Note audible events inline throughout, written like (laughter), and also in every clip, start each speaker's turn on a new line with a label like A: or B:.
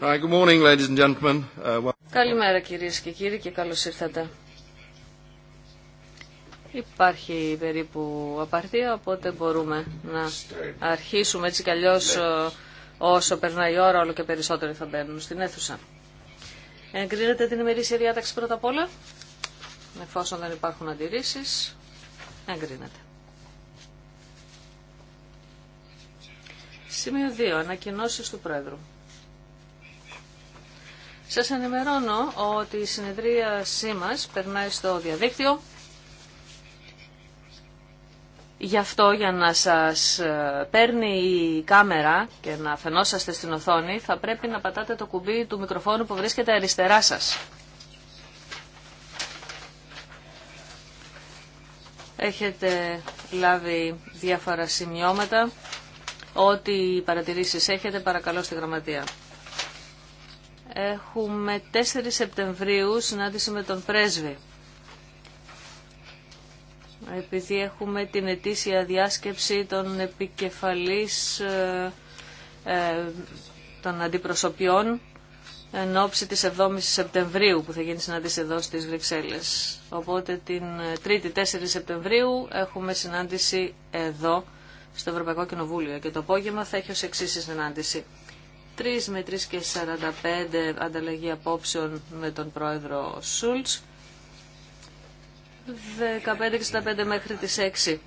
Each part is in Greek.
A: Uh, Καλημέρα κυρίες και κύριοι και καλώς ήρθατε. Υπάρχει περίπου απαρτία, οπότε μπορούμε να αρχίσουμε έτσι κι ε, όσο περνάει η ώρα όλο και περισσότεροι θα μπαίνουν στην αίθουσα. Εγκρίνεται την ημερήσια διάταξη πρώτα απ' όλα. Εφόσον δεν υπάρχουν αντιρρήσεις, εγκρίνεται. Σημείο 2. Ανακοινώσεις του Πρόεδρου. Σας ενημερώνω ότι η συνεδρίασή μας περνάει στο διαδίκτυο. Γι' αυτό για να σας ε, παίρνει η κάμερα και να φαινόσαστε στην οθόνη θα πρέπει να πατάτε το κουμπί του μικροφόνου που βρίσκεται αριστερά σας. Έχετε λάβει διάφορα σημειώματα. Ό,τι παρατηρήσεις έχετε παρακαλώ στη γραμματεία έχουμε 4 Σεπτεμβρίου συνάντηση με τον πρέσβη. Επειδή έχουμε την ετήσια διάσκεψη των επικεφαλής ε, ε, των αντιπροσωπιών εν ώψη της 7ης Σεπτεμβρίου που θα γίνει συνάντηση εδώ στις Βρυξέλλες. Οπότε την 3η 4 Σεπτεμβρίου έχουμε συνάντηση εδώ στο Ευρωπαϊκό Κοινοβούλιο και το απόγευμα θα έχει ως εξής συνάντηση. 3 με 3 και 45 ανταλλαγή απόψεων με τον πρόεδρο Σούλτς. 15.65 μέχρι τις 6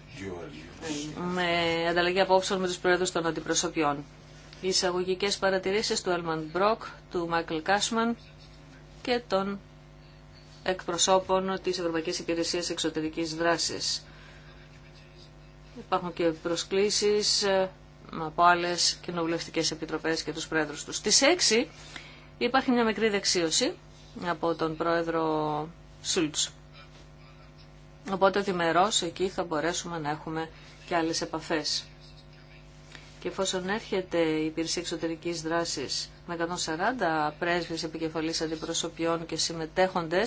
A: με ανταλλαγή απόψεων με τους πρόεδρους των αντιπροσωπιών. Οι εισαγωγικές παρατηρήσεις του Έλμαν Μπροκ, του Μάικλ Κάσμαν και των εκπροσώπων της Ευρωπαϊκής Υπηρεσίας Εξωτερικής Δράσης. Υπάρχουν και προσκλήσεις από άλλε κοινοβουλευτικέ επιτροπέ και του πρόεδρου του. Στι 6 υπάρχει μια μικρή δεξίωση από τον πρόεδρο Σούλτ. Οπότε διμερώς εκεί θα μπορέσουμε να έχουμε και άλλε επαφέ. Και εφόσον έρχεται η υπηρεσία εξωτερική δράση με 140 πρέσβει επικεφαλή αντιπροσωπιών και συμμετέχοντε, ε,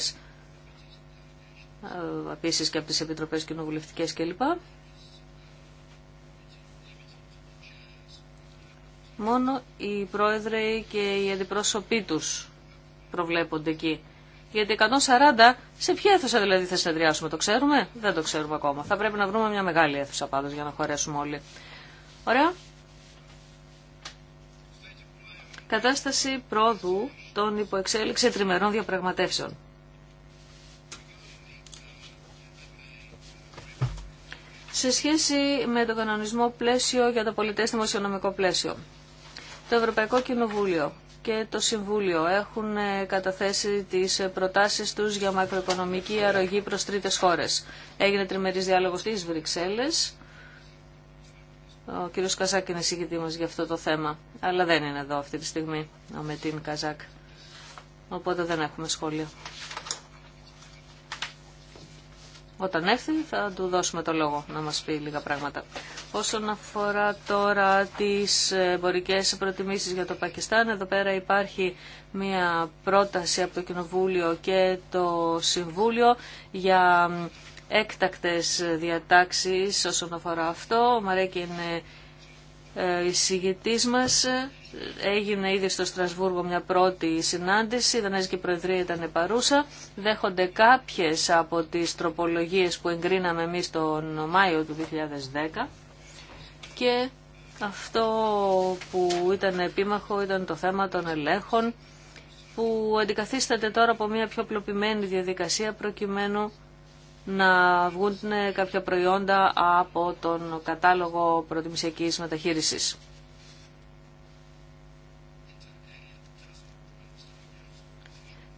A: επίση και από τι επιτροπέ κοινοβουλευτικέ κλπ., Μόνο οι πρόεδροι και οι αντιπρόσωποι του προβλέπονται εκεί. Γιατί 140, σε ποια αίθουσα δηλαδή θα συνεδριάσουμε, το ξέρουμε, δεν το ξέρουμε ακόμα. Θα πρέπει να βρούμε μια μεγάλη αίθουσα πάντω για να χωρέσουμε όλοι. Ωραία. Κατάσταση πρόοδου των υποεξέλιξη τριμερών διαπραγματεύσεων. Σε σχέση με τον κανονισμό πλαίσιο για το πολιτές δημοσιονομικό πλαίσιο. Το Ευρωπαϊκό Κοινοβούλιο και το Συμβούλιο έχουν ε, καταθέσει τις ε, προτάσεις τους για μακροοικονομική αρρωγή προς τρίτες χώρες. Έγινε τριμερής διάλογος στις Βρυξέλλες. Ο κύριος Καζάκ είναι συγκητή για αυτό το θέμα, αλλά δεν είναι εδώ αυτή τη στιγμή ο Μετίν Καζάκ. Οπότε δεν έχουμε σχόλιο. Όταν έρθει θα του δώσουμε το λόγο να μας πει λίγα πράγματα. Όσον αφορά τώρα τις εμπορικέ προτιμήσεις για το Πακιστάν, εδώ πέρα υπάρχει μια πρόταση από το Κοινοβούλιο και το Συμβούλιο για έκτακτες διατάξεις όσον αφορά αυτό. Ο Μαρέκη ε, η συγγετή μας ε, έγινε ήδη στο Στρασβούργο μια πρώτη συνάντηση, η Δανέζικη Προεδρία ήταν παρούσα, δέχονται κάποιες από τις τροπολογίες που εγκρίναμε εμείς τον Μάιο του 2010 και αυτό που ήταν επίμαχο ήταν το θέμα των ελέγχων που αντικαθίσταται τώρα από μια πιο πλοπημένη διαδικασία προκειμένου να βγουν κάποια προϊόντα από τον κατάλογο προτιμησιακής μεταχείρισης.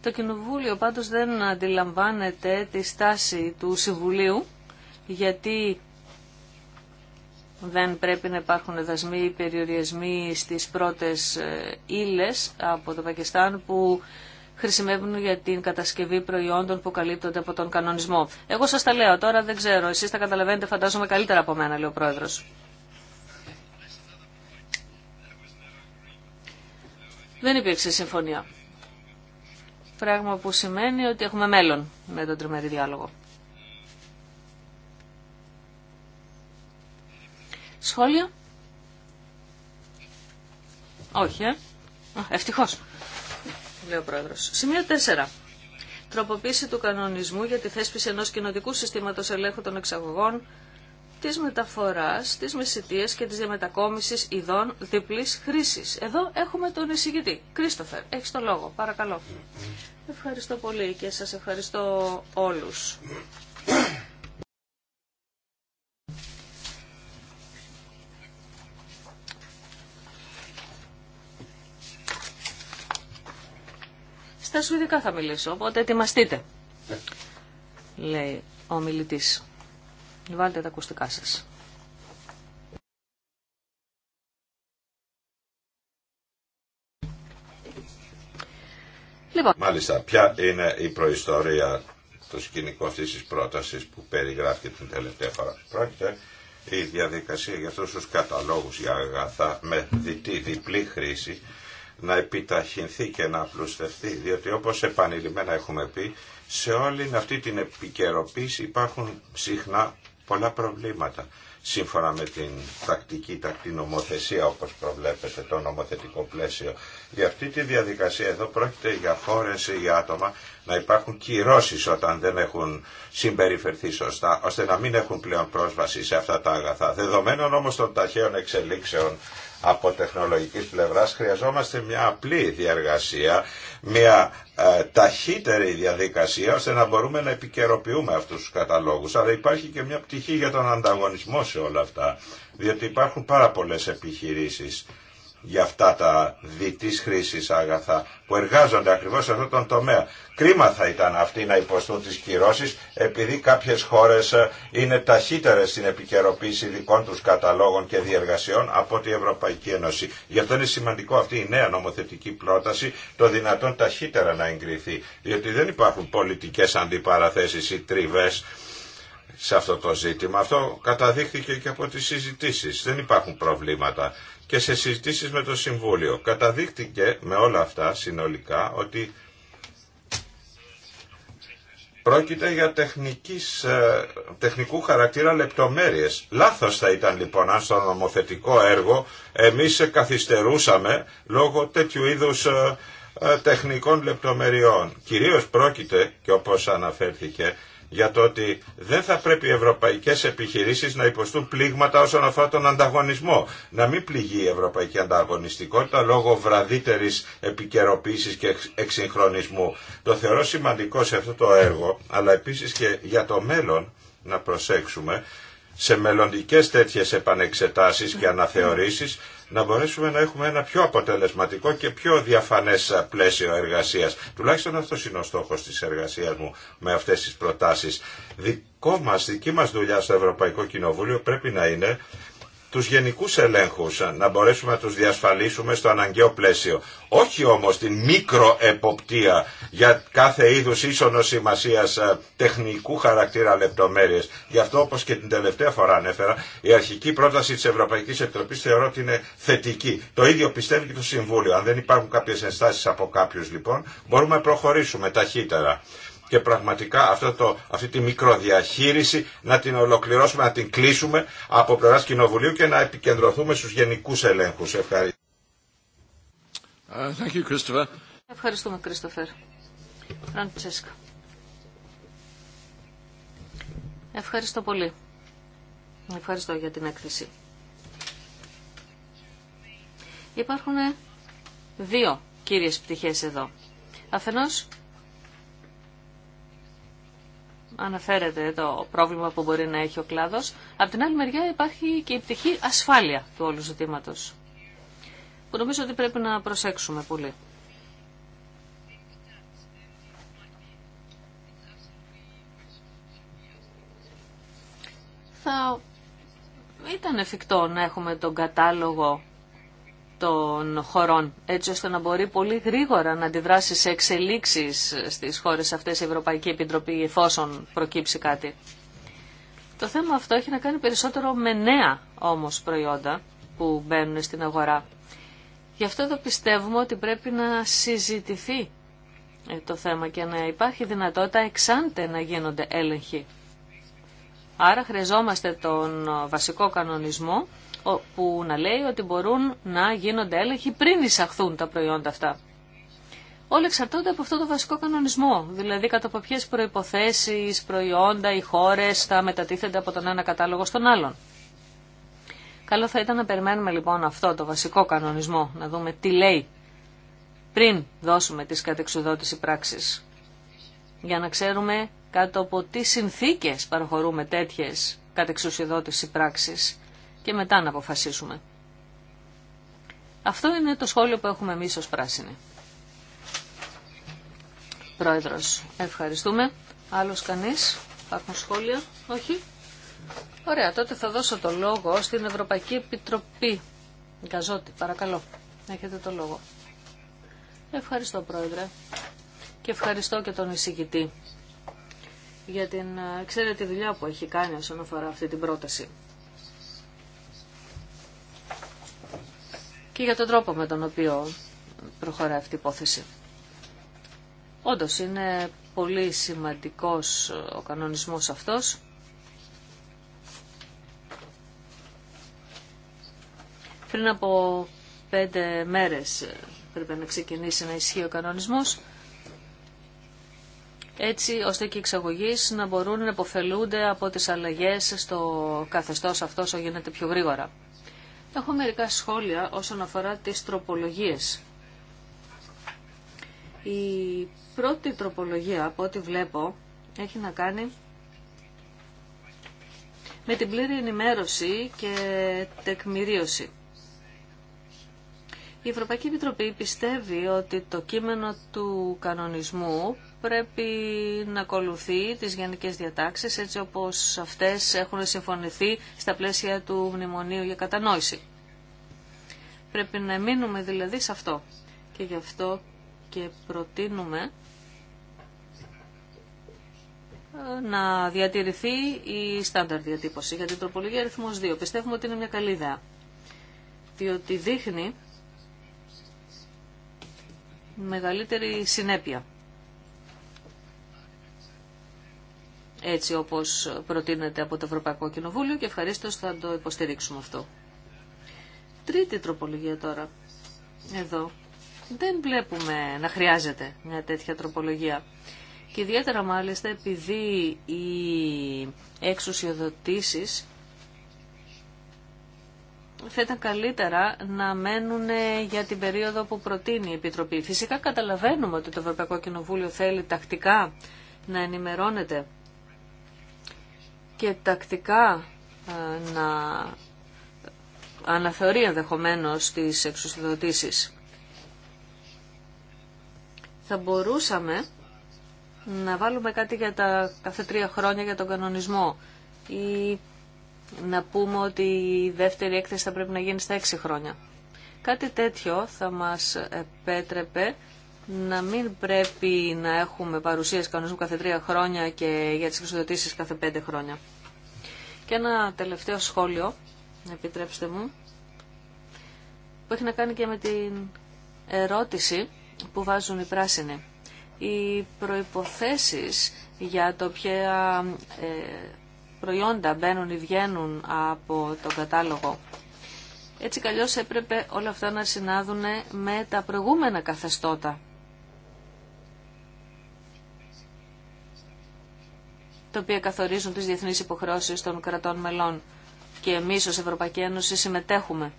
A: Το Κοινοβούλιο πάντως δεν αντιλαμβάνεται τη στάση του Συμβουλίου γιατί δεν πρέπει να υπάρχουν δασμοί ή περιορισμοί στις πρώτες ε, ύλες από το Πακιστάν που χρησιμεύουν για την κατασκευή προϊόντων που καλύπτονται από τον κανονισμό. Εγώ σας τα λέω τώρα, δεν ξέρω. Εσείς τα καταλαβαίνετε φαντάζομαι καλύτερα από μένα, λέει ο Πρόεδρος. Δεν υπήρξε συμφωνία. Πράγμα που σημαίνει ότι έχουμε μέλλον με τον τριμερή διάλογο. Σχόλια. Όχι, ε. Ευτυχώς λέει ο Σημείο 4. Τροποποίηση του κανονισμού για τη θέσπιση ενό κοινοτικού συστήματο ελέγχου των εξαγωγών τη μεταφορά, τη μεσητεία και τη διαμετακόμιση ειδών διπλής χρήση. Εδώ έχουμε τον εισηγητή. Κρίστοφερ, έχει το λόγο. Παρακαλώ. Ευχαριστώ πολύ και σας ευχαριστώ όλους Στα σουηδικά θα μιλήσω, οπότε ετοιμαστείτε. Λέει ο μιλητή. Βάλτε τα ακουστικά σας. Λοιπόν.
B: Μάλιστα, ποια είναι η προϊστορία το σκηνικό αυτής της πρότασης που περιγράφει την τελευταία φορά. Πρόκειται η διαδικασία για αυτούς τους καταλόγους για αγαθά με διτή, διπλή χρήση να επιταχυνθεί και να απλουστευτεί, διότι όπως επανειλημμένα έχουμε πει, σε όλη αυτή την επικαιροποίηση υπάρχουν συχνά πολλά προβλήματα σύμφωνα με την τακτική, τακτή νομοθεσία όπως προβλέπετε το νομοθετικό πλαίσιο. Για αυτή τη διαδικασία εδώ πρόκειται για χώρες ή για άτομα να υπάρχουν κυρώσεις όταν δεν έχουν συμπεριφερθεί σωστά, ώστε να μην έχουν πλέον πρόσβαση σε αυτά τα αγαθά. Δεδομένων όμως των ταχαίων εξελίξεων από τεχνολογικής πλευράς χρειαζόμαστε μια απλή διαργασία, μια ε, ταχύτερη διαδικασία ώστε να μπορούμε να επικαιροποιούμε αυτούς τους καταλόγους. Αλλά υπάρχει και μια πτυχή για τον ανταγωνισμό σε όλα αυτά, διότι υπάρχουν πάρα πολλές επιχειρήσεις για αυτά τα διτής χρήση αγαθά που εργάζονται ακριβώ σε αυτόν τον τομέα. Κρίμα θα ήταν αυτοί να υποστούν τι κυρώσει επειδή κάποιε χώρε ε, είναι ταχύτερε στην επικαιροποίηση δικών του καταλόγων και διεργασιών από την Ευρωπαϊκή Ένωση. Γι' αυτό είναι σημαντικό αυτή η νέα νομοθετική πρόταση το δυνατόν ταχύτερα να εγκριθεί διότι δεν υπάρχουν πολιτικέ αντιπαραθέσει ή τριβέ σε αυτό το ζήτημα. Αυτό καταδείχθηκε και από τι συζητήσει. Δεν υπάρχουν προβλήματα και σε συζητήσεις με το Συμβούλιο. Καταδείχτηκε με όλα αυτά συνολικά ότι Πρόκειται για τεχνικής, ε, τεχνικού χαρακτήρα λεπτομέρειες. Λάθος θα ήταν λοιπόν αν στο νομοθετικό έργο εμείς καθυστερούσαμε λόγω τέτοιου είδους ε, ε, τεχνικών λεπτομεριών. Κυρίως πρόκειται, και όπως αναφέρθηκε, για το ότι δεν θα πρέπει οι ευρωπαϊκές επιχειρήσεις να υποστούν πλήγματα όσον αφορά τον ανταγωνισμό. Να μην πληγεί η ευρωπαϊκή ανταγωνιστικότητα λόγω βραδύτερης επικαιροποίηση και εξυγχρονισμού. Το θεωρώ σημαντικό σε αυτό το έργο, αλλά επίσης και για το μέλλον να προσέξουμε σε μελλοντικές τέτοιες επανεξετάσεις και αναθεωρήσεις να μπορέσουμε να έχουμε ένα πιο αποτελεσματικό και πιο διαφανές πλαίσιο εργασίας. Τουλάχιστον αυτό είναι ο στόχος της εργασίας μου με αυτές τις προτάσεις. Δικό μας, δική μας δουλειά στο Ευρωπαϊκό Κοινοβούλιο πρέπει να είναι τους γενικούς ελέγχους, ε, να μπορέσουμε να τους διασφαλίσουμε στο αναγκαίο πλαίσιο. Όχι όμως την μικροεποπτεία για κάθε είδους ίσονο σημασία ε, τεχνικού χαρακτήρα λεπτομέρειες. Γι' αυτό όπως και την τελευταία φορά ανέφερα, η αρχική πρόταση της Ευρωπαϊκής Επιτροπής θεωρώ ότι είναι θετική. Το ίδιο πιστεύει και το Συμβούλιο. Αν δεν υπάρχουν κάποιες ενστάσεις από κάποιους λοιπόν, μπορούμε να προχωρήσουμε ταχύτερα και πραγματικά αυτό το, αυτή τη μικροδιαχείριση να την ολοκληρώσουμε, να την κλείσουμε από πλευρά Κοινοβουλίου και να επικεντρωθούμε στους γενικούς ελέγχους. Ευχαριστώ.
A: Ε, Ευχαριστούμε, Κρίστοφερ. Φραντσέσκα. Ευχαριστώ πολύ. Ευχαριστώ για την έκθεση. Υπάρχουν δύο κύριες πτυχές εδώ. Αφενός, αναφέρεται το πρόβλημα που μπορεί να έχει ο κλάδος. Απ' την άλλη μεριά υπάρχει και η πτυχή ασφάλεια του όλου ζητήματος, που νομίζω ότι πρέπει να προσέξουμε πολύ. Θα ήταν εφικτό να έχουμε τον κατάλογο των χωρών, έτσι ώστε να μπορεί πολύ γρήγορα να αντιδράσει σε εξελίξεις στις χώρες αυτές η Ευρωπαϊκή Επιτροπή εφόσον προκύψει κάτι. Το θέμα αυτό έχει να κάνει περισσότερο με νέα όμως προϊόντα που μπαίνουν στην αγορά. Γι' αυτό εδώ πιστεύουμε ότι πρέπει να συζητηθεί ε, το θέμα και να υπάρχει δυνατότητα εξάντε να γίνονται έλεγχοι. Άρα χρειαζόμαστε τον ε, βασικό κανονισμό που να λέει ότι μπορούν να γίνονται έλεγχοι πριν εισαχθούν τα προϊόντα αυτά. Όλοι εξαρτώνται από αυτό το βασικό κανονισμό, δηλαδή κατά από ποιε προϋποθέσεις, προϊόντα ή χώρες θα μετατίθενται από τον ένα κατάλογο στον άλλον. Καλό θα ήταν να περιμένουμε λοιπόν αυτό το βασικό κανονισμό, να δούμε τι λέει πριν δώσουμε τις κατεξουδότηση πράξεις, για να ξέρουμε κάτω από τι συνθήκες παραχωρούμε τέτοιες κατεξουσιοδότηση πράξεις και μετά να αποφασίσουμε. Αυτό είναι το σχόλιο που έχουμε εμείς ως πράσινοι. Πρόεδρος, ευχαριστούμε. Άλλος κανείς, υπάρχουν σχόλια, όχι. Ωραία, τότε θα δώσω το λόγο στην Ευρωπαϊκή Επιτροπή. Γκαζότη, παρακαλώ, έχετε το λόγο. Ευχαριστώ, Πρόεδρε. Και ευχαριστώ και τον εισηγητή για την ε, ξέρετε δουλειά που έχει κάνει όσον αφορά αυτή την πρόταση. και για τον τρόπο με τον οποίο προχωράει αυτή η υπόθεση. Όντως είναι πολύ σημαντικός ο κανονισμός αυτός. Πριν από πέντε μέρες πρέπει να ξεκινήσει να ισχύει ο κανονισμός έτσι ώστε και οι εξαγωγείς να μπορούν να υποφελούνται από τις αλλαγές στο καθεστώς αυτό όσο γίνεται πιο γρήγορα. Έχω μερικά σχόλια όσον αφορά τις τροπολογίες. Η πρώτη τροπολογία, από ό,τι βλέπω, έχει να κάνει με την πλήρη ενημέρωση και τεκμηρίωση. Η Ευρωπαϊκή Επιτροπή πιστεύει ότι το κείμενο του κανονισμού πρέπει να ακολουθεί τις γενικές διατάξεις έτσι όπως αυτές έχουν συμφωνηθεί στα πλαίσια του Μνημονίου για Κατανόηση. Πρέπει να μείνουμε δηλαδή σε αυτό και γι' αυτό και προτείνουμε ε, να διατηρηθεί η στάνταρ διατύπωση για την τροπολογία αριθμός 2. Πιστεύουμε ότι είναι μια καλή ιδέα, διότι δείχνει μεγαλύτερη συνέπεια έτσι όπως προτείνεται από το Ευρωπαϊκό Κοινοβούλιο και ευχαρίστω θα το υποστηρίξουμε αυτό. Τρίτη τροπολογία τώρα. Εδώ. Δεν βλέπουμε να χρειάζεται μια τέτοια τροπολογία. Και ιδιαίτερα μάλιστα επειδή οι εξουσιοδοτήσεις θα ήταν καλύτερα να μένουν για την περίοδο που προτείνει η Επιτροπή. Φυσικά καταλαβαίνουμε ότι το Ευρωπαϊκό Κοινοβούλιο θέλει τακτικά να ενημερώνεται και τακτικά ε, να αναθεωρεί ενδεχομένω τις εξουσιοδοτήσεις. Θα μπορούσαμε να βάλουμε κάτι για τα κάθε τρία χρόνια για τον κανονισμό ή να πούμε ότι η δεύτερη έκθεση θα πρέπει να γίνει στα έξι χρόνια. Κάτι τέτοιο θα μας επέτρεπε να μην πρέπει να έχουμε παρουσίαση κανονισμού κάθε τρία χρόνια και για τις εξοδοτήσεις κάθε πέντε χρόνια. Και ένα τελευταίο σχόλιο, επιτρέψτε μου, που έχει να κάνει και με την ερώτηση που βάζουν οι πράσινοι. Οι προϋποθέσεις για το ποια ε, προϊόντα μπαίνουν ή βγαίνουν από τον κατάλογο έτσι καλώς έπρεπε όλα αυτά να συνάδουν με τα προηγούμενα καθεστώτα τα οποία καθορίζουν τις διεθνείς υποχρεώσεις των κρατών μελών. Και εμείς ως Ευρωπαϊκή Ένωση συμμετέχουμε.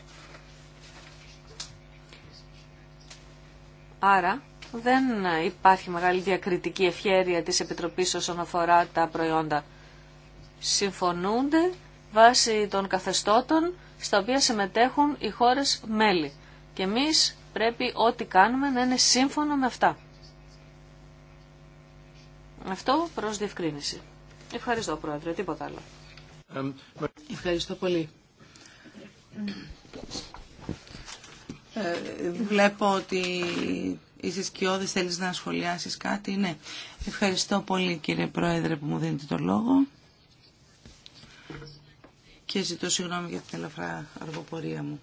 A: Άρα δεν υπάρχει μεγάλη διακριτική ευχέρεια της Επιτροπής όσον αφορά τα προϊόντα. Συμφωνούνται βάσει των καθεστώτων στα οποία συμμετέχουν οι χώρες μέλη. Και εμείς πρέπει ό,τι κάνουμε να είναι σύμφωνο με αυτά. Αυτό προς διευκρίνηση. Ευχαριστώ, Πρόεδρε. Τίποτα άλλο. Ευχαριστώ πολύ. Ε, βλέπω
C: ότι είσαι σκιώδης, θέλεις να σχολιάσεις κάτι. Ναι. Ευχαριστώ πολύ κύριε Πρόεδρε που μου δίνετε το λόγο και ζητώ συγγνώμη για την ελαφρά αργοπορία μου.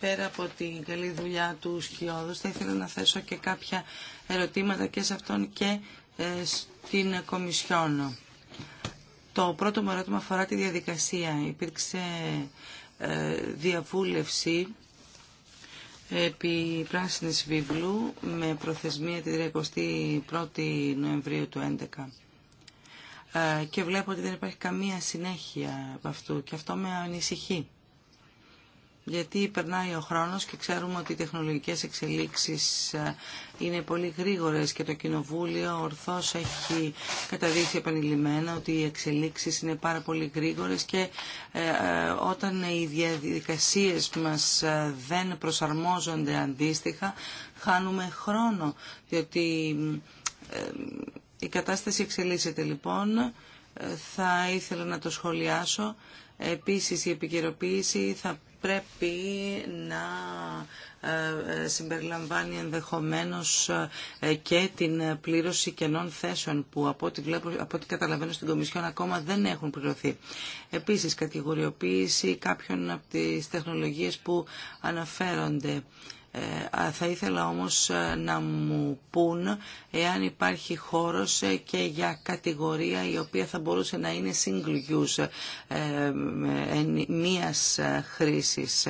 C: Πέρα από την καλή δουλειά του Σκιώδους, θα ήθελα να θέσω και κάποια ερωτήματα και σε αυτόν και ε, στην Κομισιόν. Το πρώτο μου ερώτημα αφορά τη διαδικασία. Υπήρξε ε, διαβούλευση επί πράσινης βίβλου με προθεσμία την 31η Νοεμβρίου του 2011 ε, και βλέπω ότι δεν υπάρχει καμία συνέχεια από αυτού και αυτό με ανησυχεί γιατί περνάει ο χρόνος και ξέρουμε ότι οι τεχνολογικές εξελίξεις ε, είναι πολύ γρήγορες και το Κοινοβούλιο ορθώς έχει καταδείξει επανειλημμένα ότι οι εξελίξεις είναι πάρα πολύ γρήγορες και ε, ε, όταν οι διαδικασίες μας δεν προσαρμόζονται αντίστοιχα χάνουμε χρόνο διότι η κατάσταση εξελίσσεται λοιπόν θα ήθελα να το σχολιάσω Επίσης η επικαιροποίηση θα πρέπει να συμπεριλαμβάνει ενδεχομένως ε, και την πλήρωση κενών θέσεων που από ό,τι, από καταλαβαίνω στην Κομισιόν ακόμα δεν έχουν πληρωθεί. Επίσης, κατηγοριοποίηση κάποιων από τις τεχνολογίες που αναφέρονται. Ε, θα ήθελα όμως ε, να μου πούν εάν υπάρχει χώρος και για κατηγορία η οποία θα μπορούσε να είναι single use μίας χρήσης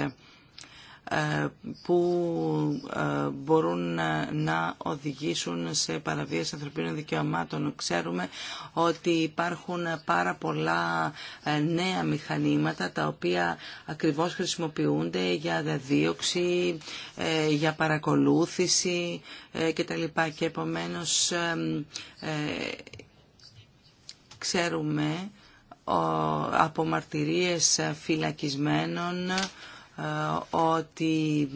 C: που ε, μπορούν ε, να οδηγήσουν σε παραβίαση ανθρωπίνων δικαιωμάτων. Ξέρουμε ότι υπάρχουν πάρα πολλά ε, νέα μηχανήματα τα οποία ακριβώς χρησιμοποιούνται για δίωξη, για παρακολούθηση κτλ. Και επομένως ξέρουμε από μαρτυρίες φυλακισμένων ε, ότι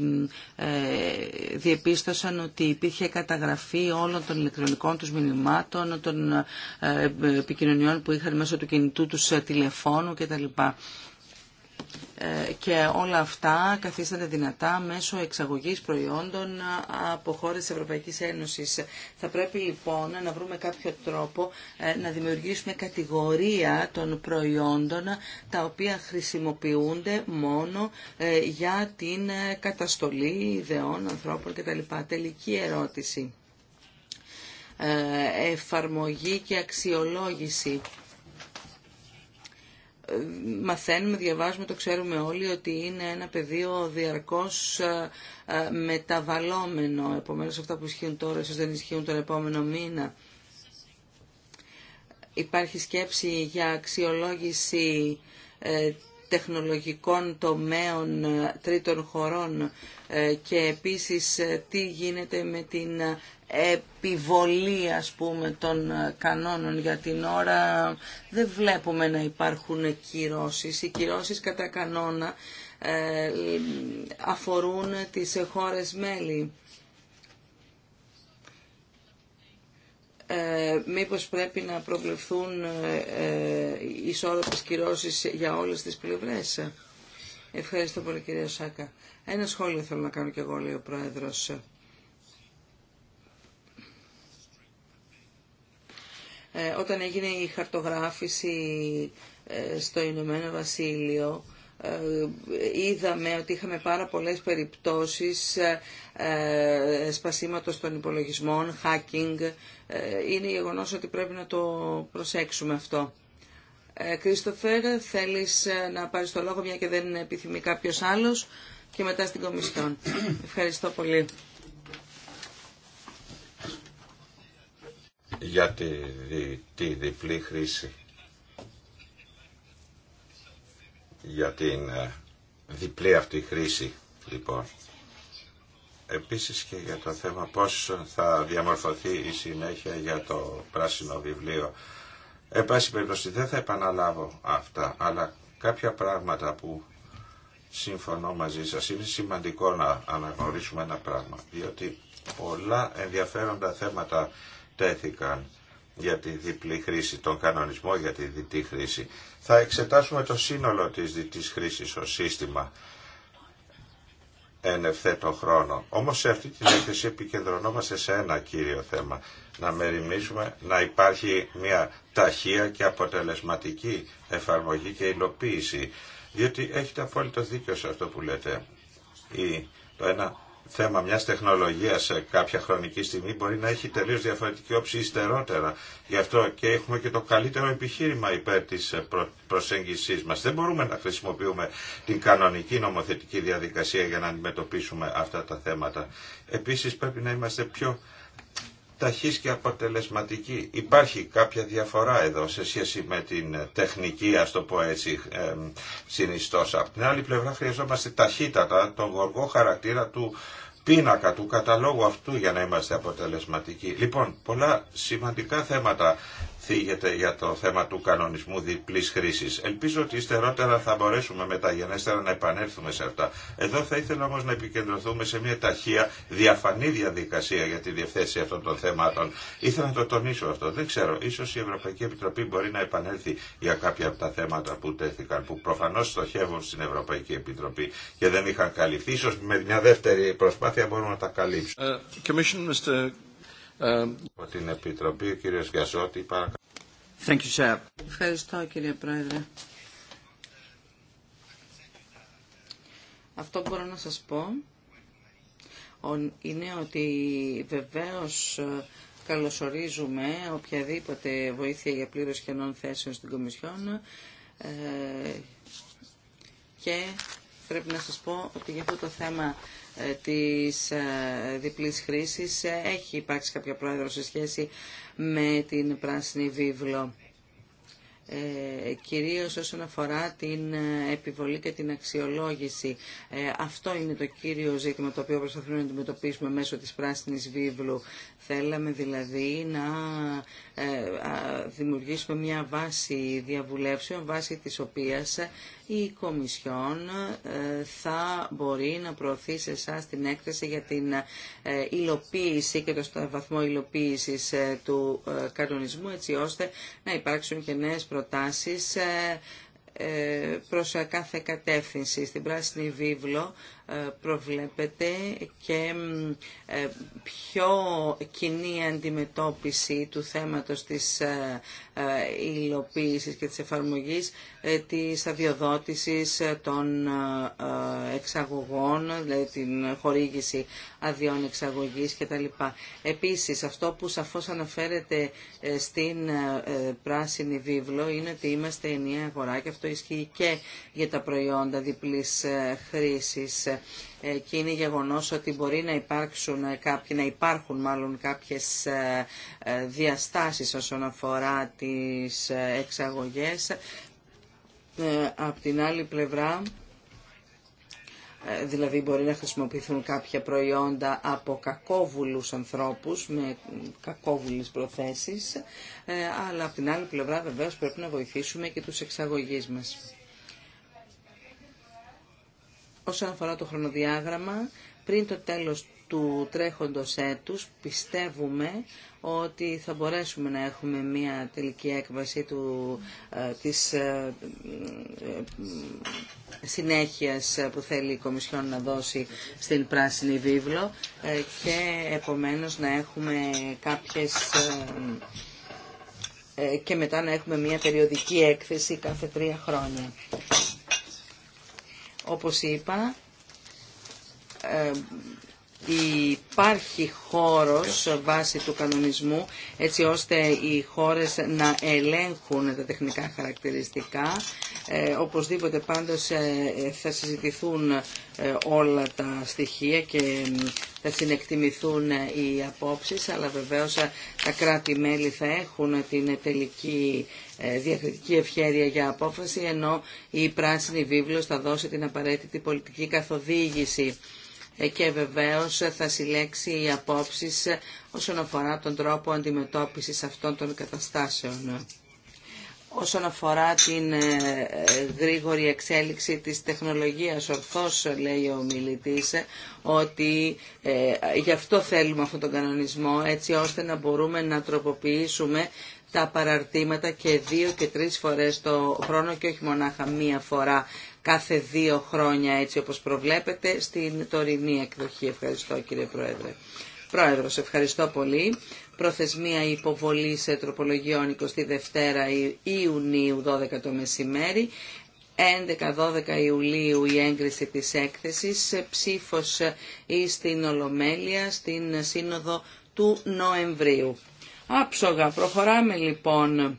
C: ε, διεπίστωσαν ότι υπήρχε καταγραφή όλων των ηλεκτρονικών τους μηνυμάτων, των ε, επικοινωνιών που είχαν μέσω του κινητού τους τηλεφώνου κτλ. Ε, και όλα αυτά καθίστανται δυνατά μέσω εξαγωγής προϊόντων από χώρες της Ευρωπαϊκής Ένωσης. Θα πρέπει λοιπόν να βρούμε κάποιο τρόπο ε, να δημιουργήσουμε κατηγορία των προϊόντων τα οποία χρησιμοποιούνται μόνο ε, για την καταστολή ιδεών ανθρώπων κτλ. Τελική ερώτηση. Εφαρμογή και αξιολόγηση μαθαίνουμε, διαβάζουμε, το ξέρουμε όλοι ότι είναι ένα πεδίο διαρκώς ε, ε, μεταβαλλόμενο. Επομένως αυτά που ισχύουν τώρα ίσως δεν ισχύουν τον επόμενο μήνα. Υπάρχει σκέψη για αξιολόγηση ε, τεχνολογικών τομέων τρίτων χωρών και επίσης τι γίνεται με την επιβολή ας πούμε των ε, κανόνων για την ώρα δεν βλέπουμε να υπάρχουν κυρώσεις. Οι κυρώσεις κατά κανόνα ε, αφορούν τις χώρες μέλη. Ε, μήπως πρέπει να προβλεφθούν ε, ε, ισόρροπες κυρώσεις για όλες τις πλευρές. Ευχαριστώ πολύ κυρία Σάκα. Ένα σχόλιο θέλω να κάνω και εγώ, λέει ο Πρόεδρος. Ε, όταν έγινε η χαρτογράφηση ε, στο Ηνωμένο Βασίλειο, ε, είδαμε ότι είχαμε πάρα πολλές περιπτώσεις σπασίματος των υπολογισμών, hacking. Είναι γεγονός ότι πρέπει να το προσέξουμε αυτό. Κρίστοφερ, θέλεις να πάρεις το λόγο μια και δεν επιθυμεί κάποιος άλλος και μετά στην Κομισιόν. Ευχαριστώ πολύ.
B: για τη, διπλή χρήση. Για την ε, διπλή αυτή χρήση, λοιπόν. Επίσης και για το θέμα πώς θα διαμορφωθεί η συνέχεια για το πράσινο βιβλίο. Εν πάση περιπτώσει δεν θα επαναλάβω αυτά, αλλά κάποια πράγματα που συμφωνώ μαζί σας. Είναι σημαντικό να αναγνωρίσουμε ένα πράγμα, διότι πολλά ενδιαφέροντα θέματα τέθηκαν για τη διπλή χρήση, τον κανονισμό για τη διπλή χρήση. Θα εξετάσουμε το σύνολο της διπλής χρήσης ως σύστημα εν ευθέτω χρόνο. Όμως σε αυτή την έκθεση επικεντρωνόμαστε σε ένα κύριο θέμα. Να μεριμνήσουμε να υπάρχει μια ταχεία και αποτελεσματική εφαρμογή και υλοποίηση. Διότι έχετε απόλυτο δίκιο σε αυτό που λέτε. Η, το ένα θέμα μιας τεχνολογίας κάποια χρονική στιγμή μπορεί να έχει τελείω διαφορετική όψη υστερότερα. Γι' αυτό και έχουμε και το καλύτερο επιχείρημα υπέρ τη ε, προσέγγιση μα. Δεν μπορούμε να χρησιμοποιούμε την κανονική νομοθετική διαδικασία για να αντιμετωπίσουμε αυτά τα θέματα. Επίση πρέπει να είμαστε πιο ταχής και αποτελεσματική. Υπάρχει κάποια διαφορά εδώ σε σχέση με την τεχνική, ας το πω έτσι, ε, συνιστόσα. Από την άλλη πλευρά χρειαζόμαστε ταχύτατα τον γοργό χαρακτήρα του πίνακα του καταλόγου αυτού για να είμαστε αποτελεσματικοί. Λοιπόν, πολλά σημαντικά θέματα θίγεται για το θέμα του κανονισμού διπλής χρήσης. Ελπίζω ότι υστερότερα θα μπορέσουμε μεταγενέστερα να επανέλθουμε σε αυτά. Εδώ θα ήθελα όμως να επικεντρωθούμε σε μια ταχεία διαφανή διαδικασία για τη διευθέτηση αυτών των θεμάτων. Ήθελα να το τονίσω αυτό. Δεν ξέρω, ίσως η Ευρωπαϊκή Επιτροπή μπορεί να επανέλθει για κάποια από τα θέματα που τέθηκαν, που προφανώς στοχεύουν στην Ευρωπαϊκή Επιτροπή και δεν είχαν καλυφθεί. Ίσως με μια δεύτερη προσπάθεια μπορούμε να τα καλύψουμε. Uh, Thank you, sir.
C: Ευχαριστώ κύριε Πρόεδρε. Αυτό που μπορώ να σας πω είναι ότι βεβαίως ε, καλωσορίζουμε οποιαδήποτε βοήθεια για πλήρως κενών θέσεων στην Κομισιόν ε, και πρέπει να σας πω ότι για αυτό το θέμα ε, της ε, διπλής χρήσης. Ε, έχει υπάρξει κάποια πρόεδρο σε σχέση με την πράσινη βίβλο. Ε, κυρίως όσον αφορά την επιβολή και την αξιολόγηση. αυτό είναι το κύριο ζήτημα το οποίο προσπαθούμε να αντιμετωπίσουμε μέσω της πράσινης βίβλου. Θέλαμε δηλαδή να ε, δημιουργήσουμε μια βάση διαβουλεύσεων, βάση της οποίας η Κομισιόν ε, θα μπορεί να προωθεί σε εσά την έκθεση για την ε, υλοποίηση και το βαθμό υλοποίηση του κανονισμού, έτσι ώστε να υπάρξουν και νέες προτάσεις προς κάθε κατεύθυνση. Στην Πράσινη Βίβλο ε, προβλέπεται και ε, πιο κοινή αντιμετώπιση του θέματος της ε, υλοποίησης και της εφαρμογής της αδειοδότησης των εξαγωγών, δηλαδή την χορήγηση αδειών εξαγωγής λοιπά. Επίσης, αυτό που σαφώς αναφέρεται στην πράσινη βίβλο είναι ότι είμαστε νέα αγορά και αυτό ισχύει και για τα προϊόντα διπλής χρήσης και είναι γεγονός ότι μπορεί να υπάρξουν κάποιοι, να υπάρχουν μάλλον κάποιες ε, ε, διαστάσεις όσον αφορά τις ε, εξαγωγές. Απ' την άλλη πλευρά, δηλαδή μπορεί να χρησιμοποιηθούν κάποια προϊόντα από κακόβουλους ανθρώπους με κακόβουλες προθέσεις, αλλά από την άλλη πλευρά βεβαίως πρέπει να βοηθήσουμε και τους εξαγωγείς μας. Όσον αφορά το χρονοδιάγραμμα, πριν το τέλος του τρέχοντος έτους πιστεύουμε ότι θα μπορέσουμε να έχουμε μια τελική έκβαση του, ε, της ε, ε, συνέχειας που θέλει η Κομισιόν να δώσει στην Πράσινη Βίβλο και επομένως να έχουμε κάποιες και μετά να έχουμε μια περιοδική έκθεση κάθε τρία χρόνια. Όπως είπα, ε, υπάρχει χώρος βάσει του κανονισμού έτσι ώστε οι χώρες να ελέγχουν τα τεχνικά χαρακτηριστικά ε, οπωσδήποτε πάντως ε, θα συζητηθούν ε, όλα τα στοιχεία και θα συνεκτιμηθούν οι απόψεις, αλλά βεβαίως τα κράτη-μέλη θα έχουν την τελική διακριτική ευχέρεια για απόφαση, ενώ η πράσινη βίβλος θα δώσει την απαραίτητη πολιτική καθοδήγηση και βεβαίως θα συλλέξει οι απόψεις όσον αφορά τον τρόπο αντιμετώπισης αυτών των καταστάσεων όσον αφορά την ε, ε, γρήγορη εξέλιξη της τεχνολογίας. Ορθώς λέει ο μιλητής ε, ότι γι' αυτό θέλουμε αυτόν τον κανονισμό έτσι ώστε να μπορούμε να τροποποιήσουμε τα παραρτήματα και δύο και τρεις φορές το χρόνο και όχι μονάχα μία φορά κάθε δύο χρόνια έτσι όπως προβλέπετε στην τωρινή εκδοχή. Ευχαριστώ κύριε Πρόεδρε. Πρόεδρος, ευχαριστώ πολύ προθεσμία υποβολής τροπολογιών 22 Ιουνίου 12 το μεσημέρι, 11-12 Ιουλίου η έγκριση της έκθεσης, ψήφος ή στην Ολομέλεια, στην Σύνοδο του Νοεμβρίου. Άψογα, προχωράμε λοιπόν.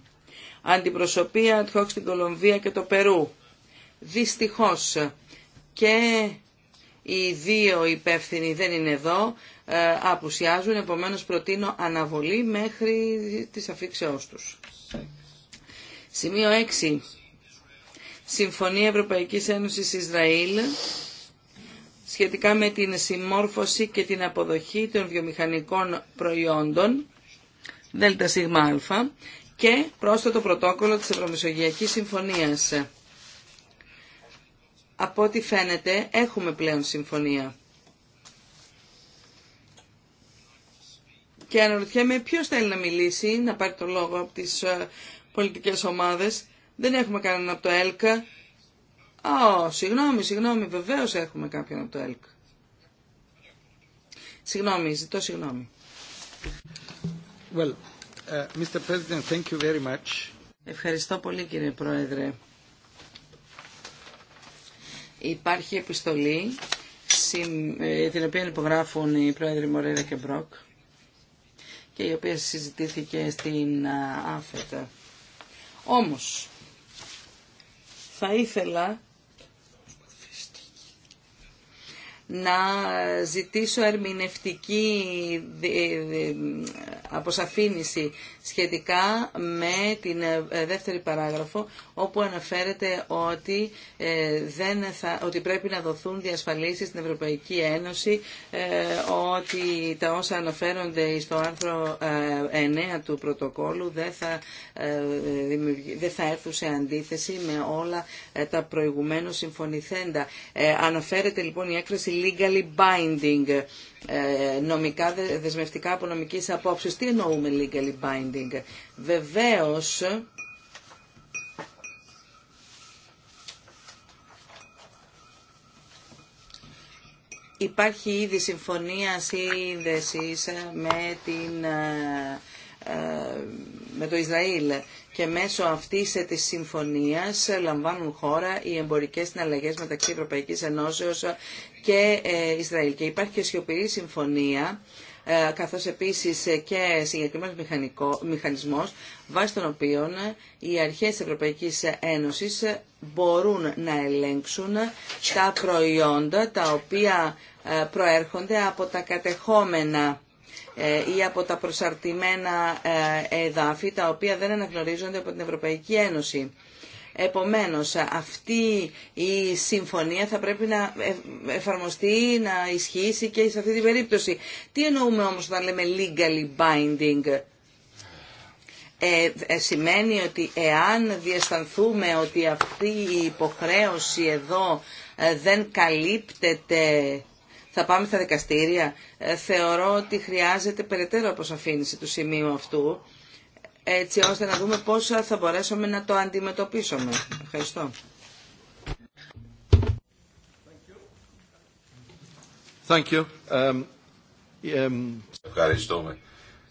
C: Αντιπροσωπεία ad στην Κολομβία και το Περού. Δυστυχώς και οι δύο υπεύθυνοι δεν είναι εδώ. Ε, απουσιάζουν, επομένως προτείνω αναβολή μέχρι της αφήξεώς τους. Σημείο 6. Συμφωνία Ευρωπαϊκής Ένωσης Ισραήλ σχετικά με την συμμόρφωση και την αποδοχή των βιομηχανικών προϊόντων ΔΣΑ και πρόσθετο πρωτόκολλο της Ευρωμεσογειακής Συμφωνίας. Από ό,τι φαίνεται έχουμε πλέον συμφωνία. και αναρωτιέμαι ποιο θέλει να μιλήσει, να πάρει το λόγο από τις ε, πολιτικές ομάδες. Δεν έχουμε κανέναν από το ΕΛΚ. Α, συγγνώμη, συγγνώμη, βεβαίω έχουμε κάποιον από το ΕΛΚΑ. Συγγνώμη, ζητώ συγγνώμη. Well, uh, Mr. President, thank you very much. Ευχαριστώ πολύ κύριε Πρόεδρε. Υπάρχει επιστολή ε, την οποία υπογράφουν οι πρόεδροι Μορέρα και Μπροκ και η οποία συζητήθηκε στην ΑΦΕΤΑ. Όμως, θα ήθελα να ζητήσω ερμηνευτική αποσαφήνιση σχετικά με την ε, δεύτερη παράγραφο όπου αναφέρεται ότι, ε, δεν θα, ότι πρέπει να δοθούν διασφαλίσεις στην Ευρωπαϊκή Ένωση ε, ότι τα όσα αναφέρονται στο άρθρο 9 του πρωτοκόλου δεν θα, δεν θα έρθουν σε αντίθεση με όλα τα προηγουμένως συμφωνηθέντα. Αναφέρεται λοιπόν η έκφραση legally binding ε, νομικά δεσμευτικά από νομική απόψης. Τι εννοούμε legally binding. Βεβαίως, υπάρχει ήδη συμφωνία σύνδεσης με, την, ε, ε, με το Ισραήλ και μέσω αυτής της συμφωνίας λαμβάνουν χώρα οι εμπορικές συναλλαγές μεταξύ Ευρωπαϊκής Ένωσης και ε, Ισραήλ. Και υπάρχει και σιωπηρή συμφωνία ε, καθώς επίσης και συγκεκριμένος μηχανισμός βάσει των οποίων οι αρχές της Ευρωπαϊκής Ένωσης μπορούν να ελέγξουν τα προϊόντα τα οποία ε, προέρχονται από τα κατεχόμενα ε, ή από τα προσαρτημένα ε, εδάφη τα οποία δεν αναγνωρίζονται από την Ευρωπαϊκή Ένωση. Επομένως, αυτή η συμφωνία θα πρέπει να ε, εφαρμοστεί, να ισχύσει και σε αυτή την περίπτωση. Τι εννοούμε όμως όταν λέμε legally binding. Ε, σημαίνει ότι εάν διαστανθούμε ότι αυτή η υποχρέωση εδώ δεν καλύπτεται θα πάμε στα δικαστήρια. Ε, θεωρώ ότι χρειάζεται περαιτέρω αποσαφήνιση του σημείου αυτού, έτσι ώστε να δούμε πώς θα μπορέσουμε να το αντιμετωπίσουμε. Ευχαριστώ.
B: Thank you. Um, um... Ευχαριστούμε.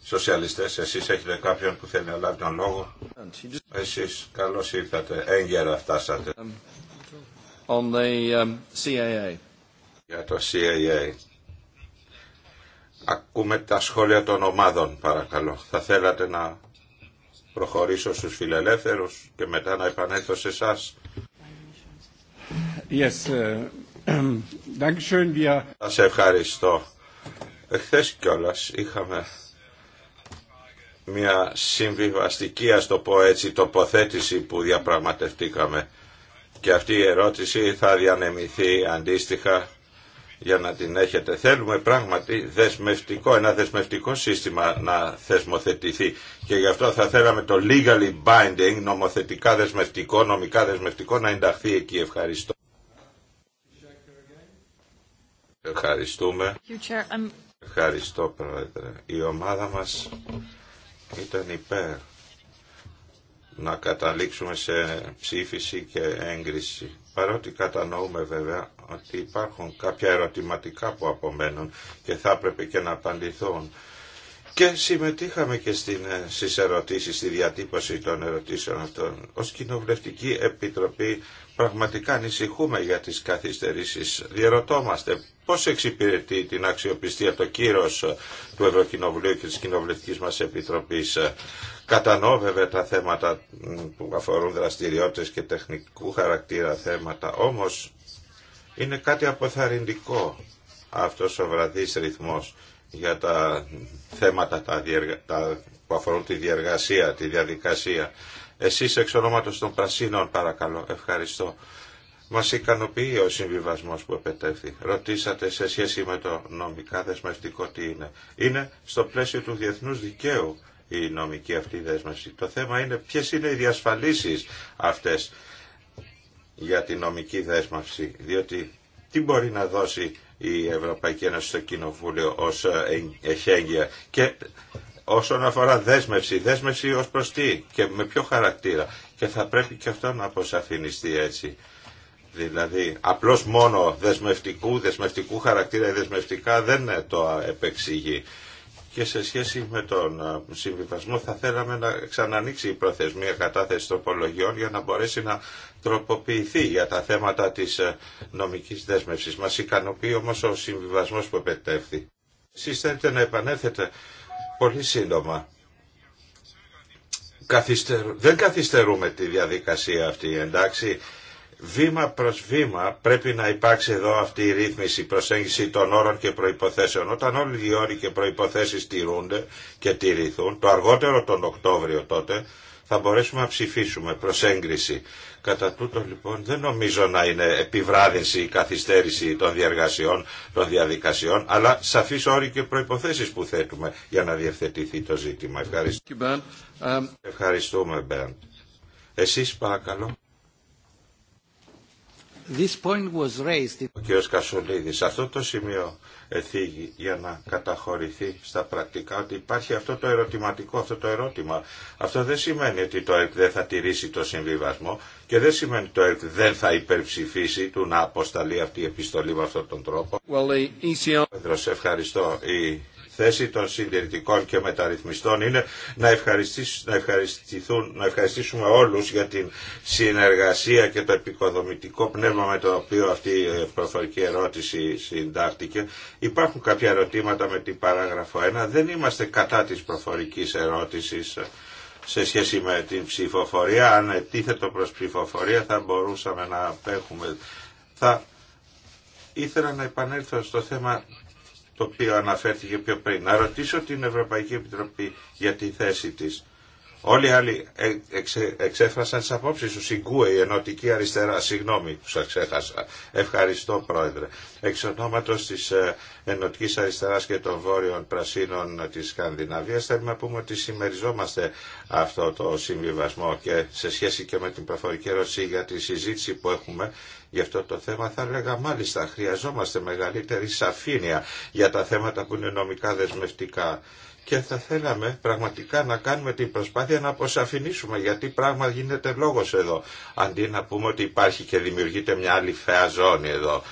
B: Σοσιαλιστές, εσείς έχετε κάποιον που θέλει να λάβει τον λόγο. Εσείς, καλώς ήρθατε. Έγκαιρα φτάσατε. Um, on the, um, CAA για το CIA. Ακούμε τα σχόλια των ομάδων παρακαλώ. Θα θέλατε να προχωρήσω στους φιλελεύθερους και μετά να επανέλθω σε εσά. Yes, uh, (clears throat) Σας ευχαριστώ. Εχθές κιόλας είχαμε μια συμβιβαστική, ας το πω έτσι, τοποθέτηση που διαπραγματευτήκαμε. Και αυτή η ερώτηση θα διανεμηθεί αντίστοιχα για να την έχετε. Θέλουμε πράγματι δεσμευτικό, ένα δεσμευτικό σύστημα να θεσμοθετηθεί και γι' αυτό θα θέλαμε το legally binding, νομοθετικά δεσμευτικό, νομικά δεσμευτικό να ενταχθεί εκεί. Ευχαριστώ. Ευχαριστούμε.
A: Um,
B: Ευχαριστώ Πρόεδρε. Η ομάδα μας ήταν υπέρ να καταλήξουμε σε ψήφιση και έγκριση. Παρότι κατανοούμε βέβαια ότι υπάρχουν κάποια ερωτηματικά που απομένουν και θα έπρεπε και να απαντηθούν. Και συμμετείχαμε και στην, ε, στις ερωτήσεις, στη διατύπωση των ερωτήσεων αυτών. Ως Κοινοβουλευτική Επιτροπή πραγματικά ανησυχούμε για τις καθυστερήσεις. Διερωτόμαστε πώς εξυπηρετεί την αξιοπιστία το κύρος ε, του Ευρωκοινοβουλίου και της Κοινοβουλευτικής μας Επιτροπής. Ε, κατανοώ τα θέματα που αφορούν δραστηριότητε και τεχνικού χαρακτήρα θέματα, όμως είναι κάτι αποθαρρυντικό αυτός ο βραδύς ρυθμός για τα θέματα τα που αφορούν τη διεργασία, τη διαδικασία. Εσείς εξ ονόματος των Πρασίνων παρακαλώ, ευχαριστώ. Μας ικανοποιεί ο συμβιβασμός που επετέφθη. Ρωτήσατε σε σχέση με το νομικά δεσμευτικό τι είναι. Είναι στο πλαίσιο του διεθνούς δικαίου η νομική αυτή δέσμευση. Το θέμα είναι ποιες είναι οι διασφαλίσεις αυτές για τη νομική δέσμευση, διότι τι μπορεί να δώσει η Ευρωπαϊκή Ένωση στο Κοινοβούλιο ως ε, εχέγγυα και όσον αφορά δέσμευση, δέσμευση ως προς τι και με ποιο χαρακτήρα και θα πρέπει και αυτό να αποσαφινιστεί έτσι. Δηλαδή, απλώς μόνο δεσμευτικού, δεσμευτικού χαρακτήρα ή δεσμευτικά δεν ε, το επεξηγεί. Και σε σχέση με τον ε, συμβιβασμό θα θέλαμε να ξανανοίξει η προθεσμία κατάθεση τροπολογιών για να μπορέσει να τροποποιηθεί για τα θέματα της ε, νομικής δέσμευσης. Μας ικανοποιεί όμως ο συμβιβασμός που επετεύχθη. Εσείς να επανέλθετε πολύ σύντομα. Δεν καθυστερούμε τη διαδικασία αυτή, εντάξει. Βήμα προς βήμα πρέπει να υπάρξει εδώ αυτή η ρύθμιση, η προσέγγιση των όρων και προϋποθέσεων. Όταν όλοι οι όροι και προϋποθέσεις τηρούνται και τηρηθούν, το αργότερο τον Οκτώβριο τότε, θα μπορέσουμε να ψηφίσουμε προς έγκριση Κατά τούτο λοιπόν δεν νομίζω να είναι επιβράδυνση ή καθυστέρηση των διαργασιών, των διαδικασιών, αλλά σαφείς όροι και προϋποθέσεις που θέτουμε για να διευθετηθεί το ζήτημα. Um, Ευχαριστούμε. Ευχαριστούμε Μπέρντ. Εσείς παρακαλώ. This point was raised. Ο κ. Κασουλίδης, αυτό το σημείο εθίγει για να καταχωρηθεί στα πρακτικά ότι υπάρχει αυτό το ερωτηματικό, αυτό το ερώτημα. Αυτό δεν σημαίνει ότι το ΕΡΚ δεν θα τηρήσει το συμβιβασμό και δεν σημαίνει ότι το ΕΡΚ δεν θα υπερψηφίσει του να αποσταλεί αυτή η επιστολή με αυτόν τον τρόπο. Well, e Ευχαριστώ. Η θέση των συντηρητικών και μεταρρυθμιστών είναι να, ευχαριστήσουμε, να, ευχαριστηθούν, να ευχαριστήσουμε όλους για την συνεργασία και το επικοδομητικό πνεύμα με το οποίο αυτή η προφορική ερώτηση συντάχθηκε. Υπάρχουν κάποια ερωτήματα με την παράγραφο 1. Δεν είμαστε κατά της προφορικής ερώτησης σε σχέση με την ψηφοφορία. Αν ετίθετο προς ψηφοφορία θα μπορούσαμε να απέχουμε. Θα ήθελα να επανέλθω στο θέμα το οποίο αναφέρθηκε πιο πριν. Να ρωτήσω την Ευρωπαϊκή Επιτροπή για τη θέση της. Όλοι οι άλλοι ε, εξέφρασαν τι απόψει του. Η Γκουε, η Ενωτική Αριστερά, συγγνώμη που σα ξέχασα. Ευχαριστώ, Πρόεδρε. Εξ ονόματο τη ε, Ενωτική Αριστερά και των Βόρειων Πρασίνων τη Σκανδιναβία, θέλουμε να πούμε ότι συμμεριζόμαστε αυτό το συμβιβασμό και σε σχέση και με την προφορική ερώτηση για τη συζήτηση που έχουμε γι' αυτό το θέμα θα έλεγα μάλιστα χρειαζόμαστε μεγαλύτερη σαφήνεια για τα θέματα που είναι νομικά δεσμευτικά και θα θέλαμε πραγματικά να κάνουμε την προσπάθεια να αποσαφηνίσουμε γιατί πράγμα γίνεται λόγος εδώ αντί να πούμε ότι υπάρχει και δημιουργείται μια άλλη φαιά ζώνη εδώ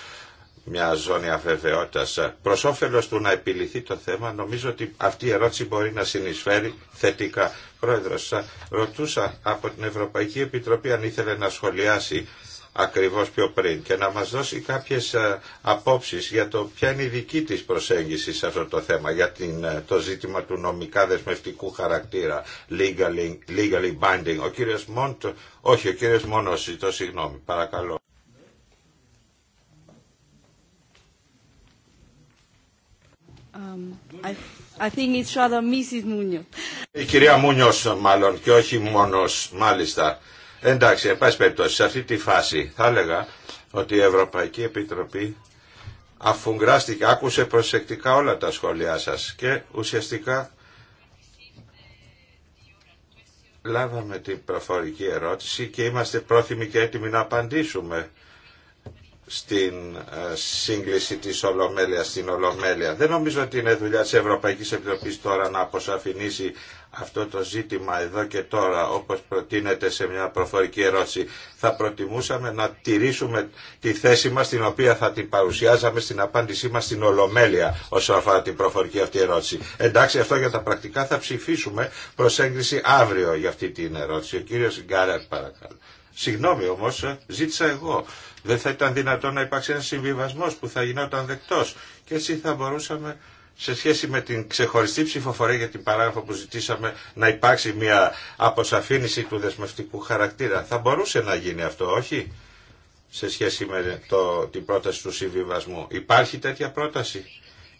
B: μια ζώνη αβεβαιότητας. Προ όφελο του να επιληθεί το θέμα, νομίζω ότι αυτή η ερώτηση μπορεί να συνεισφέρει θετικά. Πρόεδρος, ρωτούσα από την Ευρωπαϊκή Επιτροπή αν ήθελε να σχολιάσει ακριβώς πιο πριν και να μας δώσει κάποιες ε, απόψεις για το ποια είναι η δική της προσέγγιση σε αυτό το θέμα, για την, ε, το ζήτημα του νομικά δεσμευτικού χαρακτήρα, legally, binding. Ο κύριος Μόντ, όχι, ο κύριος Μόνος, το συγγνώμη, παρακαλώ.
C: Um, I, think it's
B: Η κυρία Μούνιος μάλλον και όχι μόνος, μάλιστα. Εντάξει, εν πάση περιπτώσει, σε αυτή τη φάση θα έλεγα ότι η Ευρωπαϊκή Επιτροπή αφουγκράστηκε, άκουσε προσεκτικά όλα τα σχόλιά σας και ουσιαστικά λάβαμε την προφορική ερώτηση και είμαστε πρόθυμοι και έτοιμοι να απαντήσουμε στην ε, σύγκληση της Ολομέλειας στην Ολομέλεια. Δεν νομίζω ότι είναι δουλειά της Ευρωπαϊκής Επιτροπής τώρα να αποσαφηνίσει αυτό το ζήτημα εδώ και τώρα όπως προτείνεται σε μια προφορική ερώτηση θα προτιμούσαμε να τηρήσουμε τη θέση μας την οποία θα την παρουσιάζαμε στην απάντησή μας στην Ολομέλεια όσον αφορά την προφορική αυτή ερώτηση. Εντάξει αυτό για τα πρακτικά θα ψηφίσουμε προς έγκριση αύριο για αυτή την ερώτηση. Ο κύριος Γκάρερ παρακαλώ. Συγγνώμη όμως ζήτησα εγώ. Δεν θα ήταν δυνατό να υπάρξει ένα συμβιβασμός που θα γινόταν δεκτός και έτσι θα μπορούσαμε σε σχέση με την ξεχωριστή ψηφοφορία για την παράγραφο που ζητήσαμε να υπάρξει μια αποσαφήνιση του δεσμευτικού χαρακτήρα. Θα μπορούσε να γίνει αυτό, όχι, σε σχέση με το, την πρόταση του συμβιβασμού. Υπάρχει τέτοια πρόταση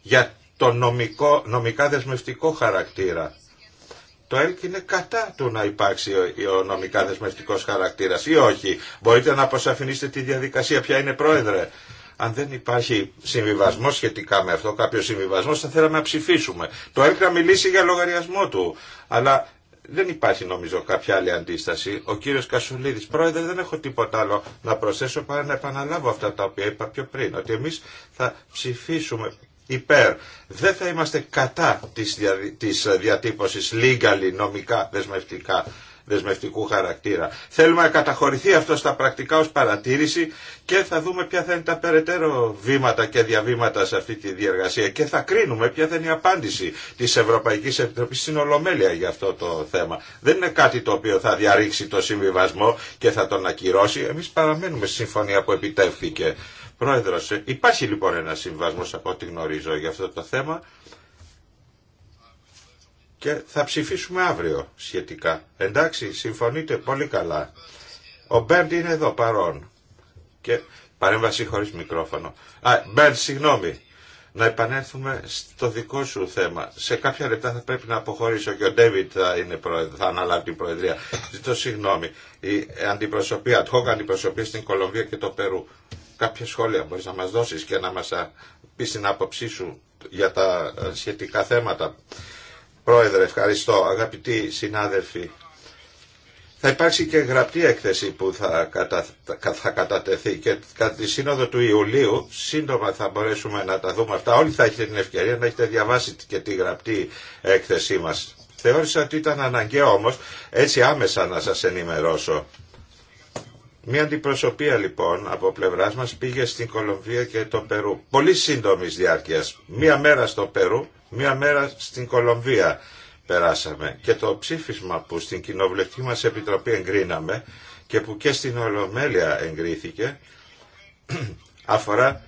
B: για το νομικό, νομικά δεσμευτικό χαρακτήρα. Το ΕΛΚ είναι κατά του να υπάρξει ο νομικά δεσμευτικός χαρακτήρας ή όχι. Μπορείτε να αποσαφηνίσετε τη διαδικασία. Ποια είναι πρόεδρε αν δεν υπάρχει συμβιβασμό σχετικά με αυτό, κάποιο συμβιβασμό, θα θέλαμε να ψηφίσουμε. Το να μιλήσει για λογαριασμό του. Αλλά δεν υπάρχει νομίζω κάποια άλλη αντίσταση. Ο κύριος Κασουλίδης, πρόεδρε, δεν έχω τίποτα άλλο να προσθέσω παρά να επαναλάβω αυτά τα οποία είπα πιο πριν, ότι εμεί θα ψηφίσουμε υπέρ. Δεν θα είμαστε κατά τη δια, legally, νομικά, δεσμευτικά δεσμευτικού χαρακτήρα. Θέλουμε να καταχωρηθεί αυτό στα πρακτικά ως παρατήρηση και θα δούμε ποια θα είναι τα περαιτέρω βήματα και διαβήματα σε αυτή τη διεργασία και θα κρίνουμε ποια θα είναι η απάντηση της Ευρωπαϊκής Επιτροπής στην Ολομέλεια για αυτό το θέμα. Δεν είναι κάτι το οποίο θα διαρρήξει το συμβιβασμό και θα τον ακυρώσει. Εμείς παραμένουμε στη συμφωνία που επιτεύχθηκε. Πρόεδρος, υπάρχει λοιπόν ένα συμβασμός από ό,τι γνωρίζω για αυτό το θέμα και θα ψηφίσουμε αύριο σχετικά. Εντάξει, συμφωνείτε πολύ καλά. Ο Μπέρντ είναι εδώ παρόν. Και παρέμβαση χωρίς μικρόφωνο. Α, Μπέρντ, συγγνώμη. Να επανέλθουμε στο δικό σου θέμα. Σε κάποια λεπτά θα πρέπει να αποχωρήσω και ο Ντέβιτ θα, είναι θα αναλάβει την Προεδρία. Ζητώ συγγνώμη. Η αντιπροσωπεία, ad hoc αντιπροσωπεία στην Κολομβία και το Περού. Κάποια σχόλια μπορείς να μας δώσεις και να μας πει την άποψή σου για τα ε, σχετικά θέματα. Πρόεδρε, ευχαριστώ. Αγαπητοί συνάδελφοι, θα υπάρξει και γραπτή έκθεση που θα, θα κατατεθεί και κατά τη σύνοδο του Ιουλίου σύντομα θα μπορέσουμε να τα δούμε αυτά. Όλοι θα έχετε την ευκαιρία να έχετε διαβάσει και τη γραπτή έκθεσή μας. Θεώρησα ότι ήταν αναγκαίο όμως έτσι άμεσα να σας ενημερώσω μια αντιπροσωπεία λοιπόν από πλευρά μα πήγε στην Κολομβία και το Περού. Πολύ σύντομη διάρκεια. Μία μέρα στο Περού, μία μέρα στην Κολομβία περάσαμε. Και το ψήφισμα που στην κοινοβουλευτική μα επιτροπή εγκρίναμε και που και στην Ολομέλεια εγκρίθηκε (clears throat) αφορά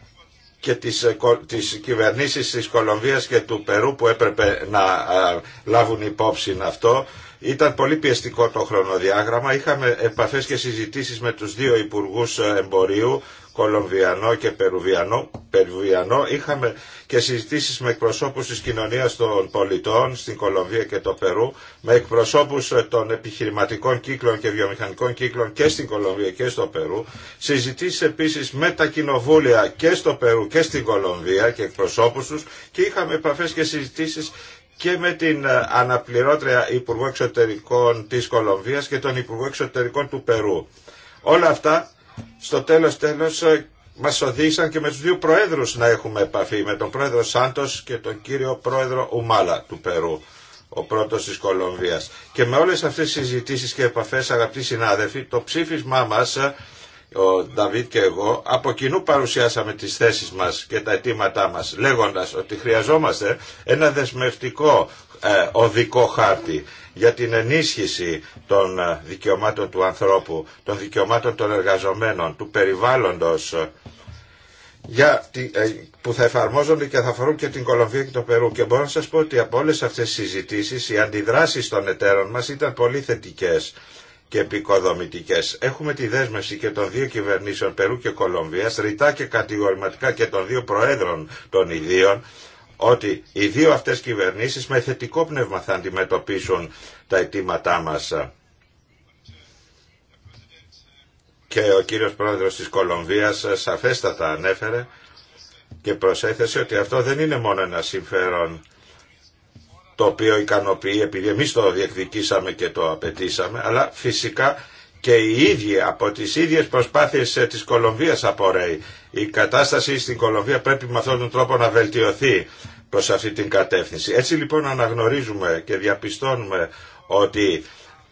B: και τις, ε, τις κυβερνήσεις της Κολομβίας και του Περού που έπρεπε να ε, λάβουν υπόψη αυτό ήταν πολύ πιεστικό το χρονοδιάγραμμα. Είχαμε επαφές και συζητήσεις με τους δύο υπουργούς εμπορίου, Κολομβιανό και Περουβιανό. Περουβιανό. Είχαμε και συζητήσεις με εκπροσώπους της κοινωνίας των πολιτών στην Κολομβία και το Περού, με εκπροσώπους των επιχειρηματικών κύκλων και βιομηχανικών κύκλων και στην Κολομβία και στο Περού. Συζητήσεις επίσης με τα κοινοβούλια και στο Περού και στην Κολομβία και εκπροσώπους τους και είχαμε επαφές και συζητήσεις και με την ε, αναπληρώτρια Υπουργό Εξωτερικών της Κολομβίας και τον Υπουργό Εξωτερικών του Περού. Όλα αυτά στο τέλος τέλος ε, μας οδήγησαν και με τους δύο προέδρους να έχουμε επαφή, με τον πρόεδρο Σάντος και τον κύριο πρόεδρο Ουμάλα του Περού, ο πρώτος της Κολομβίας. Και με όλες αυτές τις συζητήσεις και επαφές αγαπητοί συνάδελφοι, το ψήφισμά μας ε, ο Νταβίτ και εγώ από κοινού παρουσιάσαμε τις θέσεις μας και τα αιτήματά μας λέγοντας ότι χρειαζόμαστε ένα δεσμευτικό ε, οδικό χάρτη για την ενίσχυση των ε, δικαιωμάτων του ανθρώπου, των δικαιωμάτων των εργαζομένων, του περιβάλλοντος ε, για, που θα εφαρμόζονται και θα αφορούν και την Κολομβία και το Περού. Και μπορώ να σας πω ότι από όλες αυτές τις συζητήσεις οι αντιδράσεις των εταίρων μας ήταν πολύ θετικές και επικοδομητικές. Έχουμε τη δέσμευση και των δύο κυβερνήσεων Περού και Κολομβίας, ρητά και κατηγορηματικά και των δύο προέδρων των ιδίων, ότι οι δύο αυτές κυβερνήσεις με θετικό πνεύμα θα αντιμετωπίσουν τα αιτήματά μας. Και ο κύριος πρόεδρος της Κολομβίας σαφέστατα ανέφερε και προσέθεσε ότι αυτό δεν είναι μόνο ένα συμφέρον το οποίο ικανοποιεί επειδή εμείς το διεκδικήσαμε και το απαιτήσαμε αλλά φυσικά και οι ίδιοι από τις ίδιες προσπάθειες ε, της Κολομβίας απορρέει. Η κατάσταση στην Κολομβία πρέπει με αυτόν τον τρόπο να βελτιωθεί προς αυτή την κατεύθυνση. Έτσι λοιπόν αναγνωρίζουμε και διαπιστώνουμε ότι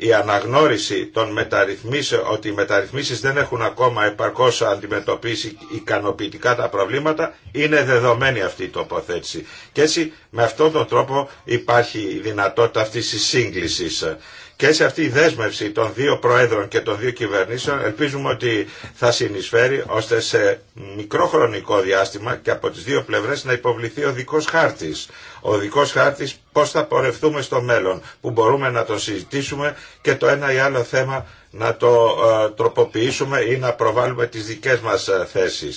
B: η αναγνώριση των μεταρρυθμίσεων, ότι οι μεταρρυθμίσεις δεν έχουν ακόμα επαρκώς αντιμετωπίσει ικανοποιητικά τα προβλήματα, είναι δεδομένη αυτή η τοποθέτηση. Και έτσι με αυτόν τον τρόπο υπάρχει η δυνατότητα αυτής της σύγκλησης. Και σε αυτή η δέσμευση των δύο προέδρων και των δύο κυβερνήσεων ελπίζουμε ότι θα συνεισφέρει ώστε σε μικρό χρονικό διάστημα και από τις δύο πλευρές να υποβληθεί ο δικός χάρτης ο δικό χάρτη πώ θα πορευτούμε στο μέλλον, που μπορούμε να το συζητήσουμε και το ένα ή άλλο θέμα να το ε, τροποποιήσουμε ή να προβάλλουμε τι δικέ μα ε, θέσει.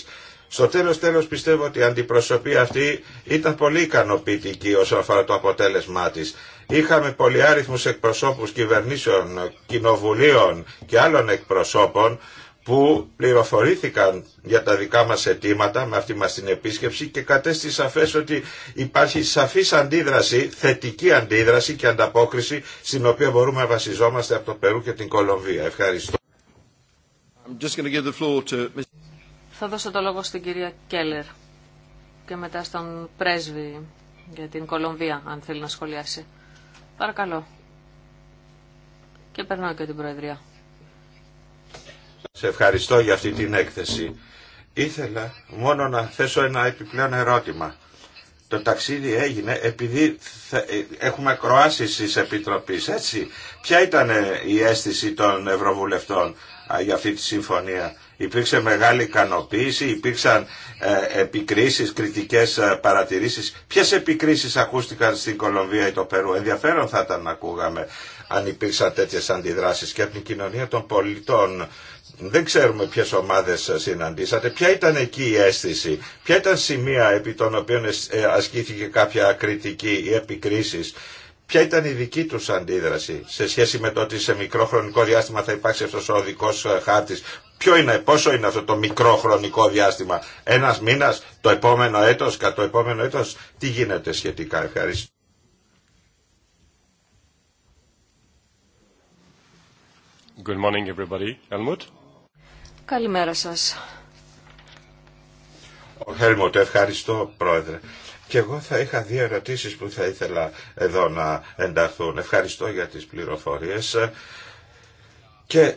B: Στο τέλος τέλος πιστεύω ότι η αντιπροσωπή αυτή ήταν πολύ ικανοποιητική όσον αφορά το αποτέλεσμά της. Είχαμε πολυάριθμους εκπροσώπους κυβερνήσεων, κοινοβουλίων και άλλων εκπροσώπων που πληροφορήθηκαν για τα δικά μας αιτήματα με αυτή μας την επίσκεψη και κατέστη σαφές ότι υπάρχει σαφής αντίδραση, θετική αντίδραση και ανταπόκριση στην οποία μπορούμε να βασιζόμαστε από το Περού και την Κολομβία. Ευχαριστώ. to...
A: Θα δώσω το λόγο στην κυρία Κέλλερ και μετά στον πρέσβη για την Κολομβία, αν θέλει να σχολιάσει. Παρακαλώ. Και περνάω και την Προεδρία
B: ευχαριστώ για αυτή την έκθεση. Ήθελα μόνο να θέσω ένα επιπλέον ερώτημα. Το ταξίδι έγινε επειδή ε, έχουμε ακροάσει της επιτροπή. έτσι. Ποια ήταν ε, η αίσθηση των Ευρωβουλευτών για αυτή τη συμφωνία. Υπήρξε μεγάλη ικανοποίηση, υπήρξαν ε, επικρίσεις, κριτικές παρατηρήσεις. Ποιες επικρίσεις ακούστηκαν στην Κολομβία ή το Περού. Ενδιαφέρον θα ήταν να ακούγαμε αν υπήρξαν τέτοιες αντιδράσεις και από την κοινωνία των πολιτών δεν ξέρουμε ποιες ομάδες συναντήσατε. Ποια ήταν εκεί η αίσθηση, ποια ήταν σημεία επί των οποίων ε, ασκήθηκε κάποια κριτική ή επικρίσεις. Ποια ήταν η δική τους αντίδραση σε σχέση με το ότι σε μικρό χρονικό διάστημα θα υπάρξει αυτός ο οδικό ε, χάρτης. Ποιο είναι, πόσο είναι αυτό το μικρό χρονικό διάστημα. Ένας μήνας, το επόμενο έτος, κατά το επόμενο έτος. Τι γίνεται σχετικά. Ευχαριστώ. Good morning everybody.
A: Καλημέρα σας.
B: Ο Χέλμοντ, ευχαριστώ πρόεδρε. Και εγώ θα είχα δύο ερωτήσεις που θα ήθελα εδώ να ενταχθούν. Ευχαριστώ για τις πληροφορίες. Και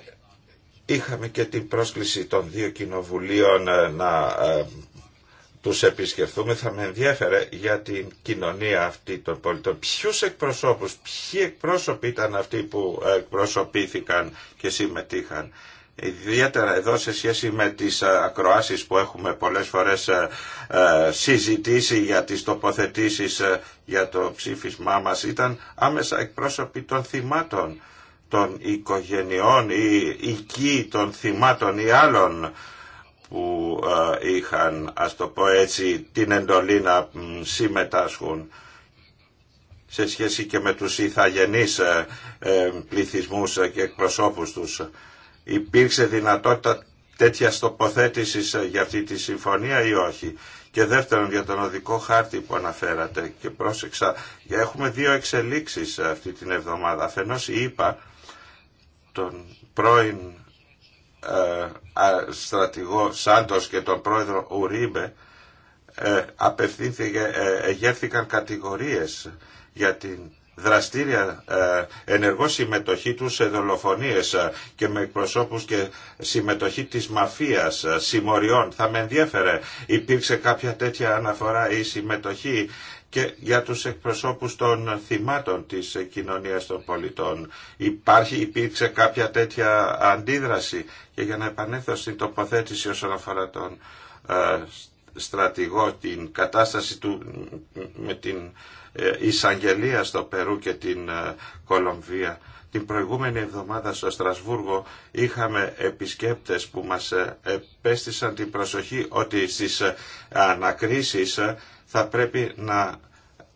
B: είχαμε και την πρόσκληση των δύο κοινοβουλίων ε, να ε, τους επισκεφθούμε θα με ενδιέφερε για την κοινωνία αυτή των πολιτών. Ποιους εκπροσώπους, ποιοι εκπρόσωποι ήταν αυτοί που εκπροσωπήθηκαν και συμμετείχαν ιδιαίτερα εδώ σε σχέση με τις ε, ακροάσεις που έχουμε πολλές φορές ε, ε, συζητήσει για τις τοποθετήσεις για το ψήφισμά μας ήταν άμεσα εκπρόσωποι των θυμάτων των οικογενειών ή οικοί των θυμάτων ή άλλων που είχαν ας το πω έτσι την εντολή να συμμετάσχουν σε σχέση και με τους ηθαγενείς πληθυσμούς και εκπροσώπους τους υπήρξε δυνατότητα τέτοια τοποθέτηση ε, για αυτή τη συμφωνία ή όχι. Και δεύτερον για τον οδικό χάρτη που αναφέρατε και πρόσεξα, έχουμε δύο εξελίξεις ε, αυτή την εβδομάδα. Αφενός είπα τον πρώην ε, στρατηγό Σάντος και τον πρόεδρο Ουρίμπε ε, απευθύνθηκε, κατηγορίες για την δραστήρια ε, ενεργό συμμετοχή τους σε δολοφονίες ε, και με εκπροσώπους και συμμετοχή της μαφίας, ε, συμμοριών. Θα με ενδιέφερε υπήρξε κάποια τέτοια αναφορά ή συμμετοχή και για τους εκπροσώπους των θυμάτων της κοινωνίας των πολιτών. Υπάρχει, υπήρξε κάποια τέτοια αντίδραση και για να επανέλθω στην τοποθέτηση όσον αφορά τον στρατηγό, την κατάσταση του με την ε, εισαγγελία στο Περού και την ε, Κολομβία. Την προηγούμενη εβδομάδα στο Στρασβούργο είχαμε επισκέπτες που μας ε, επέστησαν την προσοχή ότι στις ανακρίσεις θα πρέπει να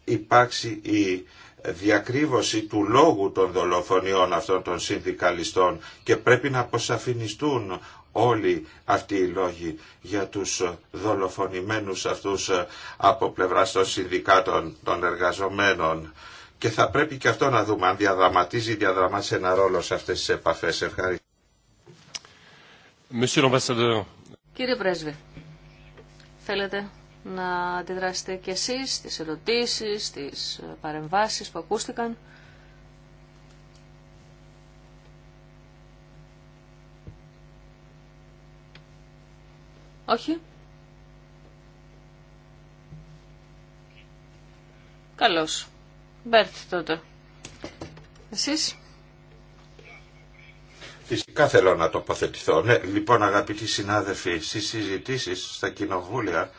B: υπάρξει η διακρύβωση του λόγου των δολοφονιών αυτών των συνδικαλιστών και πρέπει να αποσαφινιστούν όλοι αυτοί οι λόγοι για τους δολοφονημένους αυτούς ε, από πλευρά των συνδικάτων των εργαζομένων. Και θα πρέπει και αυτό να δούμε αν διαδραματίζει ή διαδραμάτισε ένα ρόλο σε αυτές τις επαφές. Ευχαριστώ.
A: Κύριε Πρέσβη, θέλετε να αντιδράσετε κι εσείς στις ερωτήσεις, στις παρεμβάσεις που ακούστηκαν. Όχι. Καλώς. Μπέρτ τότε. Εσείς.
B: Φυσικά θέλω να τοποθετηθώ. Ναι, λοιπόν αγαπητοί συνάδελφοι, στις συζητήσεις στα κοινοβούλια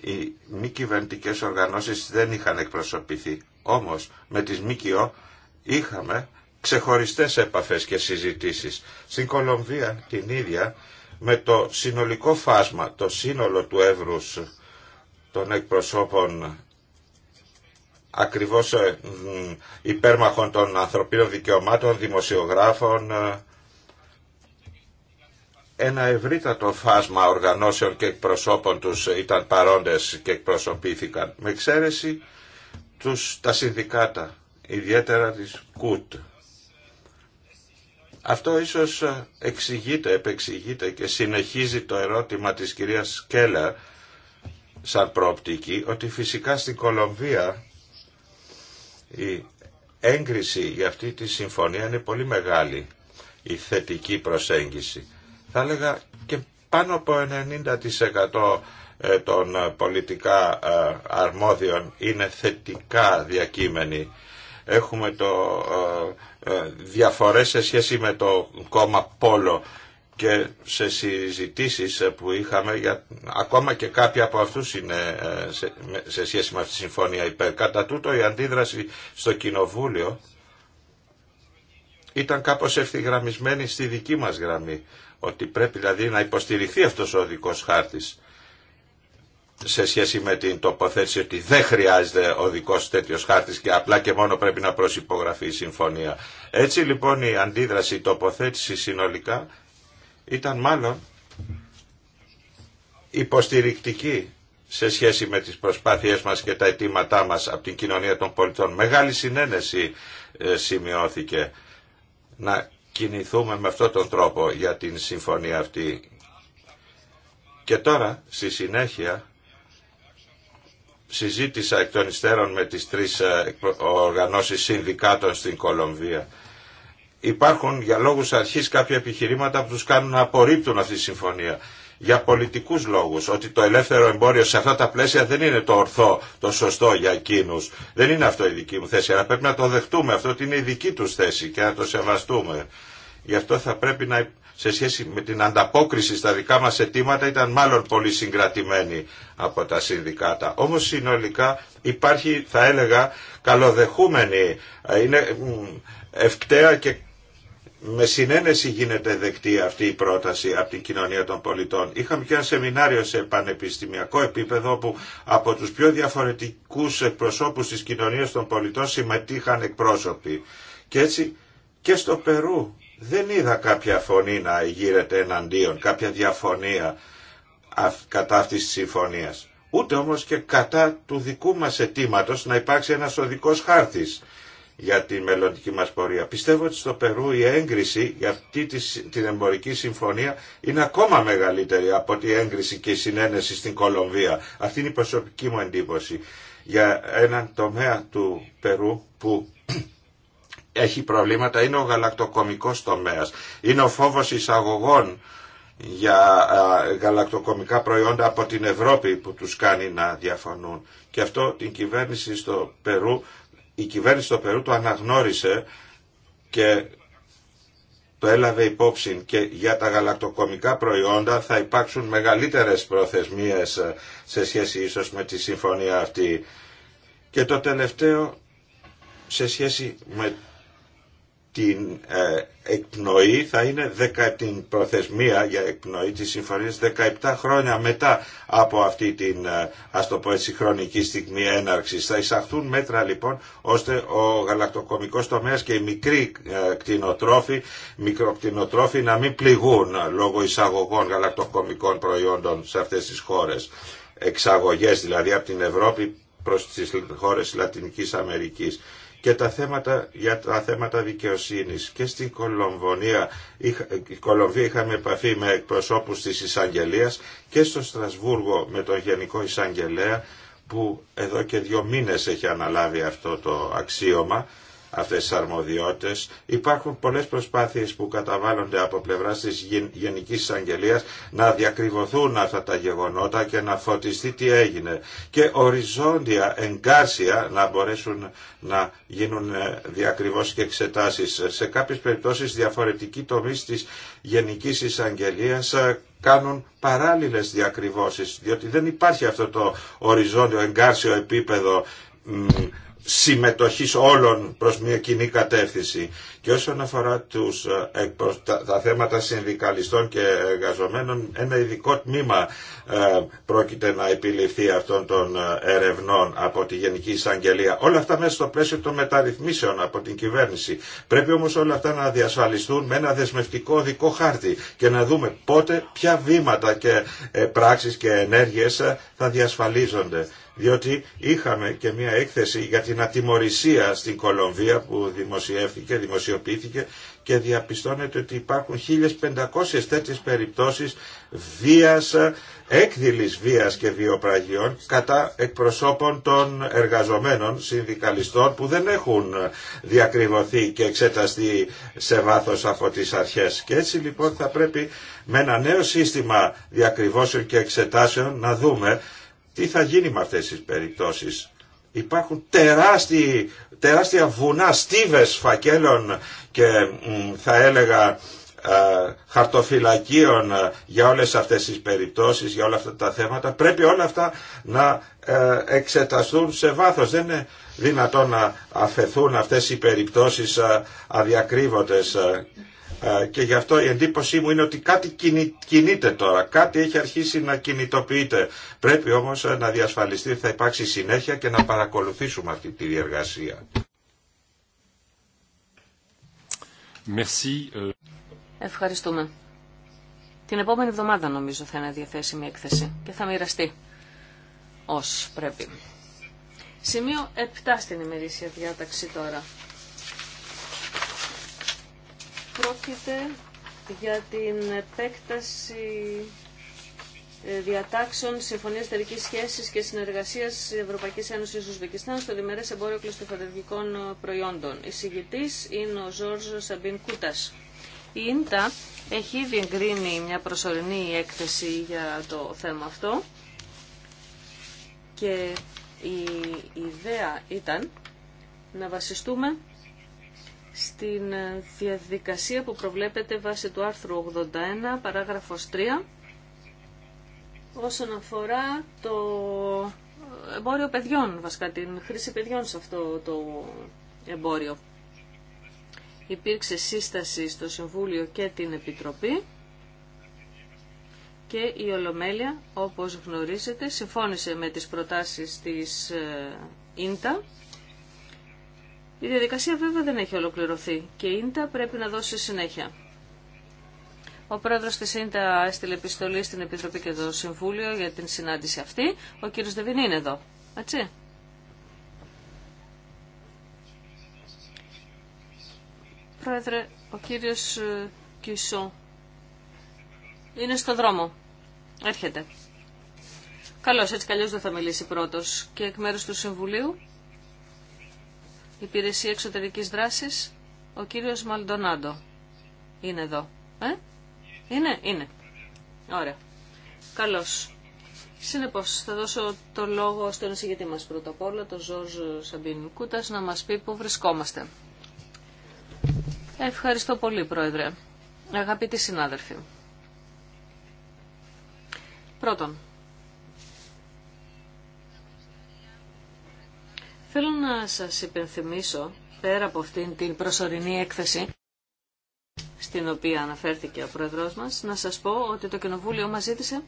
B: οι μη κυβερνητικέ οργανώσεις δεν είχαν εκπροσωπηθεί. Όμως με τις ΜΚΟ είχαμε ξεχωριστές επαφές και συζητήσεις. Στην Κολομβία την ίδια με το συνολικό φάσμα, το σύνολο του εύρους των εκπροσώπων ακριβώς ε, υπέρμαχων των ανθρωπίνων δικαιωμάτων, δημοσιογράφων, ε, ένα ευρύτατο φάσμα οργανώσεων και εκπροσώπων τους ήταν παρόντες και εκπροσωπήθηκαν, με εξαίρεση τους, τα συνδικάτα, ιδιαίτερα της ΚΟΥΤ αυτό ίσως ε, εξηγείται, επεξηγείται και συνεχίζει το ερώτημα της κυρίας Κέλλα σαν προοπτική ότι φυσικά στην Κολομβία η έγκριση για αυτή τη συμφωνία είναι πολύ μεγάλη η θετική προσέγγιση. Θα έλεγα και πάνω από 90% ε, των πολιτικά ε, αρμόδιων είναι θετικά διακείμενοι έχουμε το ε, ε, διαφορές σε σχέση με το κόμμα Πόλο και σε συζητήσεις ε, που είχαμε, για, ακόμα και κάποιοι από αυτούς είναι σε, σε σχέση με αυτή τη συμφωνία υπέρ. Κατά τούτο η αντίδραση στο Κοινοβούλιο ήταν κάπως ευθυγραμμισμένη στη δική μας γραμμή, ότι πρέπει δηλαδή να υποστηριχθεί αυτός ο δικός χάρτης σε σχέση με την τοποθέτηση ότι δεν χρειάζεται ο δικός τέτοιο χάρτη και απλά και μόνο πρέπει να προσυπογραφεί η συμφωνία. Έτσι λοιπόν η αντίδραση, η τοποθέτηση συνολικά ήταν μάλλον υποστηρικτική σε σχέση με τις προσπάθειές μας και τα αιτήματά μας από την κοινωνία των πολιτών. Μεγάλη συνένεση ε, σημειώθηκε να κινηθούμε με αυτόν τον τρόπο για την συμφωνία αυτή. Και τώρα, στη συνέχεια, συζήτησα εκ των υστέρων με τις τρεις ε, οργανώσεις συνδικάτων στην Κολομβία. Υπάρχουν για λόγους αρχής κάποια επιχειρήματα που τους κάνουν να απορρίπτουν αυτή τη συμφωνία. Για πολιτικούς λόγους, ότι το ελεύθερο εμπόριο σε αυτά τα πλαίσια δεν είναι το ορθό, το σωστό για εκείνους. Δεν είναι αυτό η δική μου θέση, αλλά πρέπει να το δεχτούμε αυτό ότι είναι η δική τους θέση και να το σεβαστούμε. Γι' αυτό θα πρέπει να σε σχέση με την ανταπόκριση στα δικά μας αιτήματα ήταν μάλλον πολύ συγκρατημένη από τα συνδικάτα. Όμως συνολικά υπάρχει, θα έλεγα, καλοδεχούμενη, ε, είναι ευκταία και με συνένεση γίνεται δεκτή αυτή η πρόταση από την κοινωνία των πολιτών. Είχαμε και ένα σεμινάριο σε πανεπιστημιακό επίπεδο που από τους πιο διαφορετικούς εκπροσώπους της κοινωνίας των πολιτών συμμετείχαν εκπρόσωποι. Και έτσι και στο Περού δεν είδα κάποια φωνή να γύρεται εναντίον, κάποια διαφωνία κατά αυτής της συμφωνίας. Ούτε όμως και κατά του δικού μας αιτήματο να υπάρξει ένας οδικός χάρτης για τη μελλοντική μας πορεία. Πιστεύω ότι στο Περού η έγκριση για αυτή την εμπορική συμφωνία είναι ακόμα μεγαλύτερη από τη έγκριση και η συνένεση στην Κολομβία. Αυτή είναι η προσωπική μου εντύπωση για έναν τομέα του Περού που έχει προβλήματα είναι ο γαλακτοκομικός τομέας. Είναι ο φόβος εισαγωγών για γαλακτοκομικά προϊόντα από την Ευρώπη που τους κάνει να διαφωνούν. Και αυτό την κυβέρνηση στο Περού, η κυβέρνηση στο Περού το αναγνώρισε και το έλαβε υπόψη και για τα γαλακτοκομικά προϊόντα θα υπάρξουν μεγαλύτερες προθεσμίες ε, σε σχέση ίσως με τη συμφωνία αυτή. Και το τελευταίο σε σχέση με την ε, εκπνοή θα είναι την προθεσμία για εκπνοή της συμφωνίας 17 χρόνια μετά από αυτή την ε, ας χρονική στιγμή έναρξης. Θα εισαχθούν μέτρα λοιπόν ώστε ο γαλακτοκομικός τομέας και οι μικροί ε, κτηνοτρόφοι, μικροκτηνοτρόφοι να μην πληγούν λόγω εισαγωγών γαλακτοκομικών προϊόντων σε αυτές τις χώρες. Εξαγωγές δηλαδή από την Ευρώπη προς τις χώρες Λατινικής Αμερικής και τα θέματα, για τα θέματα δικαιοσύνης. Και στην η Κολομβία είχαμε επαφή με εκπροσώπους της εισαγγελίας και στο Στρασβούργο με τον Γενικό Εισαγγελέα που εδώ και δύο μήνες έχει αναλάβει αυτό το αξίωμα αυτές τις αρμοδιότητες. Υπάρχουν πολλές προσπάθειες που καταβάλλονται από πλευράς της Γενικής Εισαγγελίας να διακριβωθούν αυτά τα γεγονότα και να φωτιστεί τι έγινε. Και οριζόντια, εγκάρσια να μπορέσουν να γίνουν ε, διακριβώσεις και εξετάσεις. Σε κάποιες περιπτώσεις διαφορετικοί τομείς της Γενικής Εισαγγελίας ε, κάνουν παράλληλες διακριβώσει, διότι δεν υπάρχει αυτό το οριζόντιο εγκάρσιο επίπεδο συμμετοχής όλων προς μια κοινή κατεύθυνση. Και όσον αφορά τους, ε, τα, θέματα συνδικαλιστών και εργαζομένων, ένα ειδικό τμήμα ε, πρόκειται να επιληφθεί αυτών των ε, ερευνών από τη Γενική Εισαγγελία. Όλα αυτά μέσα στο πλαίσιο των μεταρρυθμίσεων από την κυβέρνηση. Πρέπει όμως όλα αυτά να διασφαλιστούν με ένα δεσμευτικό δικό χάρτη και να δούμε πότε ποια βήματα και πράξεις και ενέργειες θα διασφαλίζονται διότι είχαμε και μια έκθεση για την ατιμορρησία στην Κολομβία που δημοσιεύθηκε, δημοσιοποιήθηκε και διαπιστώνεται ότι υπάρχουν 1500 τέτοιες περιπτώσεις βίας, έκδηλης βίας και βιοπραγιών κατά εκπροσώπων των εργαζομένων συνδικαλιστών που δεν έχουν διακριβωθεί και εξεταστεί σε βάθος από τις αρχές. Και έτσι λοιπόν θα πρέπει με ένα νέο σύστημα διακριβώσεων και εξετάσεων να δούμε τι θα γίνει με αυτές τις περιπτώσεις. Υπάρχουν τεράστια βουνά, στίβες φακέλων και θα έλεγα ε, χαρτοφυλακίων ε, για όλες αυτές τις περιπτώσεις, για όλα αυτά τα θέματα. Πρέπει όλα αυτά να ε, εξεταστούν σε βάθος. Δεν είναι δυνατόν να αφαιθούν αυτές οι περιπτώσεις αδιακρίβωτες. Ε, και γι' αυτό η εντύπωσή μου είναι ότι κάτι κινείται τώρα, κάτι έχει αρχίσει να κινητοποιείται. Πρέπει όμως ε, να διασφαλιστεί ότι θα υπάρξει συνέχεια και να παρακολουθήσουμε αυτή τη διεργασία. Ε.
A: Ευχαριστούμε. Την επόμενη εβδομάδα νομίζω θα είναι διαθέσιμη έκθεση και θα μοιραστεί ως πρέπει. Σημείο 7 στην ημερήσια διάταξη τώρα πρόκειται για την επέκταση ε, διατάξεων Συμφωνίας τελικής Σχέσης και Συνεργασίας Ευρωπαϊκής Ένωσης Ουσβεκιστάν στο διμερές εμπόριο κλωστοφαντευτικών ε, προϊόντων. Η συγγητής είναι ο Ζόρζο Σαμπίν Κούτας. Η ΙΝΤΑ έχει ήδη εγκρίνει μια προσωρινή έκθεση για το θέμα αυτό και η ιδέα ήταν να βασιστούμε στην ε, διαδικασία που προβλέπεται βάσει του άρθρου 81, παράγραφος 3, όσον αφορά το εμπόριο παιδιών, βασικά την χρήση παιδιών σε αυτό το εμπόριο. Υπήρξε σύσταση στο Συμβούλιο και την Επιτροπή και η Ολομέλεια, όπως γνωρίζετε, συμφώνησε με τις προτάσεις της ΙΝΤΑ ε, η διαδικασία βέβαια δεν έχει ολοκληρωθεί και η ίντα πρέπει να δώσει συνέχεια. Ο πρόεδρος της ίντα έστειλε επιστολή στην Επιτροπή και το Συμβούλιο για την συνάντηση αυτή. Ο κύριος Δεβίν είναι εδώ, έτσι. Πρόεδρε, ο κύριος ε, Κισό είναι στο δρόμο. Έρχεται. Καλώς, έτσι καλώς δεν θα μιλήσει πρώτος. Και εκ μέρους του Συμβουλίου Υπηρεσία Εξωτερικής Δράσης, ο κύριος Μαλντονάντο. Είναι εδώ. Ε? Είναι, είναι. Ωραία. Καλώς. Συνεπώς, θα δώσω το λόγο στον εισηγητή μας πρώτα απ' όλα, τον Ζόρζ Σαμπίν Κούτας, να μας πει πού βρισκόμαστε. Ευχαριστώ πολύ, Πρόεδρε. Αγαπητοί συνάδελφοι. Πρώτον, Θέλω να σας υπενθυμίσω, πέρα από αυτήν την προσωρινή έκθεση, στην οποία αναφέρθηκε ο Πρόεδρος μας, να σας πω ότι το Κοινοβούλιο μας ζήτησε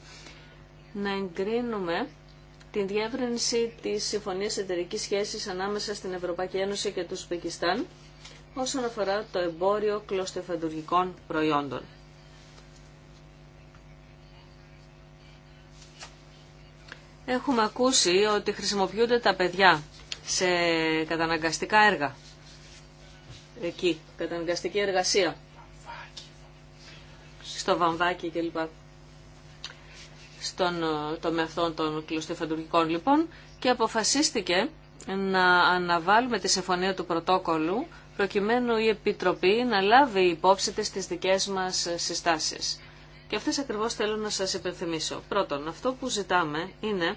A: να εγκρίνουμε την διεύρυνση της Συμφωνίας εταιρική Σχέσης ανάμεσα στην Ευρωπαϊκή Ένωση και του Σπικιστάν, όσον αφορά το εμπόριο κλωστεφαντουργικών προϊόντων. Έχουμε ακούσει ότι χρησιμοποιούνται τα παιδιά σε καταναγκαστικά έργα. Εκεί, καταναγκαστική εργασία. Στο βαμβάκι λοιπά. Στον ε, τομέα αυτών των κλωστοφαντουργικών λοιπόν και αποφασίστηκε να αναβάλουμε τη συμφωνία του πρωτόκολλου προκειμένου η Επιτροπή να λάβει υπόψη της τις δικές μας συστάσεις. Και αυτές ακριβώς θέλω να σας υπενθυμίσω. Πρώτον, αυτό που ζητάμε είναι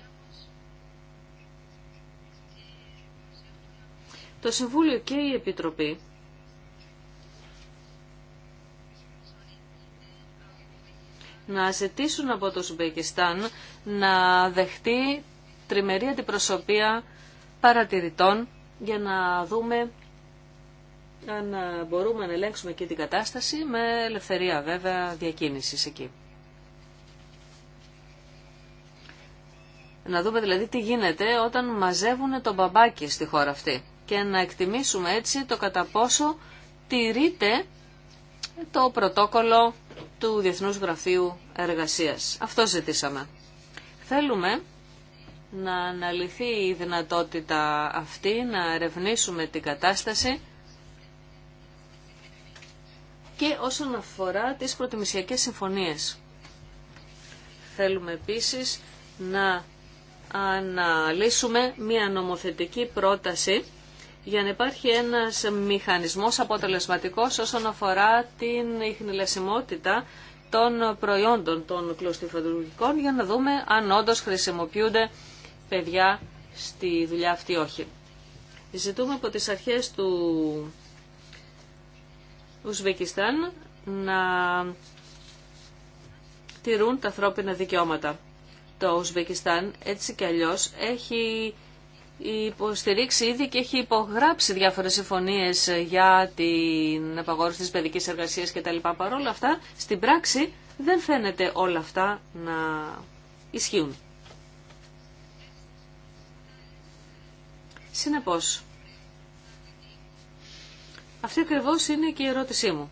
A: Το Συμβούλιο και η Επιτροπή να ζητήσουν από το Σουμπεκιστάν να δεχτεί τριμερή αντιπροσωπεία παρατηρητών για να δούμε αν μπορούμε να ελέγξουμε και την κατάσταση με ελευθερία βέβαια διακίνησης εκεί. Να δούμε δηλαδή τι γίνεται όταν μαζεύουν τον μπαμπάκι στη χώρα αυτή και να εκτιμήσουμε έτσι το κατά πόσο τηρείται το πρωτόκολλο του Διεθνούς Γραφείου Εργασίας. Αυτό ζητήσαμε. Θέλουμε να αναλυθεί η δυνατότητα αυτή, να ερευνήσουμε την κατάσταση και όσον αφορά τις προτιμησιακές συμφωνίες. Θέλουμε επίσης να αναλύσουμε μια νομοθετική πρόταση για να υπάρχει ένας μηχανισμός αποτελεσματικός όσον αφορά την ιχνηλεσιμότητα των προϊόντων των κλωστιφαντουργικών για να δούμε αν όντω χρησιμοποιούνται παιδιά στη δουλειά αυτή όχι. Ζητούμε από τις αρχές του Ουσβεκιστάν να τηρούν τα ανθρώπινα δικαιώματα. Το Ουσβεκιστάν έτσι κι αλλιώς έχει υποστηρίξει ήδη και έχει υπογράψει διάφορες συμφωνίες για την απαγόρευση της παιδικής εργασίας κτλ. Παρ' όλα αυτά, στην πράξη δεν φαίνεται όλα αυτά να ισχύουν. Συνεπώς, αυτή ακριβώ είναι και η ερώτησή μου.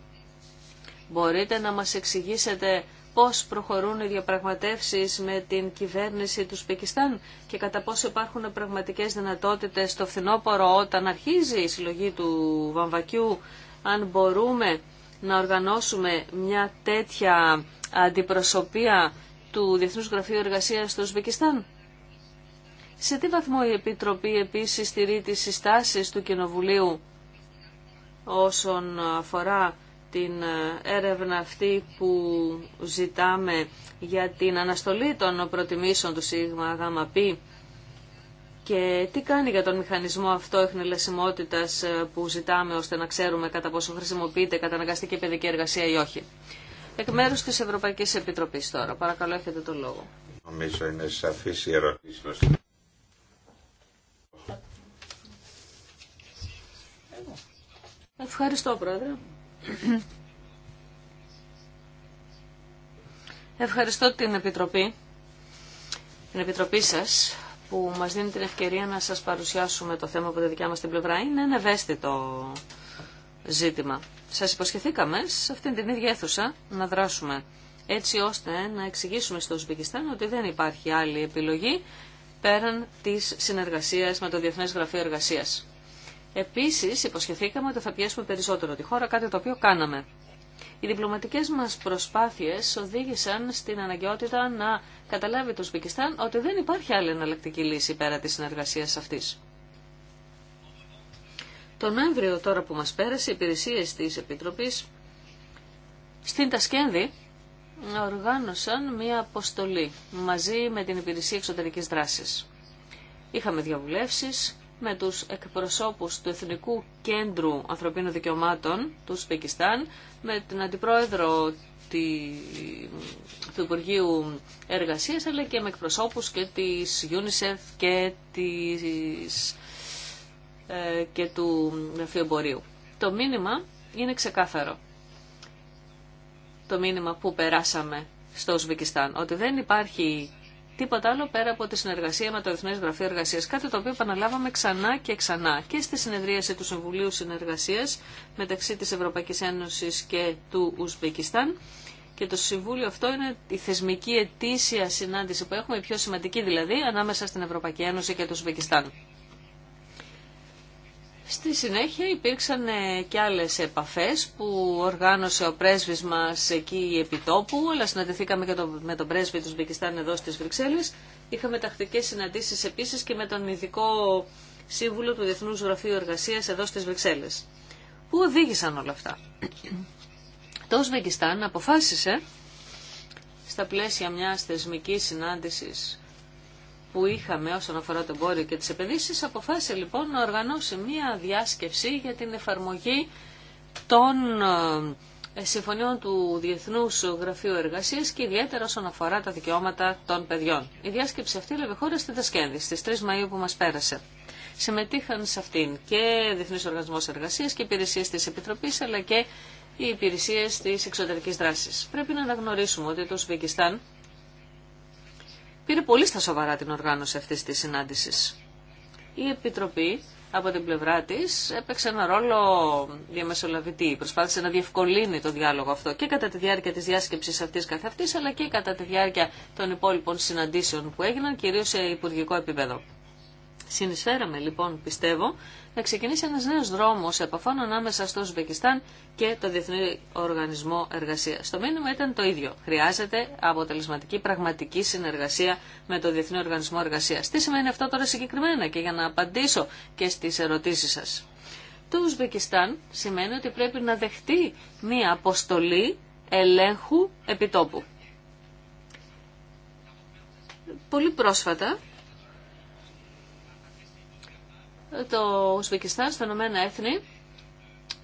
A: Μπορείτε να μας εξηγήσετε πώς προχωρούν οι διαπραγματεύσεις με την κυβέρνηση του Σπικιστάν και κατά πόσο υπάρχουν πραγματικές δυνατότητες στο φθινόπωρο όταν αρχίζει η συλλογή του βαμβακιού, αν μπορούμε να οργανώσουμε μια τέτοια αντιπροσωπεία του Διεθνούς Γραφείου Εργασίας στο Ουσβεκιστάν. Σε τι βαθμό η Επιτροπή επίσης στηρεί τις συστάσεις του Κοινοβουλίου όσον αφορά την ε, έρευνα αυτή που ζητάμε για την αναστολή των προτιμήσεων του σίγμα και τι κάνει για τον μηχανισμό αυτό λεσιμότητας ε, που ζητάμε ώστε να ξέρουμε κατά πόσο χρησιμοποιείται καταναγκαστική παιδική εργασία ή όχι. Εκ μέρους της Ευρωπαϊκής Επιτροπής τώρα. Παρακαλώ έχετε το λόγο.
B: Νομίζω είναι σαφής η ερωτήση
A: Ευχαριστώ πρόεδρε. Ευχαριστώ την Επιτροπή, την Επιτροπή σας που μας δίνει την ευκαιρία να σας παρουσιάσουμε το θέμα από τη δικιά μας την πλευρά. Είναι ένα ευαίσθητο ζήτημα. Σας υποσχεθήκαμε σε αυτήν την ίδια αίθουσα να δράσουμε έτσι ώστε να εξηγήσουμε στο Ουσβικιστάν ότι δεν υπάρχει άλλη επιλογή πέραν της συνεργασίας με το Διεθνές Γραφείο Εργασίας. Επίσης, υποσχεθήκαμε ότι θα πιέσουμε περισσότερο τη χώρα, κάτι το οποίο κάναμε. Οι διπλωματικές μας προσπάθειες οδήγησαν στην αναγκαιότητα να καταλάβει το Ουσβεκιστάν ότι δεν υπάρχει άλλη εναλλακτική λύση πέρα τη συνεργασία αυτής. Τον Νοέμβριο τώρα που μας πέρασε, οι υπηρεσίε τη Επιτροπή στην Τασκένδη οργάνωσαν μία αποστολή μαζί με την Υπηρεσία εξωτερική δράση. Είχαμε διαβουλεύσει, με τους εκπροσώπους του Εθνικού Κέντρου Ανθρωπίνων Δικαιωμάτων του Σπίκιστάν, με την Αντιπρόεδρο του Υπουργείου Εργασίας, αλλά και με εκπροσώπους και της UNICEF και, της, ε, και του Γραφείου Το μήνυμα είναι ξεκάθαρο. Το μήνυμα που περάσαμε στο Ουσβικιστάν, ότι δεν υπάρχει τίποτα άλλο πέρα από τη συνεργασία με το Εθνές Γραφείο Εργασίας, κάτι το οποίο επαναλάβαμε ξανά και ξανά και στη συνεδρίαση του Συμβουλίου Συνεργασία μεταξύ της Ευρωπαϊκή Ένωσης και του Ουσβεκιστάν. Και το Συμβούλιο αυτό είναι η θεσμική ετήσια συνάντηση που έχουμε, η πιο σημαντική δηλαδή, ανάμεσα στην Ευρωπαϊκή Ένωση και το Ουσβεκιστάν. Στη συνέχεια υπήρξαν ε, και άλλες επαφές που οργάνωσε ο πρέσβης μας εκεί επιτόπου, αλλά συναντηθήκαμε και με τον πρέσβη του Σμπικιστάν εδώ στις Βρυξέλλες. Είχαμε τακτικές συναντήσεις επίσης και με τον ειδικό σύμβουλο του Διεθνούς Γραφείου Εργασίας εδώ στις Βρυξέλλες. Πού οδήγησαν όλα αυτά. (clears throat) Το Ουσβεκιστάν αποφάσισε στα πλαίσια μιας θεσμικής συνάντησης που είχαμε όσον αφορά το εμπόριο και τις επενδύσεις, αποφάσισε λοιπόν να οργανώσει μία διάσκεψη για την εφαρμογή των ε, συμφωνιών του Διεθνούς Γραφείου Εργασίας και ιδιαίτερα όσον αφορά τα δικαιώματα των παιδιών. Η διάσκεψη αυτή έλαβε χώρα στη Δασκένδη, στις 3 Μαΐου που μας πέρασε. Συμμετείχαν σε αυτήν και Διεθνή Οργανισμό Εργασία και υπηρεσίε τη Επιτροπή αλλά και οι υπηρεσίε τη εξωτερική δράση. Πρέπει να αναγνωρίσουμε ότι το Σουβεκιστάν πήρε πολύ στα σοβαρά την οργάνωση αυτής της συνάντησης. Η Επιτροπή από την πλευρά της έπαιξε ένα ρόλο διαμεσολαβητή. Προσπάθησε να διευκολύνει το διάλογο αυτό και κατά τη διάρκεια της διάσκεψης αυτής καθ' αυτής, αλλά και κατά τη διάρκεια των υπόλοιπων συναντήσεων που έγιναν, κυρίως σε υπουργικό επίπεδο. Συνεισφέραμε λοιπόν, πιστεύω, να ξεκινήσει ένας νέος δρόμος επαφών ανάμεσα στο Ουσβεκιστάν και το Διεθνή Οργανισμό Εργασίας. Το μήνυμα ήταν το ίδιο. Χρειάζεται αποτελεσματική πραγματική συνεργασία με το Διεθνή Οργανισμό Εργασίας. Τι σημαίνει αυτό τώρα συγκεκριμένα και για να απαντήσω και στις ερωτήσεις σας. Το Ουσβεκιστάν σημαίνει ότι πρέπει να δεχτεί μία αποστολή ελέγχου επιτόπου. Πολύ πρόσφατα το Ουσβεκιστάν στα Ηνωμένα Έθνη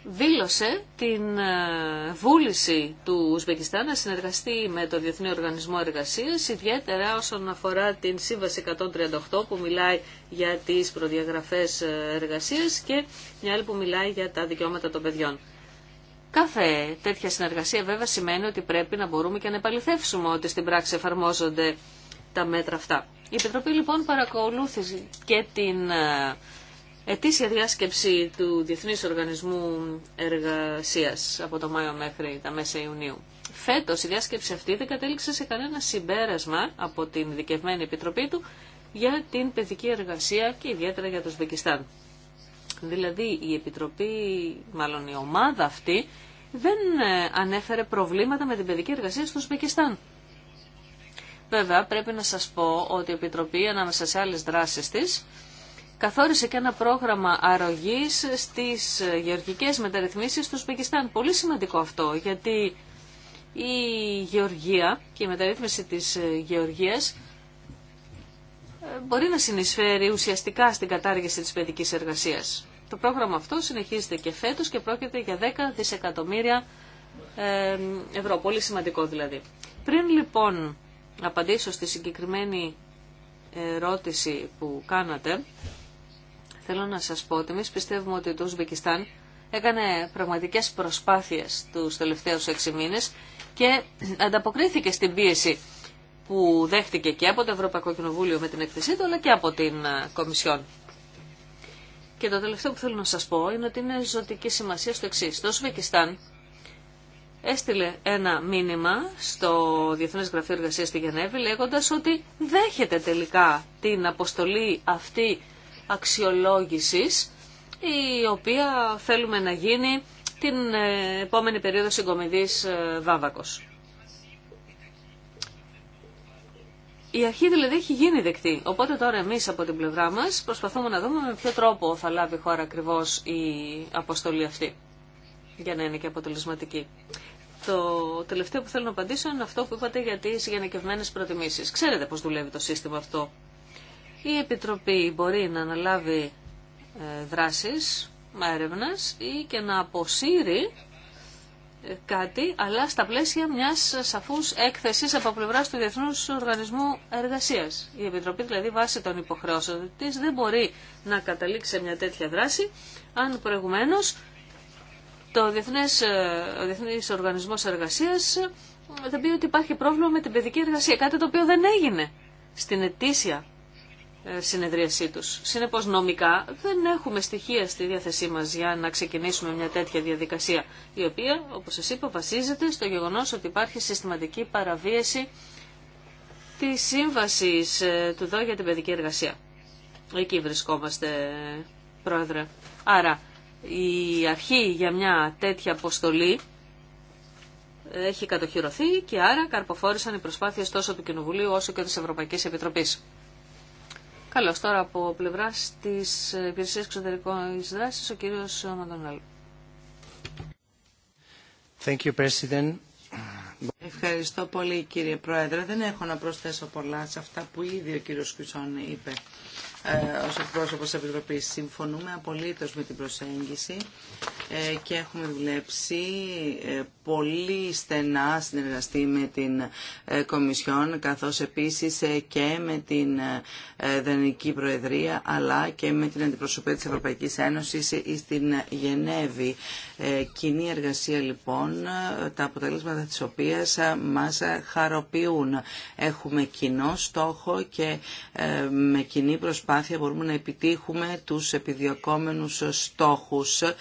A: δήλωσε την ε, βούληση του Ουσβεκιστάν να συνεργαστεί με το Διεθνή Οργανισμό Εργασίας, ιδιαίτερα όσον αφορά την Σύμβαση 138 που μιλάει για τις προδιαγραφές ε, εργασίας και μια άλλη που μιλάει για τα δικαιώματα των παιδιών. Κάθε τέτοια συνεργασία βέβαια σημαίνει ότι πρέπει να μπορούμε και να επαληθεύσουμε ότι στην πράξη εφαρμόζονται τα μέτρα αυτά. Η Επιτροπή λοιπόν παρακολούθησε και την ε, ετήσια διάσκεψη του Διεθνής Οργανισμού Εργασίας από το Μάιο μέχρι τα μέσα Ιουνίου. Φέτος η διάσκεψη αυτή δεν κατέληξε σε κανένα συμπέρασμα από την Δικευμένη Επιτροπή του για την παιδική εργασία και ιδιαίτερα για το Σβεκιστάν. Δηλαδή η Επιτροπή, μάλλον η ομάδα αυτή, δεν ε, ανέφερε προβλήματα με την παιδική εργασία στο Σβεκιστάν. Βέβαια πρέπει να σας πω ότι η Επιτροπή ανάμεσα σε άλλες δράσεις της καθόρισε και ένα πρόγραμμα αρρωγής στις γεωργικές μεταρρυθμίσεις του Σπικιστάν. Πολύ σημαντικό αυτό, γιατί η γεωργία και η μεταρρύθμιση της γεωργίας ε, μπορεί να συνεισφέρει ουσιαστικά στην κατάργηση της παιδικής εργασίας. Το πρόγραμμα αυτό συνεχίζεται και φέτος και πρόκειται για 10 δισεκατομμύρια ε, ευρώ. Πολύ σημαντικό δηλαδή. Πριν λοιπόν απαντήσω στη συγκεκριμένη ερώτηση που κάνατε Θέλω να σας πω ότι εμεί πιστεύουμε ότι το Ουσβεκιστάν έκανε πραγματικές προσπάθειες τους τελευταίους έξι μήνες και ανταποκρίθηκε στην πίεση που δέχτηκε και από το Ευρωπαϊκό Κοινοβούλιο με την εκθεσή του, αλλά και από την ε, Κομισιόν. Και το τελευταίο που θέλω να σας πω είναι ότι είναι ζωτική σημασία στο εξή. Το Ουσβεκιστάν έστειλε ένα μήνυμα στο Διεθνές Γραφείο Εργασίας στη Γενέβη λέγοντας ότι δέχεται τελικά την αποστολή αυτή αξιολόγησης η οποία θέλουμε να γίνει την ε, επόμενη περίοδο συγκομιδής ε, Βάβακος. Η αρχή δηλαδή έχει γίνει δεκτή, οπότε τώρα εμείς από την πλευρά μας προσπαθούμε να δούμε με ποιο τρόπο θα λάβει η χώρα ακριβώς η αποστολή αυτή, για να είναι και αποτελεσματική. Το τελευταίο που θέλω να απαντήσω είναι αυτό που είπατε για τις γενικευμένες προτιμήσεις. Ξέρετε πώς δουλεύει το σύστημα αυτό η Επιτροπή μπορεί να αναλάβει ε, δράσεις, έρευνας ή και να αποσύρει ε, κάτι, αλλά στα πλαίσια μιας σαφούς έκθεσης από πλευράς του Διεθνούς Οργανισμού Εργασίας. Η Επιτροπή δηλαδή βάσει των υποχρεώσεων της δεν μπορεί να καταλήξει σε μια τέτοια δράση, αν προηγουμένως το Διεθνές, ε, ο Διεθνής Οργανισμός Εργασίας δεν πει ότι υπάρχει πρόβλημα με την παιδική εργασία, κάτι το οποίο δεν έγινε στην ετήσια ε, συνεδρίασή του. Συνεπώς νομικά δεν έχουμε στοιχεία στη διάθεσή μα για να ξεκινήσουμε μια τέτοια διαδικασία, η οποία, όπω σα είπα, βασίζεται στο γεγονό ότι υπάρχει συστηματική παραβίαση τη σύμβαση ε, του ΔΟ για την παιδική εργασία. Εκεί βρισκόμαστε, Πρόεδρε. Άρα, η αρχή για μια τέτοια αποστολή έχει κατοχυρωθεί και άρα καρποφόρησαν οι προσπάθειες τόσο του Κοινοβουλίου όσο και της Ευρωπαϊκής Επιτροπής. Καλώ τώρα από πλευρά τη Υπηρεσία Εξωτερικών Δράση, ο κύριο Μαντονάλ. Ευχαριστώ πολύ κύριε
C: Πρόεδρε. Δεν έχω να προσθέσω πολλά σε αυτά που ήδη ο κύριος Κουτσόν είπε. Ε, ως εκπρόσωπο της Επιτροπής. Συμφωνούμε απολύτως με την προσέγγιση ε, και έχουμε δουλέψει ε, πολύ στενά συνεργαστεί με την Κομισιόν καθώς επίσης και με την Δενική Προεδρία αλλά και με την Αντιπροσωπή της Ευρωπαϊκής Ένωσης στην Γενέβη. Κοινή εργασία λοιπόν, τα αποτελέσματα της οποίας μας χαροποιούν. Έχουμε κοινό στόχο και με κοινή προσπάθεια προσπάθεια μπορούμε να επιτύχουμε τους επιδιωκόμενους στόχους ε,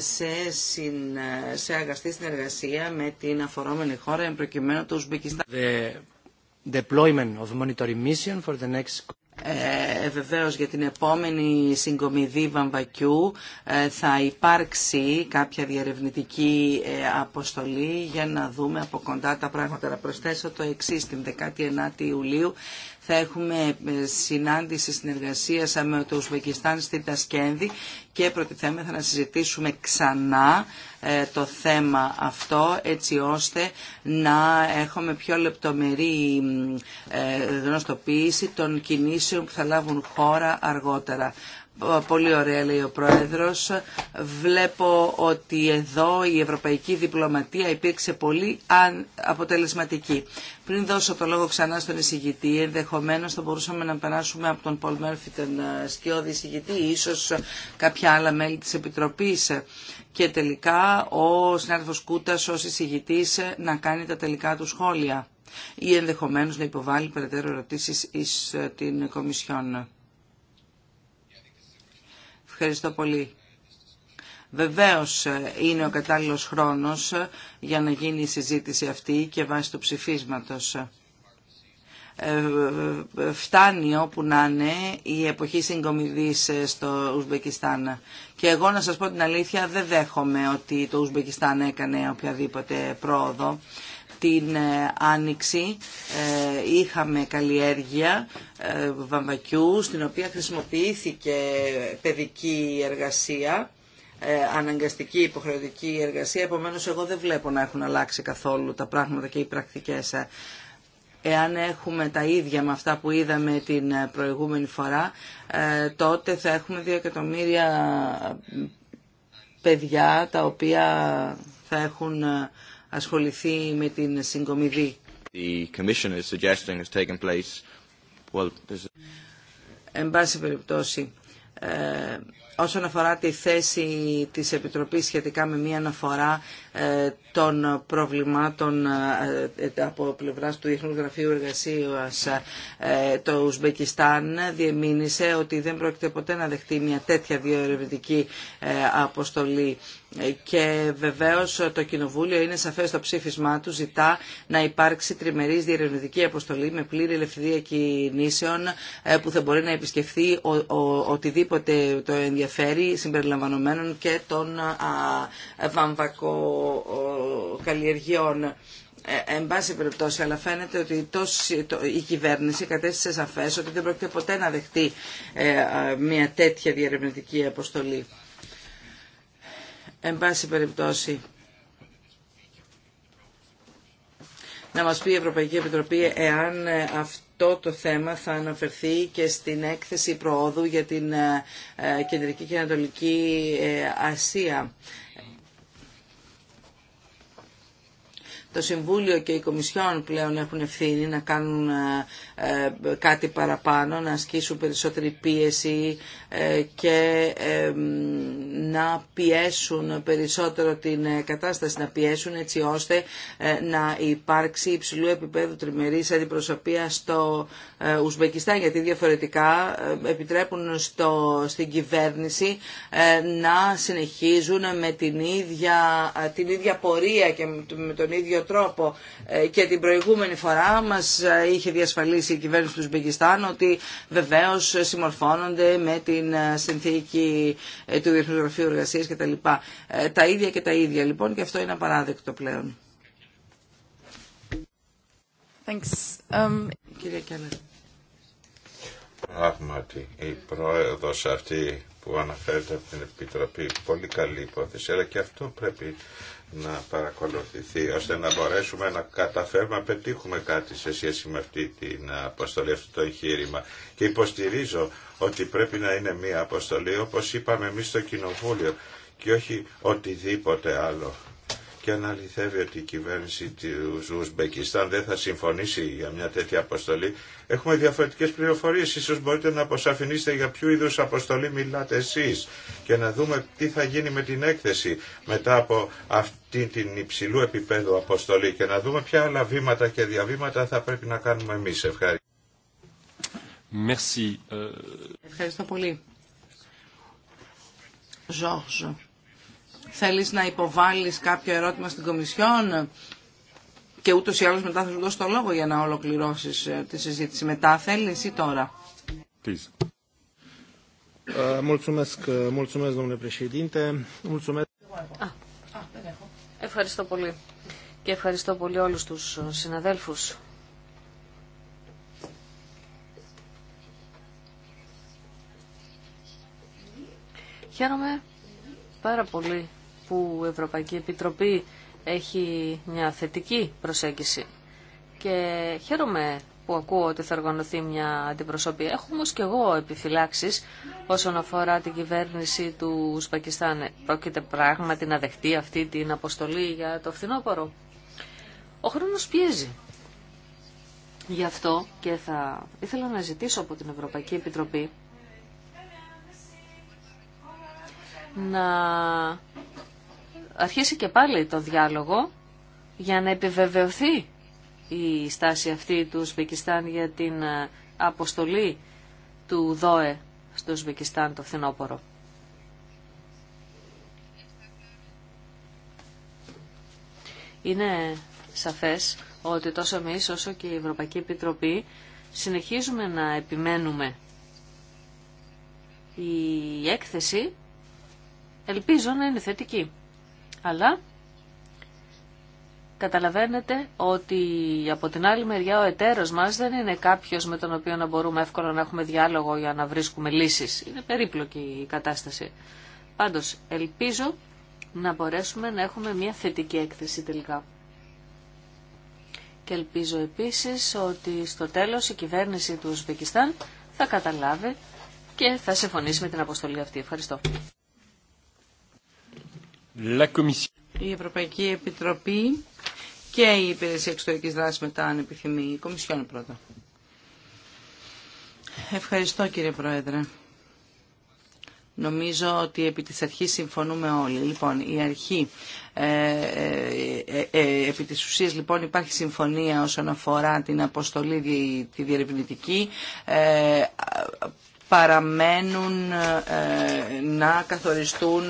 C: σε, συν, ε, σε αγαστή συνεργασία με την αφορόμενη χώρα, εν προκειμένου του Ουσμπικιστάν. Deployment of monitoring mission for the next... ε, για την επόμενη συγκομιδή Βαμβακιού ε, θα υπάρξει κάποια διερευνητική ε, αποστολή για να δούμε από κοντά τα πράγματα. Να προσθέσω το εξή την 19η Ιουλίου θα έχουμε ε, συνάντηση συνεργασία με το Ουσβεκιστάν στην Τασκένδη και προτιθέμεθα να συζητήσουμε ξανά ε, το θέμα αυτό έτσι ώστε να έχουμε πιο λεπτομερή ε, γνωστοποίηση των κινήσεων που θα λάβουν χώρα αργότερα. Πολύ ωραία λέει ο Πρόεδρος. Βλέπω ότι εδώ η ευρωπαϊκή διπλωματία υπήρξε πολύ αποτελεσματική. Πριν δώσω το λόγο ξανά στον εισηγητή, ενδεχομένως θα μπορούσαμε να περάσουμε από τον Πολ Μέρφυ, τον ε, σκιώδη εισηγητή, ίσως κάποια άλλα μέλη της Επιτροπής. Και τελικά ο συνάδελφος Κούτας ως εισηγητής ε, να κάνει τα τελικά του σχόλια ή ενδεχομένως να υποβάλει περαιτέρω ερωτήσεις ε, την Κομισιόν. Ευχαριστώ πολύ. Βεβαίως ε, είναι ο κατάλληλος χρόνος ε, για να γίνει η συζήτηση αυτή και βάσει του ψηφίσματος. Ε, φτάνει όπου να είναι η εποχή συγκομιδή στο Ουσμπεκιστάν. Και εγώ να σας πω την αλήθεια δεν δέχομαι ότι το Ουσμπεκιστάν έκανε οποιαδήποτε πρόοδο την ε, Άνοιξη ε, είχαμε καλλιέργεια ε, βαμβακιού στην οποία χρησιμοποιήθηκε παιδική εργασία αναγκαστική υποχρεωτική εργασία επομένως εγώ δεν βλέπω να έχουν αλλάξει καθόλου τα πράγματα και οι πρακτικές εάν έχουμε τα ίδια με αυτά που είδαμε την προηγούμενη φορά τότε θα έχουμε δύο εκατομμύρια παιδιά τα οποία θα έχουν ασχοληθεί με την συγκομιδή.
B: The commission is suggesting has taken place. Well,
C: Εν πάση περιπτώσει, ε, όσον αφορά τη θέση της Επιτροπής σχετικά με μία αναφορά ε, των προβλημάτων ε, ε, από πλευράς του Διεθνούς Γραφείου Εργασίας το Ουσμπεκιστάν διεμήνησε ότι δεν πρόκειται ποτέ να δεχτεί μια τέτοια διερευνητική αποστολή και βεβαίως το Κοινοβούλιο είναι σαφές στο ψήφισμά του Ιχνογραφείου γραφειου εργασιας το ουσμπεκισταν διεμηνησε οτι δεν προκειται ποτε να υπάρξει τριμερής διερευνητική αποστολή με πλήρη ελευθερία κινήσεων που θα μπορεί να επισκεφθεί οτιδήποτε το ενδιαφέρον ενδιαφέρει συμπεριλαμβανομένων και των βαμβακοκαλλιεργειών. Ε, εν πάση περιπτώσει, αλλά φαίνεται ότι το, η κυβέρνηση κατέστησε σαφέ ότι δεν πρόκειται ποτέ να δεχτεί ε, μια τέτοια διαρευνητική αποστολή. Εν πάση περιπτώσει, να μας πει η Ευρωπαϊκή Επιτροπή εάν ε, αυτή τό το το θέμα θα αναφερθεί και στην έκθεση προόδου για την ε, ε, Κεντρική και Ανατολική ε, Ασία. Το Συμβούλιο και οι Κομισιόν πλέον έχουν ευθύνη να κάνουν ε, ε, κάτι παραπάνω, να ασκήσουν περισσότερη πίεση ε, και να πιέσουν περισσότερο την κατάσταση, να πιέσουν έτσι ώστε να υπάρξει υψηλού επίπεδου τριμερής αντιπροσωπεία στο Ουσμπεκιστάν, γιατί διαφορετικά επιτρέπουν στο, στην κυβέρνηση να συνεχίζουν με την ίδια, την ίδια πορεία και με τον ίδιο τρόπο ε, και την προηγούμενη φορά μας ε, είχε διασφαλίσει η κυβέρνηση του Ουσμπεκιστάν ότι βεβαίως συμμορφώνονται με την ε, συνθήκη του Διεθνούς Γραφείου Εργασίας κτλ. Τα, τα ίδια και τα ίδια λοιπόν και αυτό είναι απαράδεκτο πλέον. Thanks. Um...
B: Πράγματι, η πρόεδρος αυτή που αναφέρεται από την Επιτροπή, πολύ καλή υπόθεση, αλλά και αυτό πρέπει να παρακολουθηθεί ώστε να μπορέσουμε να καταφέρουμε να πετύχουμε κάτι σε σχέση με αυτή την αποστολή, αυτό το εγχείρημα. Και υποστηρίζω ότι πρέπει να είναι μια αποστολή όπως είπαμε εμείς στο Κοινοβούλιο και όχι οτιδήποτε άλλο και αν ότι η κυβέρνηση του Ουσμπεκιστάν δεν θα συμφωνήσει για μια τέτοια αποστολή, έχουμε διαφορετικές πληροφορίες. Ίσως μπορείτε να αποσαφηνίσετε για ποιο είδους αποστολή μιλάτε εσείς και να δούμε τι θα γίνει με την έκθεση μετά από αυτή την υψηλού επίπεδου αποστολή και να δούμε ποια άλλα βήματα και διαβήματα θα πρέπει να κάνουμε εμείς. Ευχαριστώ. Ε.
C: Ευχαριστώ πολύ. Θέλεις να υποβάλεις κάποιο ερώτημα στην Κομισιόν και ούτως ή άλλως μετά θα σου δώσω το λόγο για να ολοκληρώσεις ε, τη συζήτηση. Μετά θέλεις ή τώρα.
B: Ε,
A: ε, ευχαριστώ πολύ και ευχαριστώ πολύ όλους τους συναδέλφους. Χαίρομαι πάρα πολύ που η Ευρωπαϊκή Επιτροπή έχει μια θετική προσέγγιση και χαίρομαι που ακούω ότι θα οργανωθεί μια αντιπροσωπή. Έχω όμως και εγώ επιφυλάξεις όσον αφορά την κυβέρνηση του Ουσπακιστάν. Πρόκειται πράγματι να δεχτεί αυτή την αποστολή για το φθινόπωρο. Ο χρόνος πιέζει. Γι' αυτό και θα ήθελα να ζητήσω από την Ευρωπαϊκή Επιτροπή να αρχίσει και πάλι το διάλογο για να επιβεβαιωθεί η στάση αυτή του Ουσβεκιστάν για την ε, αποστολή του ΔΟΕ στο Ουσβεκιστάν το φθινόπωρο. Είναι σαφές ότι τόσο εμεί όσο και η Ευρωπαϊκή Επιτροπή συνεχίζουμε να επιμένουμε. Η έκθεση ελπίζω να είναι θετική. Αλλά καταλαβαίνετε ότι από την άλλη μεριά ο εταίρος μας δεν είναι κάποιος με τον οποίο να μπορούμε εύκολα να έχουμε διάλογο για να βρίσκουμε λύσεις. Είναι περίπλοκη η κατάσταση. Πάντως ελπίζω να μπορέσουμε να έχουμε μια θετική έκθεση τελικά. Και ελπίζω επίσης ότι στο τέλος η κυβέρνηση του Ουσβεκιστάν θα καταλάβει και θα συμφωνήσει με την αποστολή αυτή. Ευχαριστώ η Ευρωπαϊκή Επιτροπή και η Υπηρεσία Εξωτερική Δράση μετά, αν επιθυμεί.
C: Η Κομισιόν πρώτα. Ευχαριστώ κύριε Πρόεδρε. Νομίζω ότι επί της αρχής συμφωνούμε όλοι. Λοιπόν, η αρχή, ε, ε, ε, ε επί της ουσίας λοιπόν υπάρχει συμφωνία όσον αφορά την αποστολή τη διερευνητική ε, παραμένουν ε, να καθοριστούν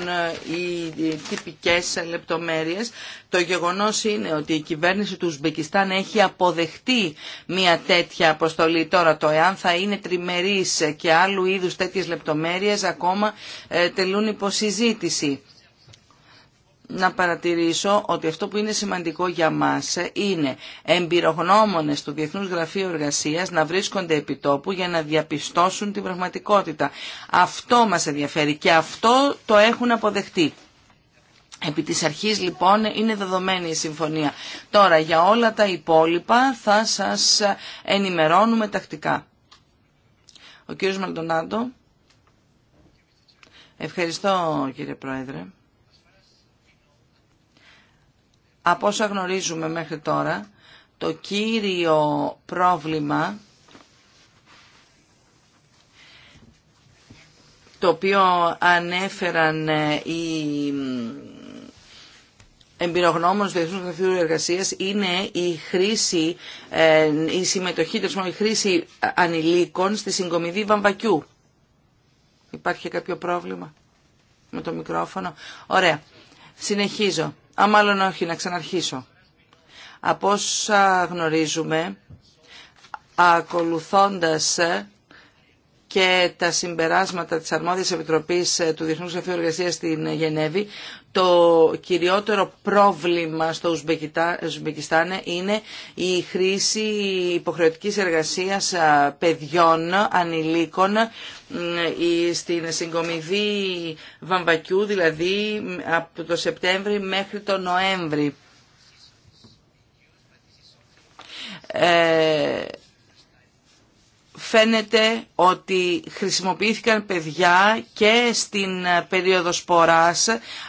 C: οι τυπικές λεπτομέρειες. Το γεγονός είναι ότι η κυβέρνηση του Ουσμπεκιστάν έχει αποδεχτεί μια τέτοια αποστολή. Τώρα το εάν θα είναι τριμερής και άλλου είδους τέτοιες λεπτομέρειες ακόμα ε, τελούν υποσυζήτηση να παρατηρήσω ότι αυτό που είναι σημαντικό για μας είναι εμπειρογνώμονες του Διεθνούς Γραφείου Εργασίας να βρίσκονται επί τόπου για να διαπιστώσουν την πραγματικότητα. Αυτό μας ενδιαφέρει και αυτό το έχουν αποδεχτεί. Επί της αρχής λοιπόν είναι δεδομένη η συμφωνία. Τώρα για όλα τα υπόλοιπα θα σας ενημερώνουμε τακτικά. Ο κύριος Μαλτονάντο. Ευχαριστώ κύριε Πρόεδρε. Από όσα γνωρίζουμε μέχρι τώρα, το κύριο πρόβλημα το οποίο ανέφεραν ε, οι εμπειρογνώμονες του Διεθνούς Γραφείου Εργασίας είναι η χρήση, ε, η συμμετοχή, η χρήση ανηλίκων στη συγκομιδή βαμβακιού. Υπάρχει κάποιο πρόβλημα με το μικρόφωνο. Ωραία. Συνεχίζω. Α, μάλλον όχι, να ξαναρχίσω. Από όσα γνωρίζουμε, ακολουθώντας ε, και τα συμπεράσματα της Αρμόδιας Επιτροπής ε, του Διεθνούς Γραφείου Εργασίας στην Γενέβη, το κυριότερο πρόβλημα στο Ουσμπεκιστάν είναι η χρήση υποχρεωτικής εργασίας παιδιών, ανηλίκων, στην συγκομιδή βαμβακιού, δηλαδή από το Σεπτέμβρη μέχρι το Νοέμβρη. Ε, φαίνεται ότι χρησιμοποιήθηκαν παιδιά και στην ε, περίοδο σποράς,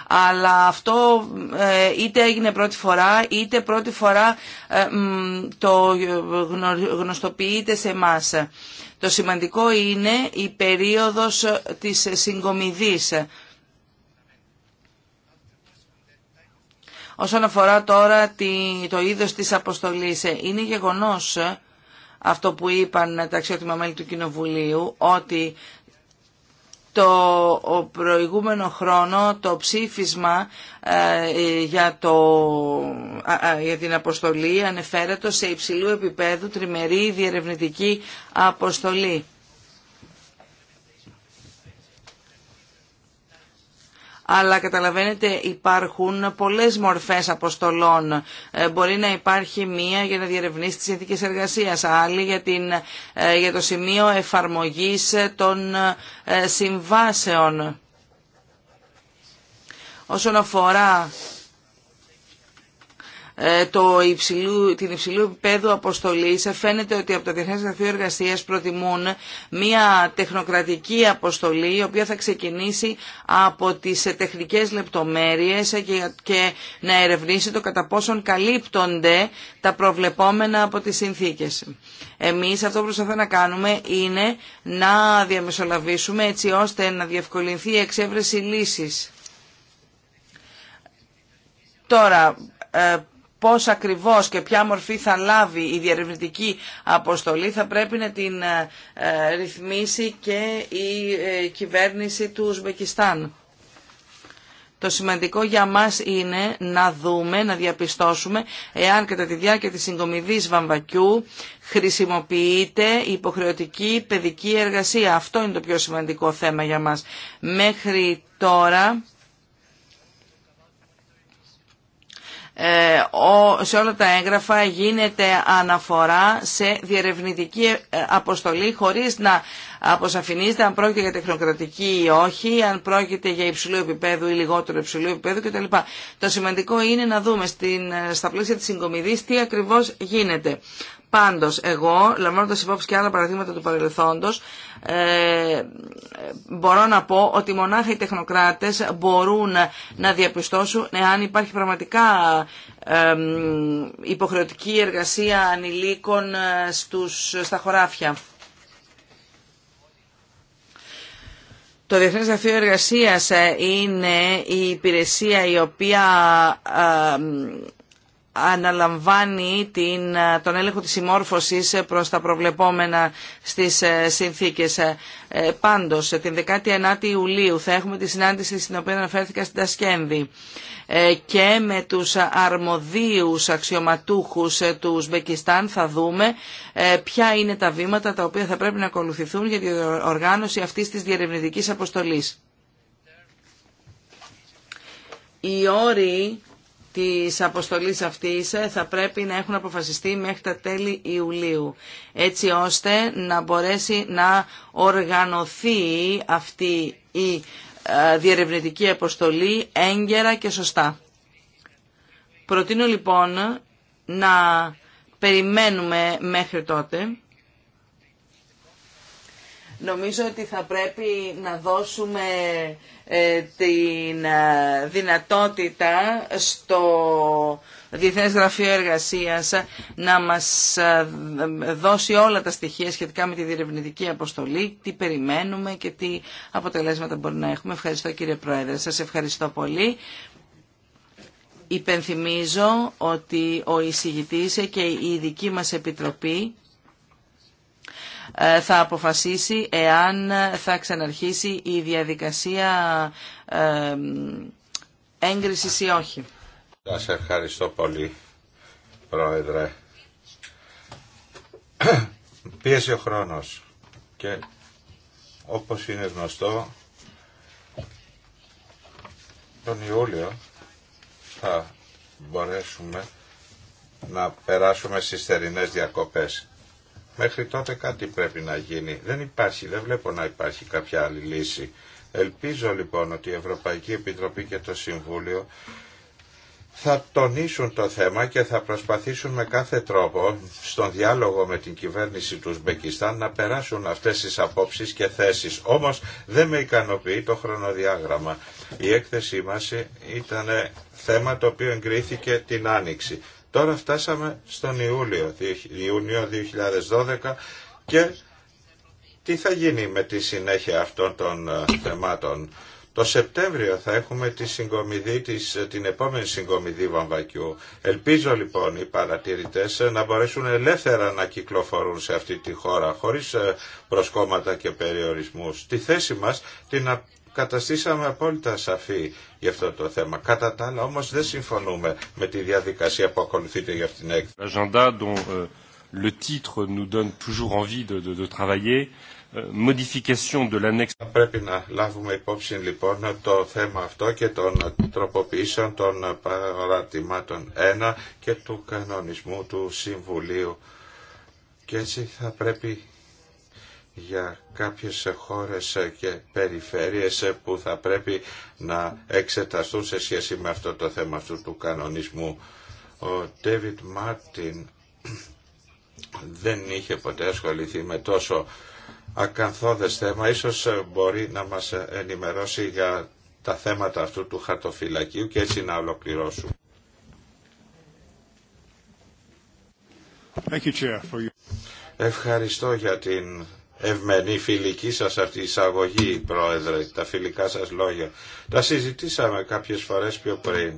C: αλλά αυτό ε, είτε έγινε πρώτη φορά, είτε πρώτη φορά ε, το γνωστοποιείται σε Το σημαντικό είναι η περίοδος της συγκομιδής. Όσον αφορά τώρα το είδος της αποστολής, είναι γεγονός αυτό που είπαν τα αξιότιμα μέλη του Κοινοβουλίου, ότι το προηγούμενο χρόνο το ψήφισμα ε, για, το, για την αποστολή ανεφέρετο σε υψηλού επίπεδου τριμερή διερευνητική αποστολή. αλλά καταλαβαίνετε υπάρχουν πολλές μορφές αποστολών. Ε, μπορεί να υπάρχει μία για να διερευνήσει τις συνθήκες εργασίας, άλλη για, την, ε, για το σημείο εφαρμογής των ε, συμβάσεων. Όσον αφορά ε, το την υψηλού επίπεδου αποστολή ε, φαίνεται ότι από το Διεθνέ Γραφείο εργασία προτιμούν μια τεχνοκρατική αποστολή η οποία θα ξεκινήσει από τι ε, τεχνικέ λεπτομέρειε και, και να ερευνήσει το κατά πόσον καλύπτονται τα προβλεπόμενα από τι συνθήκε. Εμεί αυτό που προσπαθούμε να κάνουμε είναι να διαμεσολαβήσουμε έτσι ώστε να διευκολυνθεί η εξέβρεση λύσης. Τώρα, πώς ακριβώς και ποια μορφή θα λάβει η διερευνητική αποστολή θα πρέπει να την ε, ε, ρυθμίσει και η ε, κυβέρνηση του Ουσμπεκιστάν. Το σημαντικό για μας είναι να δούμε, να διαπιστώσουμε εάν κατά τη διάρκεια της συγκομιδής βαμβακιού χρησιμοποιείται υποχρεωτική παιδική εργασία. Αυτό είναι το πιο σημαντικό θέμα για μας. Μέχρι τώρα Ε, σε όλα τα έγγραφα γίνεται αναφορά σε διερευνητική ε, αποστολή χωρίς να αποσαφηνίζεται αν πρόκειται για τεχνοκρατική ή όχι, αν πρόκειται για υψηλού επίπεδου ή λιγότερο υψηλού επίπεδου κτλ. Το σημαντικό είναι να δούμε στην, στα πλαίσια της συγκομιδής τι ακριβώς γίνεται. Πάντως, εγώ, λαμβάνοντας υπόψη και άλλα παραδείγματα του παρελθόντος, ε, μπορώ να πω ότι μονάχα οι τεχνοκράτες μπορούν να διαπιστώσουν εάν υπάρχει πραγματικά ε, υποχρεωτική εργασία ανηλίκων ε, στους, στα χωράφια. Το Διεθνές Γραφείο Εργασίας ε, είναι η υπηρεσία η οποία ε, αναλαμβάνει την, τον έλεγχο της συμμόρφωσης προς τα προβλεπόμενα στις ε, συνθήκες. Ε, ε, πάντως, την 19η Ιουλίου θα έχουμε τη συνάντηση στην οποία αναφέρθηκα στην Τασκένδη και με τους αρμοδίους αξιωματούχους του Ουσμπεκιστάν θα δούμε ποια είναι τα βήματα τα οποία θα πρέπει να ακολουθηθούν για την οργάνωση αυτής της διερευνητικής αποστολής. Οι όροι της αποστολής αυτής ε, θα πρέπει να έχουν αποφασιστεί μέχρι τα τέλη Ιουλίου, έτσι ώστε να μπορέσει να οργανωθεί αυτή η ε, διερευνητική αποστολή έγκαιρα και σωστά. Προτείνω λοιπόν να περιμένουμε μέχρι τότε Νομίζω ότι θα πρέπει να δώσουμε ε, την ε, δυνατότητα στο Διεθνές Γραφείο Εργασίας να μας ε, δώσει όλα τα στοιχεία σχετικά με τη διερευνητική αποστολή, τι περιμένουμε και τι αποτελέσματα μπορεί να έχουμε. Ευχαριστώ κύριε Πρόεδρε. Σας ευχαριστώ πολύ. Υπενθυμίζω ότι ο εισηγητής και η δική μας επιτροπή ε, θα αποφασίσει εάν θα ξαναρχίσει η διαδικασία ε, έγκρισης ή όχι.
B: Σας ευχαριστώ πολύ, Πρόεδρε. (clears throat) Πίεσε ο χρόνος και όπως είναι γνωστό, τον Ιούλιο θα μπορέσουμε να περάσουμε στις θερινές διακοπές. Μέχρι τότε κάτι πρέπει να γίνει. Δεν υπάρχει, δεν βλέπω να υπάρχει κάποια άλλη λύση. Ελπίζω λοιπόν ότι η Ευρωπαϊκή Επιτροπή και το Συμβούλιο θα τονίσουν το θέμα και θα προσπαθήσουν με κάθε τρόπο στον διάλογο με την κυβέρνηση του Ουσμπεκιστάν να περάσουν αυτές τις απόψεις και θέσεις. Όμως δεν με ικανοποιεί το χρονοδιάγραμμα. Η έκθεσή μας ήταν θέμα το οποίο εγκρίθηκε την Άνοιξη. Τώρα φτάσαμε στον Ιούλιο, Ιούνιο 2012 και τι θα γίνει με τη συνέχεια αυτών των ε, θεμάτων. Το Σεπτέμβριο θα έχουμε τη συγκομιδή, της, ε, την επόμενη συγκομιδή Βαμβακιού. Ελπίζω λοιπόν οι παρατηρητές ε, να μπορέσουν ελεύθερα να κυκλοφορούν σε αυτή τη χώρα, χωρίς προσκόμματα και περιορισμούς. Τη θέση μας την καταστήσαμε απόλυτα σαφή για αυτό το θέμα. Κατά τα άλλα όμως δεν συμφωνούμε με τη διαδικασία που ακολουθείται για αυτήν την έκθεση. Le Πρέπει να λάβουμε υπόψη λοιπόν το θέμα αυτό και των τροποποιήσεων των παρατημάτων 1 και του κανονισμού του Συμβουλίου. Και έτσι θα πρέπει για κάποιες χώρες και περιφέρειες που θα πρέπει να εξεταστούν σε σχέση με αυτό το θέμα αυτού του κανονισμού. Ο Ντέβιτ Μάρτιν δεν είχε ποτέ ασχοληθεί με τόσο ακαθόδες θέμα. Ίσως μπορεί να μας ενημερώσει για τα θέματα αυτού του χαρτοφυλακίου και έτσι να ολοκληρώσουμε. Ευχαριστώ για την ευμενή φιλική σας αυτή η εισαγωγή, Πρόεδρε, τα φιλικά σας λόγια. Τα συζητήσαμε κάποιες φορές πιο πριν.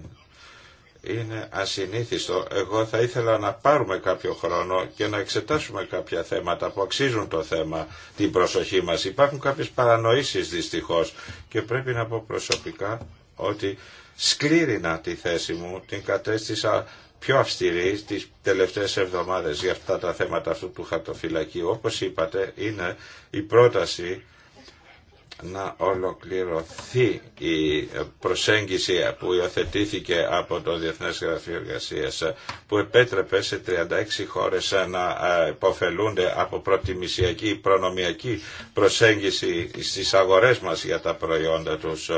B: Είναι ασυνήθιστο. Εγώ θα ήθελα να πάρουμε κάποιο χρόνο και να εξετάσουμε κάποια θέματα που αξίζουν το θέμα, την προσοχή μας. Υπάρχουν κάποιες παρανοήσεις δυστυχώς και πρέπει να πω προσωπικά ότι σκλήρινα τη θέση μου, την κατέστησα πιο αυστηρή τις τελευταίες εβδομάδες για αυτά τα θέματα αυτού του χαρτοφυλακίου. Όπως είπατε, είναι η πρόταση να ολοκληρωθεί η προσέγγιση που υιοθετήθηκε από το Διεθνές Γραφείο Εργασίας που επέτρεπε σε 36 χώρες να ε, υποφελούνται από προτιμησιακή προνομιακή προσέγγιση στις αγορές μας για τα προϊόντα τους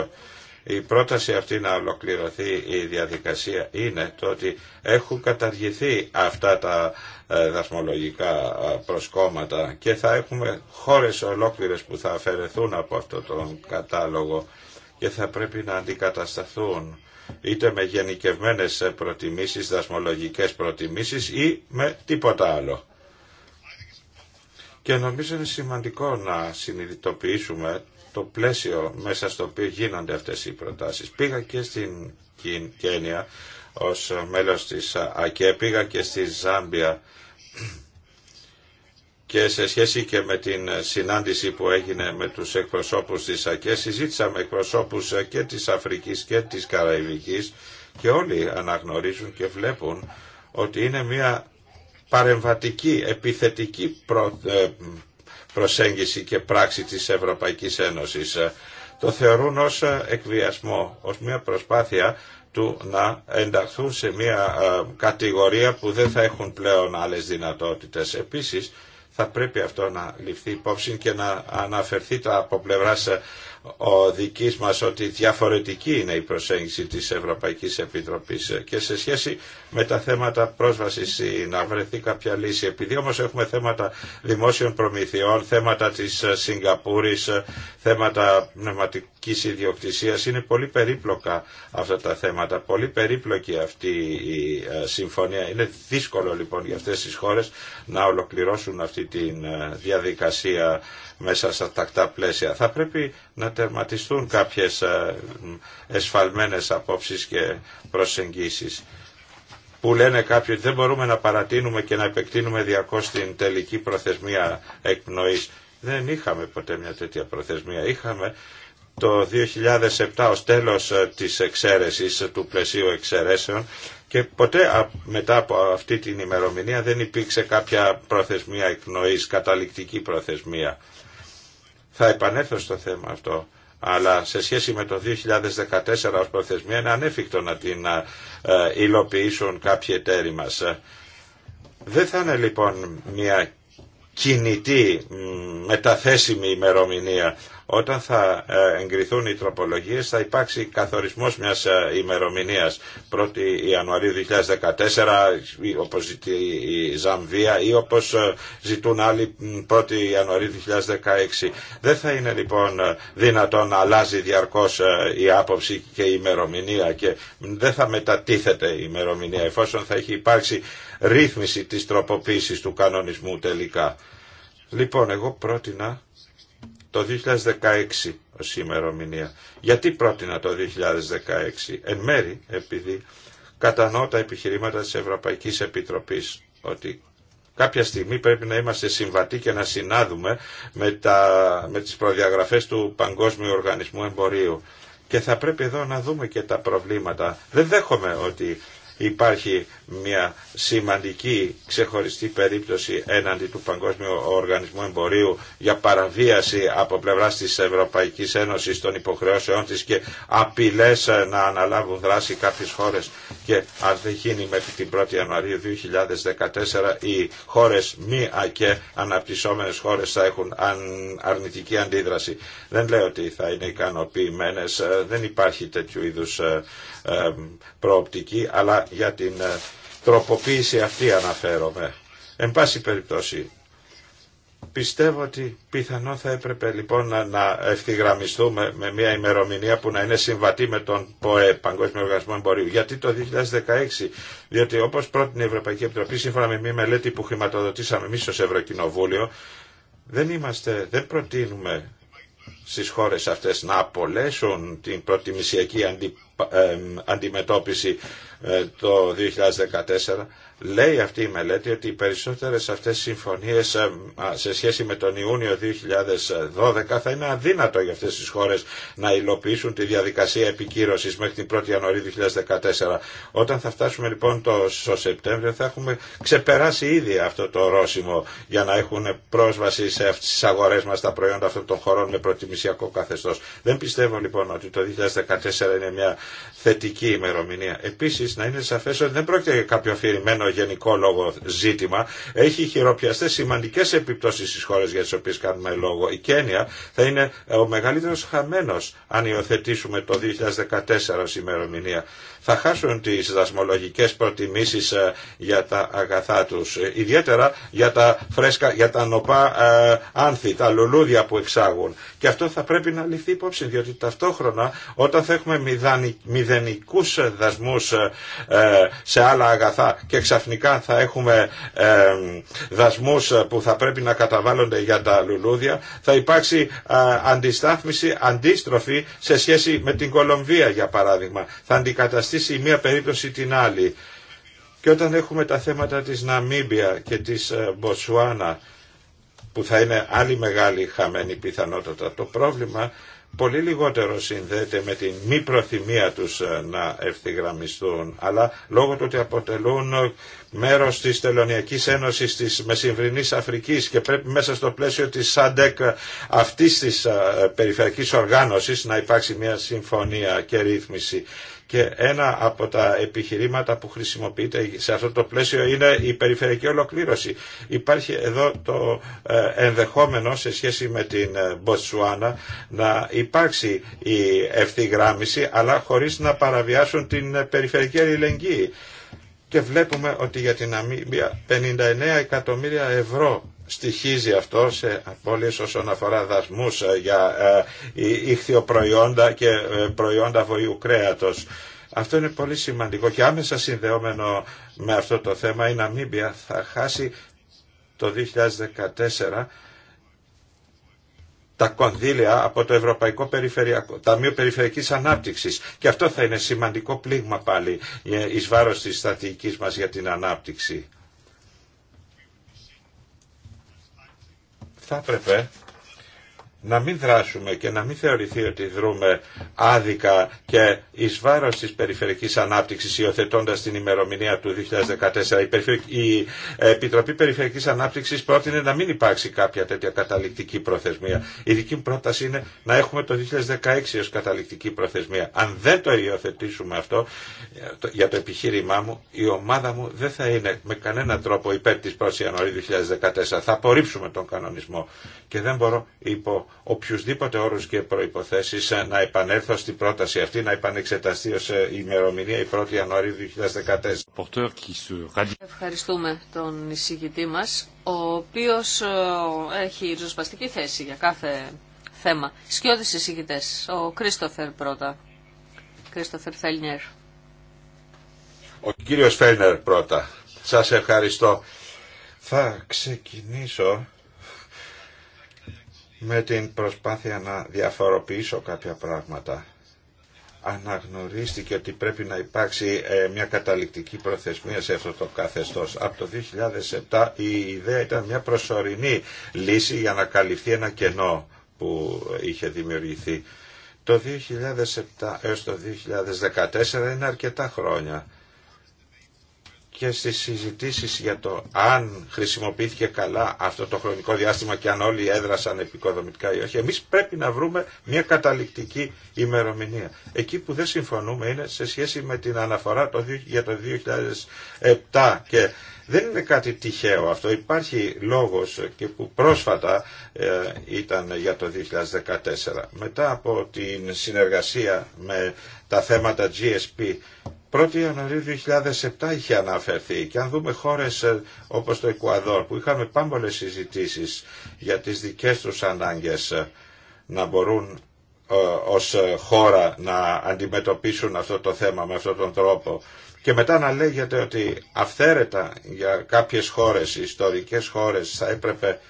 B: η πρόταση αυτή να ολοκληρωθεί η διαδικασία είναι το ότι έχουν καταργηθεί αυτά τα ε, δασμολογικά ε, προσκόμματα και θα έχουμε χώρες ολόκληρες που θα αφαιρεθούν από αυτό τον κατάλογο και θα πρέπει να αντικατασταθούν είτε με γενικευμένες προτιμήσεις, δασμολογικές προτιμήσεις ή με τίποτα άλλο. Και νομίζω είναι σημαντικό να συνειδητοποιήσουμε το πλαίσιο μέσα στο οποίο γίνονται αυτές οι προτάσεις. Πήγα και στην Κένια ως μέλος της ΑΚΕ, πήγα και στη Ζάμπια και σε σχέση και με την συνάντηση που έγινε με τους εκπροσώπους της ΑΚΕ, συζήτησα με εκπροσώπους και της Αφρικής και της Καραϊβικής και όλοι αναγνωρίζουν και βλέπουν ότι είναι μια παρεμβατική, επιθετική ε, προσέγγιση και πράξη της Ευρωπαϊκής Ένωσης. Ε, το θεωρούν ως ε, εκβιασμό, ως μια προσπάθεια του να ενταχθούν σε μια ε, κατηγορία που δεν θα έχουν πλέον άλλες δυνατότητες. Επίσης, θα πρέπει αυτό να ληφθεί υπόψη και να αναφερθεί από πλευράς ο δικής μας ότι διαφορετική είναι η προσέγγιση της Ευρωπαϊκής Επιτροπής και σε σχέση με τα θέματα πρόσβασης να βρεθεί κάποια λύση. Επειδή όμως έχουμε θέματα δημόσιων προμηθειών, θέματα της Σιγκαπούρης, θέματα πνευματικής ιδιοκτησίας, είναι πολύ περίπλοκα αυτά τα θέματα, πολύ περίπλοκη αυτή η ε, συμφωνία. Είναι δύσκολο λοιπόν για αυτές τις χώρες να ολοκληρώσουν αυτή τη ε, διαδικασία μέσα στα τακτά πλαίσια. Θα πρέπει να τερματιστούν κάποιες ε, εσφαλμένες απόψεις και προσεγγίσεις που λένε κάποιοι ότι δεν μπορούμε να παρατείνουμε και να επεκτείνουμε διαρκώς την τελική προθεσμία εκπνοής. Δεν είχαμε ποτέ μια τέτοια προθεσμία. Είχαμε το 2007 ως τέλος ε, της εξαίρεσης, ε, του πλαισίου εξαιρέσεων και ποτέ μετά από αυτή την ημερομηνία δεν υπήρξε κάποια προθεσμία εκπνοής, καταληκτική προθεσμία. Θα επανέλθω στο θέμα αυτό αλλά σε σχέση με το 2014 ως προθεσμία είναι ανέφικτο να την ε, υλοποιήσουν κάποιοι εταίροι μας. Δεν θα είναι λοιπόν μια κινητή μεταθέσιμη ημερομηνία όταν θα ε, εγκριθούν οι τροπολογίες θα υπάρξει καθορισμός μιας ε, ημερομηνίας 1η Ιανουαρίου 2014 όπως ζητεί η Ζαμβία ή όπως ε, ζητούν άλλοι 1η Ιανουαρίου 2016. Δεν θα είναι λοιπόν δυνατόν να αλλάζει διαρκώς η άποψη και η ημερομηνία και δεν θα μετατίθεται η ημερομηνία εφόσον θα έχει υπάρξει ρύθμιση της τροποποίησης του κανονισμού τελικά. Λοιπόν, εγώ πρότεινα το 2016 ως ημερομηνία. Γιατί πρότεινα το 2016. Εν μέρη επειδή κατανοώ τα επιχειρήματα της Ευρωπαϊκής Επιτροπής ότι κάποια στιγμή πρέπει να είμαστε συμβατοί και να συνάδουμε με, τα, με τις προδιαγραφές του Παγκόσμιου Οργανισμού Εμπορίου. Και θα πρέπει εδώ να δούμε και τα προβλήματα. Δεν δέχομαι ότι υπάρχει μια σημαντική ξεχωριστή περίπτωση έναντι του Παγκόσμιου Οργανισμού Εμπορίου για παραβίαση από πλευρά τη Ευρωπαϊκή Ένωση των υποχρεώσεών τη και απειλέ ε, να αναλάβουν δράση κάποιε χώρε. Και αν δεν γίνει μέχρι την 1η Ιανουαρίου 2014, οι χώρε μη ΑΚΕ αναπτυσσόμενε χώρε θα έχουν αρνητική αντίδραση. Δεν λέω ότι θα είναι ικανοποιημένε, ε, δεν υπάρχει τέτοιου είδου ε, ε, προοπτική, αλλά για την ε, τροποποίηση αυτή αναφέρομαι. Εν πάση περιπτώσει, πιστεύω ότι πιθανό θα έπρεπε λοιπόν να, να ευθυγραμμιστούμε με μια ημερομηνία που να είναι συμβατή με τον ΠΟΕ, Παγκόσμιο Οργανισμό Εμπορίου. Γιατί το 2016, διότι όπως πρότεινε η Ευρωπαϊκή Επιτροπή, σύμφωνα με μια μελέτη που χρηματοδοτήσαμε εμείς ως Ευρωκοινοβούλιο, δεν, είμαστε, δεν προτείνουμε στις χώρες αυτές να απολέσουν την προτιμησιακή αντιπροσωπεία ε, ε, αντιμετώπιση ε, το 2014 Λέει αυτή η μελέτη ότι οι περισσότερες αυτές συμφωνίες ε, σε σχέση με τον Ιούνιο 2012 θα είναι αδύνατο για αυτές τις χώρες να υλοποιήσουν τη διαδικασία επικύρωσης μέχρι την 1η Ιανουαρίου 2014. Όταν θα φτάσουμε λοιπόν το στο Σεπτέμβριο θα έχουμε ξεπεράσει ήδη αυτό το ορόσημο για να έχουν πρόσβαση σε αυτές τις αγορές μας τα προϊόντα αυτών των χωρών με προτιμησιακό καθεστώς. Δεν πιστεύω λοιπόν ότι το 2014 είναι μια θετική ημερομηνία. Επίσης να είναι σαφές ότι δεν πρόκειται για κάποιο αφηρημένο γενικό λόγο ζήτημα, έχει χειροπιαστέ σημαντικέ επιπτώσει στι χώρε για τι οποίε κάνουμε λόγο. Η Κένια θα είναι ο μεγαλύτερο χαμένο αν υιοθετήσουμε το 2014 ω ημερομηνία θα χάσουν τις δασμολογικές προτιμήσεις ε, για τα αγαθά τους. Ε, ιδιαίτερα για τα φρέσκα, για τα νοπά ε, άνθη, τα λουλούδια που εξάγουν. Και αυτό θα πρέπει να ληφθεί υπόψη, διότι ταυτόχρονα όταν θα έχουμε μηδενικούς δασμούς σε άλλα αγαθά και ξαφνικά θα έχουμε δασμούς που θα πρέπει να καταβάλλονται για τα λουλούδια, θα υπάρξει αντιστάθμιση αντίστροφη σε σχέση με την Κολομβία για παράδειγμα. Θα αντικαταστήσει μία περίπτωση την άλλη. Και όταν έχουμε τα θέματα της Ναμίμπια και της ε, Μποσουάνα, που θα είναι άλλη μεγάλη χαμένη πιθανότητα το πρόβλημα πολύ λιγότερο συνδέεται με την μη προθυμία τους ε, να ευθυγραμμιστούν, αλλά λόγω του ότι αποτελούν μέρος της Τελωνιακής Ένωσης της Μεσημβρινής Αφρικής και πρέπει μέσα στο πλαίσιο της ΣΑΝΤΕΚ αυτής της ε, περιφερειακής οργάνωσης να υπάρξει μια συμφωνία και ρύθμιση. Και ένα από τα επιχειρήματα που χρησιμοποιείται σε αυτό το πλαίσιο είναι η περιφερειακή ολοκλήρωση. Υπάρχει εδώ το ε, ενδεχόμενο σε σχέση με την Μποτσουάνα ε, να υπάρξει η ευθυγράμμιση αλλά χωρίς να παραβιάσουν την ε, περιφερειακή αλληλεγγύη. Και βλέπουμε ότι για την Αμήμπια 59 εκατομμύρια ευρώ στοιχίζει αυτό σε απώλειες όσον αφορά δασμούς ε, για ε, ηχθιοπροϊόντα και ε, προϊόντα βοηού κρέατος. Αυτό είναι πολύ σημαντικό και άμεσα συνδεόμενο με αυτό το θέμα η Ναμίμπια θα χάσει το 2014 τα κονδύλια από το Ευρωπαϊκό Περιφερειακό, Ταμείο Περιφερειακής Ανάπτυξης. Και αυτό θα είναι σημαντικό πλήγμα πάλι εις βάρος της στρατηγικής μας για την ανάπτυξη. θα έπρεπε να μην δράσουμε και να μην θεωρηθεί ότι δρούμε άδικα και εις βάρος της περιφερικής ανάπτυξης υιοθετώντα την ημερομηνία του 2014. Η Επιτροπή Περιφερικής Ανάπτυξης πρότεινε να μην υπάρξει κάποια τέτοια καταληκτική προθεσμία. Η δική μου πρόταση είναι να έχουμε το 2016 ως καταληκτική προθεσμία. Αν δεν το υιοθετήσουμε αυτό για το επιχείρημά μου, η ομάδα μου δεν θα είναι με κανένα τρόπο υπέρ της 1 Ιανουαρίου 2014. Θα απορρίψουμε τον κανονισμό και δεν μπορώ υπό οποιουσδήποτε όρους και προϋποθέσεις ε, να επανέλθω στην πρόταση αυτή, να επανεξεταστεί ως ε, ημερομηνία η 1η Ιανουαρίου 2014.
A: Ευχαριστούμε τον εισηγητή μας, ο οποίος ε, έχει ριζοσπαστική θέση για κάθε θέμα. Σκιώδης εισηγητές, ο Κρίστοφερ πρώτα. Κρίστοφερ Φέλνιερ.
B: Ο κύριος Φέλνερ πρώτα. Σας ευχαριστώ. Θα ξεκινήσω με την προσπάθεια να διαφοροποιήσω κάποια πράγματα. Αναγνωρίστηκε ότι πρέπει να υπάρξει ε, μια καταληκτική προθεσμία σε αυτό το καθεστώς. Από το 2007 η ιδέα ήταν μια προσωρινή λύση για να καλυφθεί ένα κενό που είχε δημιουργηθεί. Το 2007 έως το 2014 είναι αρκετά χρόνια και στις συζητήσεις για το αν χρησιμοποιήθηκε καλά αυτό το χρονικό διάστημα και αν όλοι έδρασαν επικοδομητικά ή όχι. Εμείς πρέπει να βρούμε μια καταληκτική ημερομηνία. Εκεί που δεν συμφωνούμε είναι σε σχέση με την αναφορά για το 2007 και δεν είναι κάτι τυχαίο αυτό. Υπάρχει λόγος και που πρόσφατα ε, ήταν για το 2014. Μετά από την συνεργασία με τα θέματα GSP 1η Ιανουαρίου 2007 είχε αναφερθεί και αν δούμε χώρες ε, όπως το Εκουαδόρ που είχαμε πάμπολες συζητήσεις για τις δικές τους ανάγκες ε, να μπορούν ε, ως χώρα να αντιμετωπίσουν αυτό το θέμα με αυτόν τον τρόπο και μετά να λέγεται ότι αυθαίρετα για κάποιες χώρες, ιστορικές χώρες θα έπρεπε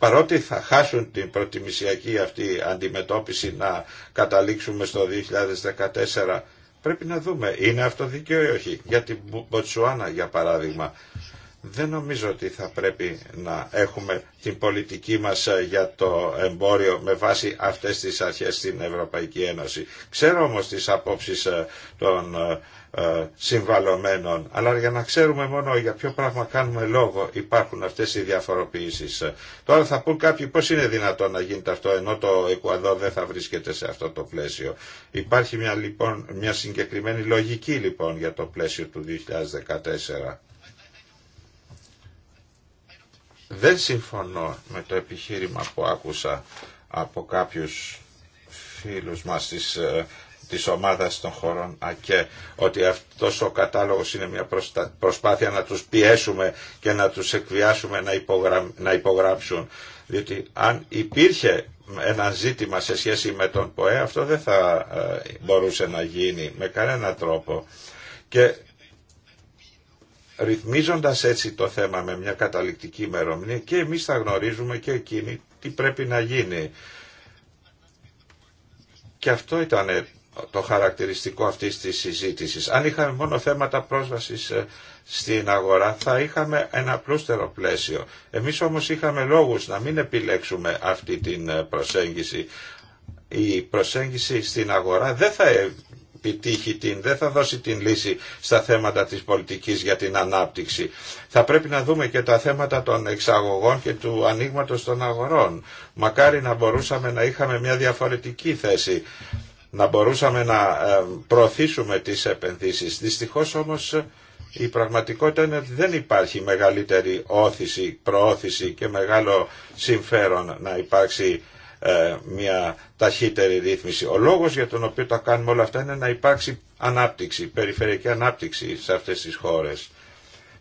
B: παρότι θα χάσουν την προτιμησιακή αυτή αντιμετώπιση να καταλήξουμε στο 2014, πρέπει να δούμε είναι αυτό δίκαιο ή όχι. Για την Μποτσουάνα για παράδειγμα, δεν νομίζω ότι θα πρέπει να έχουμε την πολιτική μας ε, για το εμπόριο με βάση αυτές τις αρχές στην Ευρωπαϊκή Ένωση. Ξέρω όμως τις απόψεις ε, των ε, ε, συμβαλωμένων. Αλλά για να ξέρουμε μόνο για ποιο πράγμα κάνουμε λόγο υπάρχουν αυτές οι διαφοροποιήσεις. Τώρα θα πούν κάποιοι πώς είναι δυνατόν να γίνεται αυτό ενώ το Εκουαδό δεν θα βρίσκεται σε αυτό το πλαίσιο. Υπάρχει μια, λοιπόν, μια συγκεκριμένη λογική λοιπόν για το πλαίσιο του 2014. Δεν συμφωνώ με το επιχείρημα που άκουσα από κάποιους φίλους μας της ε, της ομάδας των χωρών ΑΚΕ ότι αυτός ο κατάλογος είναι μια προσπάθεια να τους πιέσουμε και να τους εκβιάσουμε να, να υπογράψουν. Διότι αν υπήρχε ένα ζήτημα σε σχέση με τον ΠΟΕ αυτό δεν θα ε, μπορούσε να γίνει με κανένα τρόπο. Και ρυθμίζοντας έτσι το θέμα με μια καταληκτική ημερομηνία και εμείς θα γνωρίζουμε και εκείνοι τι πρέπει να γίνει. Και αυτό ήταν το χαρακτηριστικό αυτής της συζήτησης. Αν είχαμε μόνο θέματα πρόσβασης ε, στην αγορά θα είχαμε ένα πλούστερο πλαίσιο. Εμείς όμως είχαμε λόγους να μην επιλέξουμε αυτή την ε, προσέγγιση. Η προσέγγιση στην αγορά δεν θα επιτύχει την, δεν θα δώσει την λύση στα θέματα της πολιτικής για την ανάπτυξη. Θα πρέπει να δούμε και τα θέματα των εξαγωγών και του ανοίγματο των αγορών. Μακάρι να μπορούσαμε να είχαμε μια διαφορετική θέση να μπορούσαμε να ε, προωθήσουμε τις επενδύσεις. Δυστυχώς όμως η πραγματικότητα είναι ότι δεν υπάρχει μεγαλύτερη όθηση, προώθηση και μεγάλο συμφέρον να υπάρξει ε, μια ταχύτερη ρύθμιση. Ο λόγος για τον οποίο τα κάνουμε όλα αυτά είναι να υπάρξει ανάπτυξη, περιφερειακή ανάπτυξη σε αυτές τις χώρες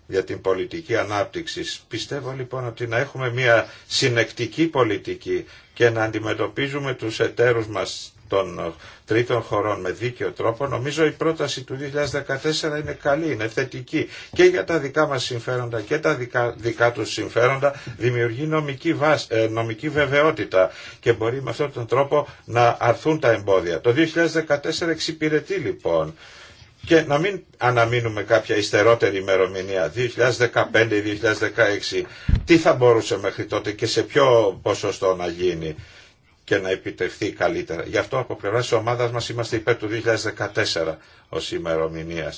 B: για την πολιτική ανάπτυξη. Πιστεύω λοιπόν ότι να έχουμε μια συνεκτική πολιτική και να αντιμετωπίζουμε τους εταίρους μας των τρίτων χωρών με δίκαιο τρόπο, νομίζω η πρόταση του 2014 είναι καλή, είναι θετική και για τα δικά μας συμφέροντα και τα δικά, δικά τους συμφέροντα δημιουργεί νομική, ε, νομική βεβαιότητα και μπορεί με αυτόν τον τρόπο να αρθούν τα εμπόδια. Το 2014 εξυπηρετεί λοιπόν και να μην αναμείνουμε κάποια υστερότερη ημερομηνία 2015-2016 τι θα μπορούσε μέχρι τότε και σε ποιο ποσοστό να γίνει και να επιτευχθεί καλύτερα. Γι' αυτό από πλευρά τη ομάδα μα είμαστε υπέρ του 2014 ω ημερομηνία.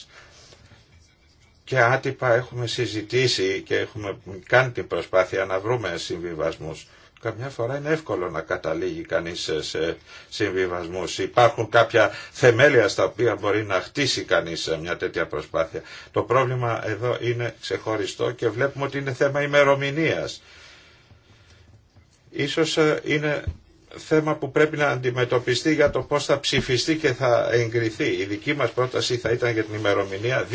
B: Και άτυπα έχουμε συζητήσει και έχουμε κάνει την προσπάθεια να βρούμε συμβιβασμού. Καμιά φορά είναι εύκολο να καταλήγει κανεί σε συμβιβασμού. Υπάρχουν κάποια θεμέλια στα οποία μπορεί να χτίσει κανεί μια τέτοια προσπάθεια. Το πρόβλημα εδώ είναι ξεχωριστό και βλέπουμε ότι είναι θέμα ημερομηνία. Ίσως ε, είναι θέμα που πρέπει να αντιμετωπιστεί για το πώ θα ψηφιστεί και θα εγκριθεί. Η δική μας πρόταση θα ήταν για την ημερομηνία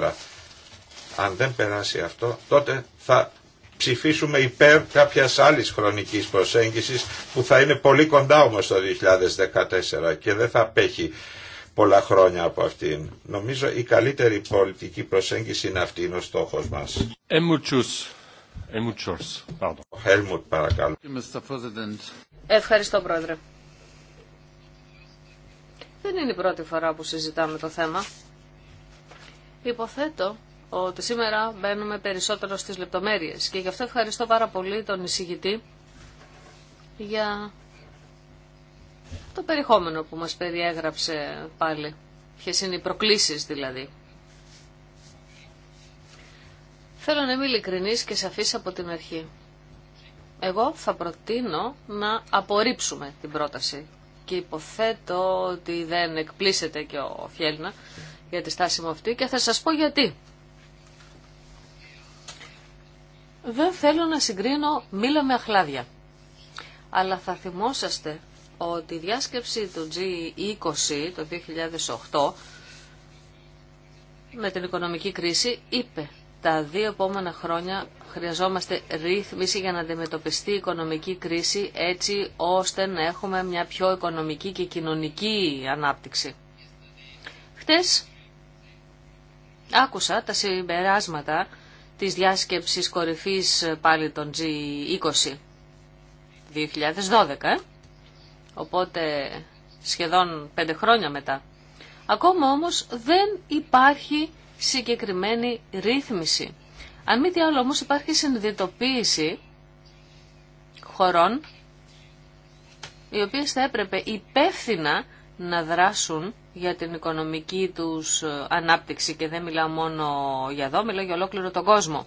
B: 2014. Αν δεν περάσει αυτό, τότε θα ψηφίσουμε υπέρ κάποια άλλη χρονική προσέγγισης που θα είναι πολύ κοντά όμω το 2014 και δεν θα απέχει πολλά χρόνια από αυτήν. Νομίζω η καλύτερη πολιτική προσέγγιση είναι αυτή, είναι ο στόχος μας. Ε,
A: Ευχαριστώ, Πρόεδρε. Δεν είναι η πρώτη φορά που συζητάμε το θέμα. Υποθέτω ότι σήμερα μπαίνουμε περισσότερο στις λεπτομέρειες και γι' αυτό ευχαριστώ πάρα πολύ τον εισηγητή για το περιεχόμενο που μας περιέγραψε πάλι. Ποιες είναι οι προκλήσεις δηλαδή Θέλω να είμαι ειλικρινής και σαφής από την αρχή. Εγώ θα προτείνω να απορρίψουμε την πρόταση και υποθέτω ότι δεν εκπλήσεται και ο Φιέλνα για τη στάση μου αυτή και θα σας πω γιατί. Δεν θέλω να συγκρίνω μήλα με αχλάδια. Αλλά θα θυμόσαστε ότι η διάσκεψη του G20 το 2008 με την οικονομική κρίση είπε τα δύο επόμενα χρόνια χρειαζόμαστε ρύθμιση για να αντιμετωπιστεί η οικονομική κρίση έτσι ώστε να έχουμε μια πιο οικονομική και κοινωνική ανάπτυξη. Χτες άκουσα τα συμπεράσματα της διάσκεψης κορυφής πάλι των G20 2012, ε. οπότε σχεδόν πέντε χρόνια μετά. Ακόμα όμως δεν υπάρχει συγκεκριμένη ρύθμιση. Αν μη τι άλλο όμως υπάρχει συνειδητοποίηση χωρών οι οποίες θα έπρεπε υπεύθυνα να δράσουν για την οικονομική τους ε, ανάπτυξη και δεν μιλάω μόνο για εδώ, μιλάω για ολόκληρο τον κόσμο.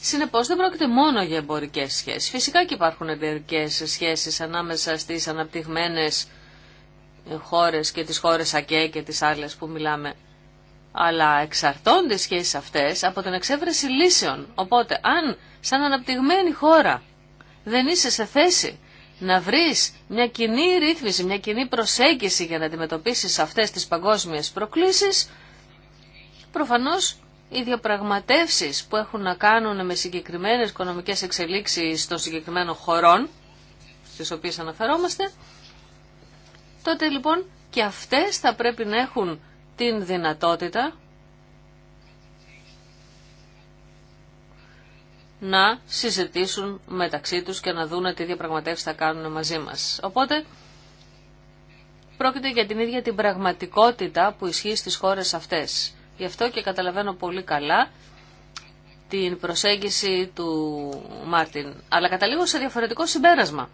A: Συνεπώς δεν πρόκειται μόνο για εμπορικές σχέσεις. Φυσικά και υπάρχουν εμπορικές σχέσεις ανάμεσα στις αναπτυγμένες χώρες και τις χώρες ΑΚΕ και τις άλλες που μιλάμε. Αλλά εξαρτώνται οι σχέσεις αυτές από την εξέβρεση λύσεων. Οπότε αν σαν αναπτυγμένη χώρα δεν είσαι σε θέση να βρεις μια κοινή ρύθμιση, μια κοινή προσέγγιση για να αντιμετωπίσεις αυτές τις παγκόσμιες προκλήσεις, προφανώς οι διαπραγματεύσεις που έχουν να κάνουν με συγκεκριμένες οικονομικές εξελίξεις των συγκεκριμένων χωρών, στις οποίες αναφερόμαστε, τότε λοιπόν και αυτές θα πρέπει να έχουν την δυνατότητα να συζητήσουν μεταξύ τους και να δουν τι διαπραγματεύσεις θα κάνουν μαζί μας. Οπότε πρόκειται για την ίδια την πραγματικότητα που ισχύει στις χώρες αυτές. Γι' αυτό και καταλαβαίνω πολύ καλά την προσέγγιση του Μάρτιν. Αλλά καταλήγω σε διαφορετικό συμπέρασμα.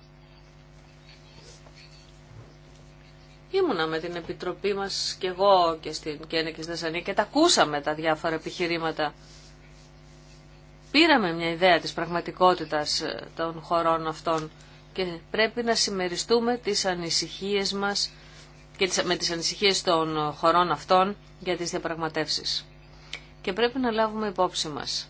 A: Ήμουνα με την Επιτροπή μας και εγώ και στην Κένε και στη και τα ακούσαμε τα διάφορα επιχειρήματα. Πήραμε μια ιδέα της πραγματικότητας ε, των χωρών αυτών και πρέπει να συμμεριστούμε τις ανησυχίες μας και με τις ανησυχίες των χωρών αυτών για τις διαπραγματεύσεις. Και πρέπει να λάβουμε υπόψη μας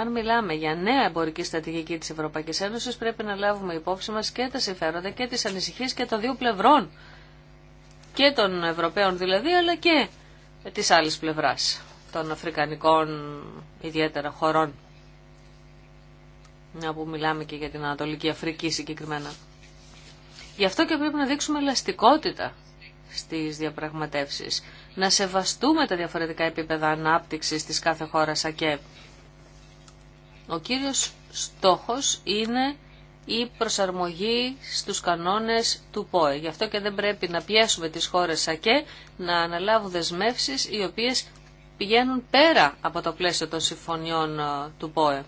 A: αν μιλάμε για νέα εμπορική στρατηγική τη Ευρωπαϊκή Ένωση, πρέπει να λάβουμε υπόψη μα και τα συμφέροντα και τι ανησυχίε και των δύο πλευρών. Και των Ευρωπαίων δηλαδή, αλλά και τη άλλη πλευρά, των Αφρικανικών ιδιαίτερα χωρών. Να που μιλάμε και για την Ανατολική Αφρική συγκεκριμένα. Γι' αυτό και πρέπει να δείξουμε ελαστικότητα στις διαπραγματεύσεις. Να σεβαστούμε τα διαφορετικά επίπεδα ανάπτυξης της κάθε χώρας ΑΚΕ ο κύριος στόχος είναι η προσαρμογή στους κανόνες του ΠΟΕ. Γι' αυτό και δεν πρέπει να πιέσουμε τις χώρες ΑΚΕ να αναλάβουν δεσμεύσεις οι οποίες πηγαίνουν πέρα από το πλαίσιο των συμφωνιών ε, του ΠΟΕ.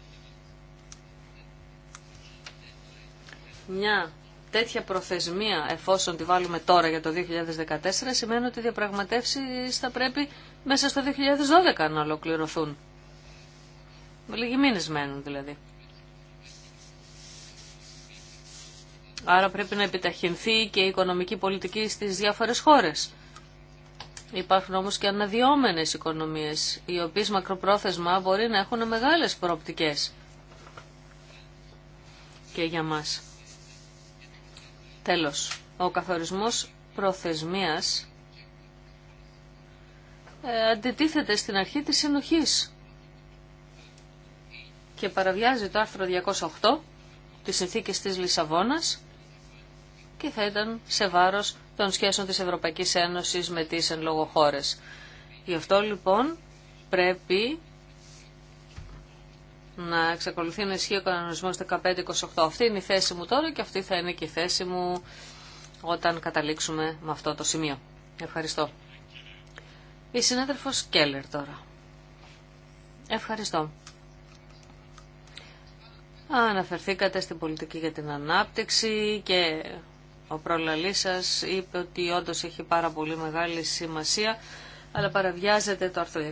A: Μια τέτοια προθεσμία, εφόσον τη βάλουμε τώρα για το 2014, σημαίνει ότι οι διαπραγματεύσεις θα πρέπει μέσα στο 2012 να ολοκληρωθούν. Λίγοι μήνες μένουν δηλαδή. Άρα πρέπει να επιταχυνθεί και η οικονομική πολιτική στις διάφορες χώρες. Υπάρχουν όμως και αναδυόμενες οικονομίες, οι οποίες μακροπρόθεσμα μπορεί να έχουν μεγάλες προοπτικές και για μας. Τέλος, ο καθορισμός προθεσμίας ε, αντιτίθεται στην αρχή της συνοχής και παραβιάζει το άρθρο 208 της συνθήκης της Λισαβόνας και θα ήταν σε βάρος των σχέσεων της Ευρωπαϊκής Ένωσης με τις εν λόγω χώρες. Γι' αυτό λοιπόν πρέπει να εξακολουθεί να ισχύει ο κανονισμός 15-28. Αυτή είναι η θέση μου τώρα και αυτή θα είναι και η θέση μου όταν καταλήξουμε με αυτό το σημείο. Ευχαριστώ. Η συνάδελφος Κέλλερ τώρα. Ευχαριστώ. Αναφερθήκατε στην πολιτική για την ανάπτυξη και ο προλαλή είπε ότι όντω έχει πάρα πολύ μεγάλη σημασία αλλά παραβιάζεται το άρθρο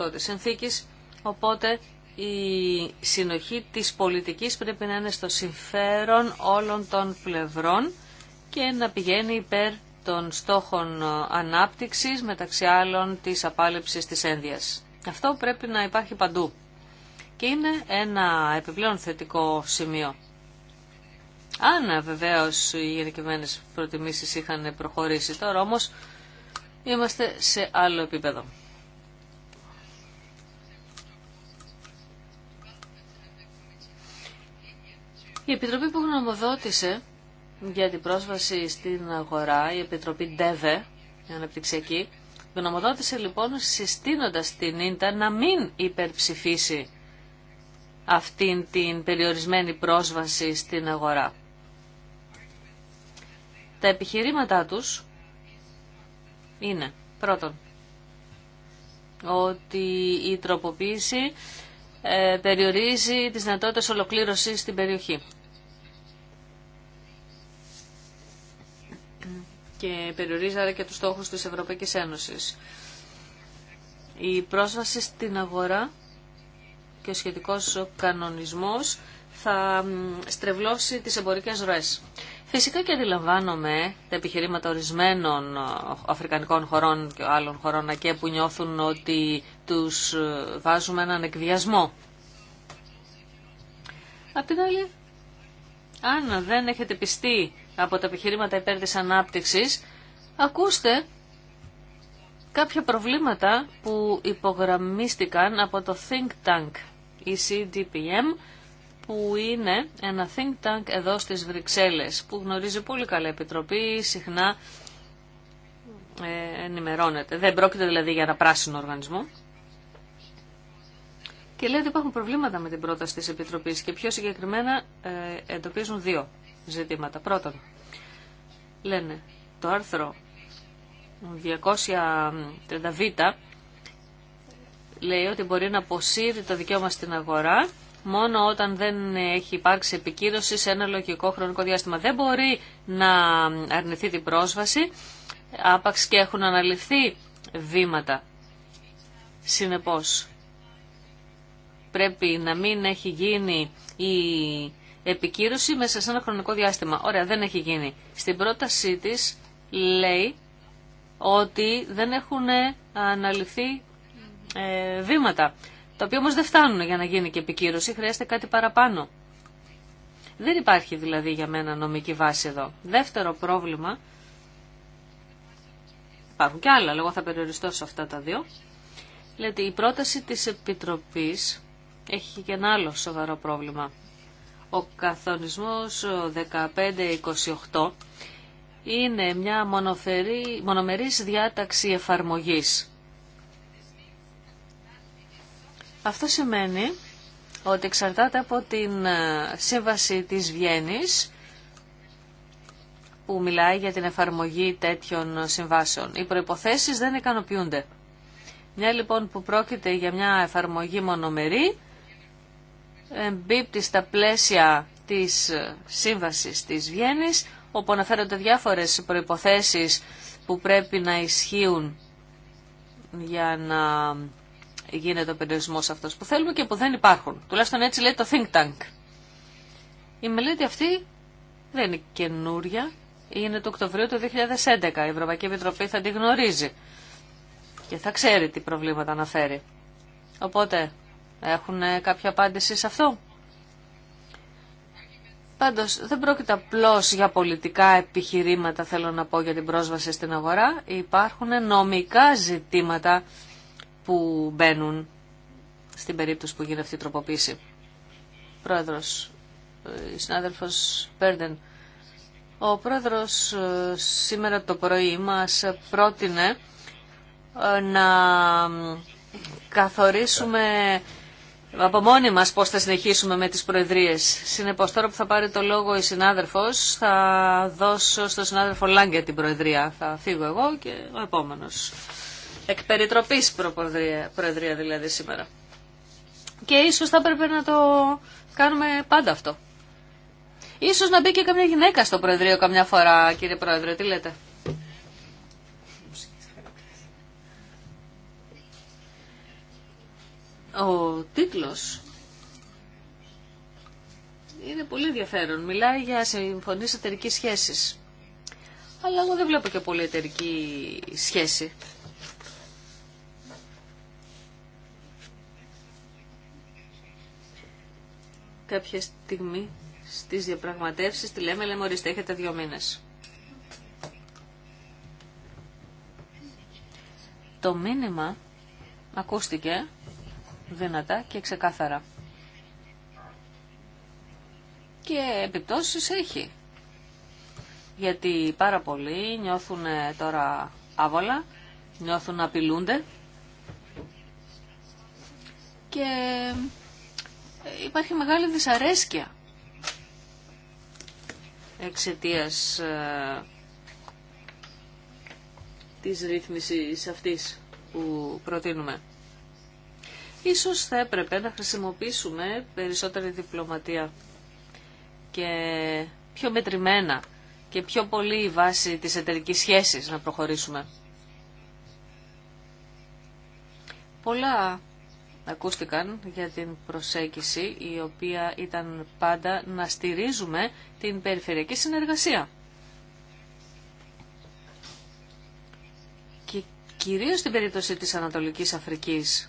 A: 238 της συνθήκης οπότε η συνοχή της πολιτικής πρέπει να είναι στο συμφέρον όλων των πλευρών και να πηγαίνει υπέρ των στόχων ανάπτυξης μεταξύ άλλων της απάλληψης της ένδυας. Αυτό πρέπει να υπάρχει παντού και είναι ένα επιπλέον θετικό σημείο. Αν βεβαίω οι γενικευμένε προτιμήσει είχαν προχωρήσει τώρα όμω, είμαστε σε άλλο επίπεδο. Η Επιτροπή που γνωμοδότησε για την πρόσβαση στην αγορά, η Επιτροπή ΔΕΒΕ, η Αναπτυξιακή, γνωμοδότησε λοιπόν συστήνοντας την Ίντα να μην υπερψηφίσει αυτήν την περιορισμένη πρόσβαση στην αγορά. Τα επιχειρήματά τους είναι πρώτον ότι η τροποποίηση ε, περιορίζει τις δυνατότητες ολοκλήρωσης στην περιοχή. Και περιορίζει άρα και τους στόχους της Ευρωπαϊκής Ένωσης. Η πρόσβαση στην αγορά και ο σχετικός κανονισμός θα στρεβλώσει τις εμπορικές ροές. Φυσικά και αντιλαμβάνομαι τα επιχειρήματα ορισμένων ε, αφρικανικών χωρών και άλλων χωρών και που νιώθουν ότι τους ε, βάζουμε έναν εκβιασμό. Απ' την άλλη, αν δεν έχετε πιστεί από τα επιχειρήματα υπέρ της ανάπτυξης, ακούστε κάποια προβλήματα που υπογραμμίστηκαν από το Think Tank η e CDPM που είναι ένα think tank εδώ στις Βρυξέλλες που γνωρίζει πολύ καλά η Επιτροπή, συχνά ε, ενημερώνεται. Δεν πρόκειται δηλαδή για ένα πράσινο οργανισμό. Και λέει ότι υπάρχουν προβλήματα με την πρόταση της Επιτροπής και πιο συγκεκριμένα ε, εντοπίζουν δύο ζητήματα. Πρώτον, λένε το άρθρο 230β λέει ότι μπορεί να αποσύρει το δικαίωμα στην αγορά μόνο όταν δεν έχει υπάρξει επικύρωση σε ένα λογικό χρονικό διάστημα. Δεν μπορεί να αρνηθεί την πρόσβαση, άπαξ και έχουν αναλυφθεί βήματα. Συνεπώς, πρέπει να μην έχει γίνει η επικύρωση μέσα σε ένα χρονικό διάστημα. Ωραία, δεν έχει γίνει. Στην πρότασή της λέει ότι δεν έχουν αναλυφθεί ε, βήματα, τα οποία όμως δεν φτάνουν για να γίνει και επικύρωση, χρειάζεται κάτι παραπάνω. Δεν υπάρχει δηλαδή για μένα νομική βάση εδώ. Δεύτερο πρόβλημα, υπάρχουν και άλλα, λόγω θα περιοριστώ σε αυτά τα δύο, λέτε η πρόταση της Επιτροπής έχει και ένα άλλο σοβαρό πρόβλημα. Ο καθονισμός 1528 είναι μια μονομερής διάταξη εφαρμογής. Αυτό σημαίνει ότι εξαρτάται από την ε, σύμβαση της Βιέννης που μιλάει για την εφαρμογή τέτοιων συμβάσεων. Οι προϋποθέσεις δεν ικανοποιούνται. Μια λοιπόν που πρόκειται για μια εφαρμογή μονομερή εμπίπτει στα πλαίσια της ε, σύμβασης της Βιέννης όπου αναφέρονται διάφορες προϋποθέσεις που πρέπει να ισχύουν για να γίνεται ο περιορισμό αυτός που θέλουμε και που δεν υπάρχουν. Τουλάχιστον έτσι λέει το Think Tank. Η μελέτη αυτή δεν είναι καινούρια. Είναι το Οκτωβρίου του 2011. Η Ευρωπαϊκή Επιτροπή θα τη γνωρίζει και θα ξέρει τι προβλήματα αναφέρει. Οπότε έχουν κάποια απάντηση σε αυτό. Πάντως δεν πρόκειται απλώ για πολιτικά επιχειρήματα θέλω να πω για την πρόσβαση στην αγορά. Υπάρχουν νομικά ζητήματα που μπαίνουν στην περίπτωση που γίνει αυτή η τροποποίηση. Πρόεδρος, ε, η συνάδελφος Πέρντεν, ο πρόεδρος ε, σήμερα το πρωί μας πρότεινε ε, να καθορίσουμε από μόνοι μας πώς θα συνεχίσουμε με τις προεδρίες. Συνεπώς τώρα που θα πάρει το λόγο η συνάδελφος θα δώσω στον συνάδελφο Λάγκια την προεδρία. Θα φύγω εγώ και ο επόμενος εκ περιτροπής προεδρία, δηλαδή σήμερα. Και ίσως θα έπρεπε να το κάνουμε πάντα αυτό. Ίσως να μπει και καμιά γυναίκα στο Προεδρείο καμιά φορά, κύριε Πρόεδρε, τι λέτε. Ο τίτλος είναι πολύ ενδιαφέρον. Μιλάει για συμφωνίες εταιρικής σχέσης. Αλλά εγώ δεν βλέπω και πολύ εταιρική σχέση. κάποια στιγμή στις διαπραγματεύσεις τη λέμε, λέμε ορίστε έχετε δύο μήνες. Το μήνυμα ακούστηκε δυνατά και ξεκάθαρα. Και επιπτώσεις έχει. Γιατί πάρα πολλοί νιώθουν ε, τώρα άβολα, νιώθουν να απειλούνται και υπάρχει μεγάλη δυσαρέσκεια εξαιτίας ε, της ρύθμισης αυτής που προτείνουμε. Ίσως θα έπρεπε να χρησιμοποιήσουμε περισσότερη διπλωματία και πιο μετρημένα και πιο πολύ βάση της εταιρικής σχέσης να προχωρήσουμε. Πολλά ακούστηκαν για την προσέγγιση η οποία ήταν πάντα να στηρίζουμε την περιφερειακή συνεργασία. Και κυρίως στην περίπτωση της Ανατολικής Αφρικής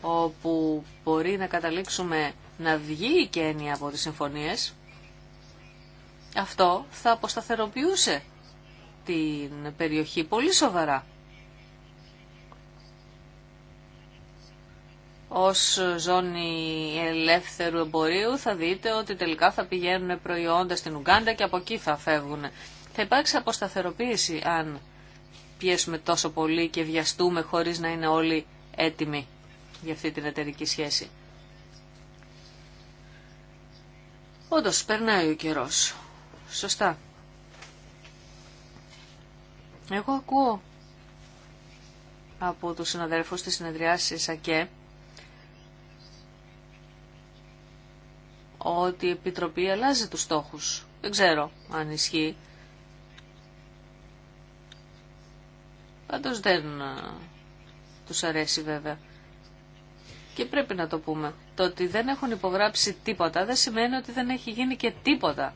A: όπου μπορεί να καταλήξουμε να βγει η Κένια από τις συμφωνίες, αυτό θα αποσταθεροποιούσε την περιοχή πολύ σοβαρά. ως ζώνη ελεύθερου εμπορίου θα δείτε ότι τελικά θα πηγαίνουν προϊόντα στην Ουγκάντα και από εκεί θα φεύγουν. Θα υπάρξει αποσταθεροποίηση αν πιέσουμε τόσο πολύ και βιαστούμε χωρίς να είναι όλοι έτοιμοι για αυτή την εταιρική σχέση. Όντως, περνάει ο καιρός. Σωστά. Εγώ ακούω από τους συναδέλφους της συνεδριάσης ΑΚΕ ότι η Επιτροπή αλλάζει τους στόχους. Δεν ξέρω αν ισχύει. Πάντως δεν ε, τους αρέσει βέβαια. Και πρέπει να το πούμε. Το ότι δεν έχουν υπογράψει τίποτα δεν σημαίνει ότι δεν έχει γίνει και τίποτα.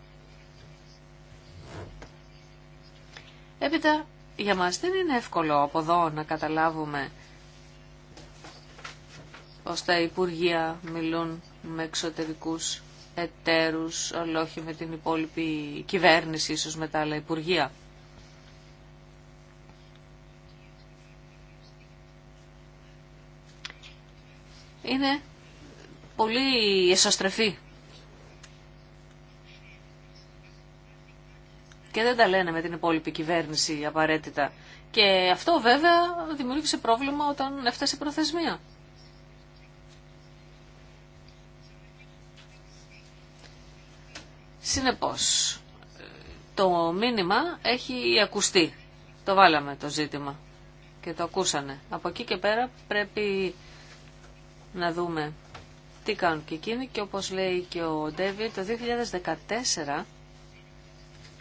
A: Έπειτα, για μας δεν είναι εύκολο από εδώ να καταλάβουμε πως τα Υπουργεία μιλούν με εξωτερικούς εταίρους, αλλά όχι με την υπόλοιπη κυβέρνηση, ίσως με τα άλλα υπουργεία. Είναι πολύ εσωστρεφή. Και δεν τα λένε με την υπόλοιπη κυβέρνηση απαραίτητα. Και αυτό βέβαια δημιούργησε πρόβλημα όταν έφτασε η προθεσμία. Συνεπώς, το μήνυμα έχει ακουστεί. Το βάλαμε το ζήτημα και το ακούσανε. Από εκεί και πέρα πρέπει να δούμε τι κάνουν και εκείνοι και όπως λέει και ο Ντέβι, το 2014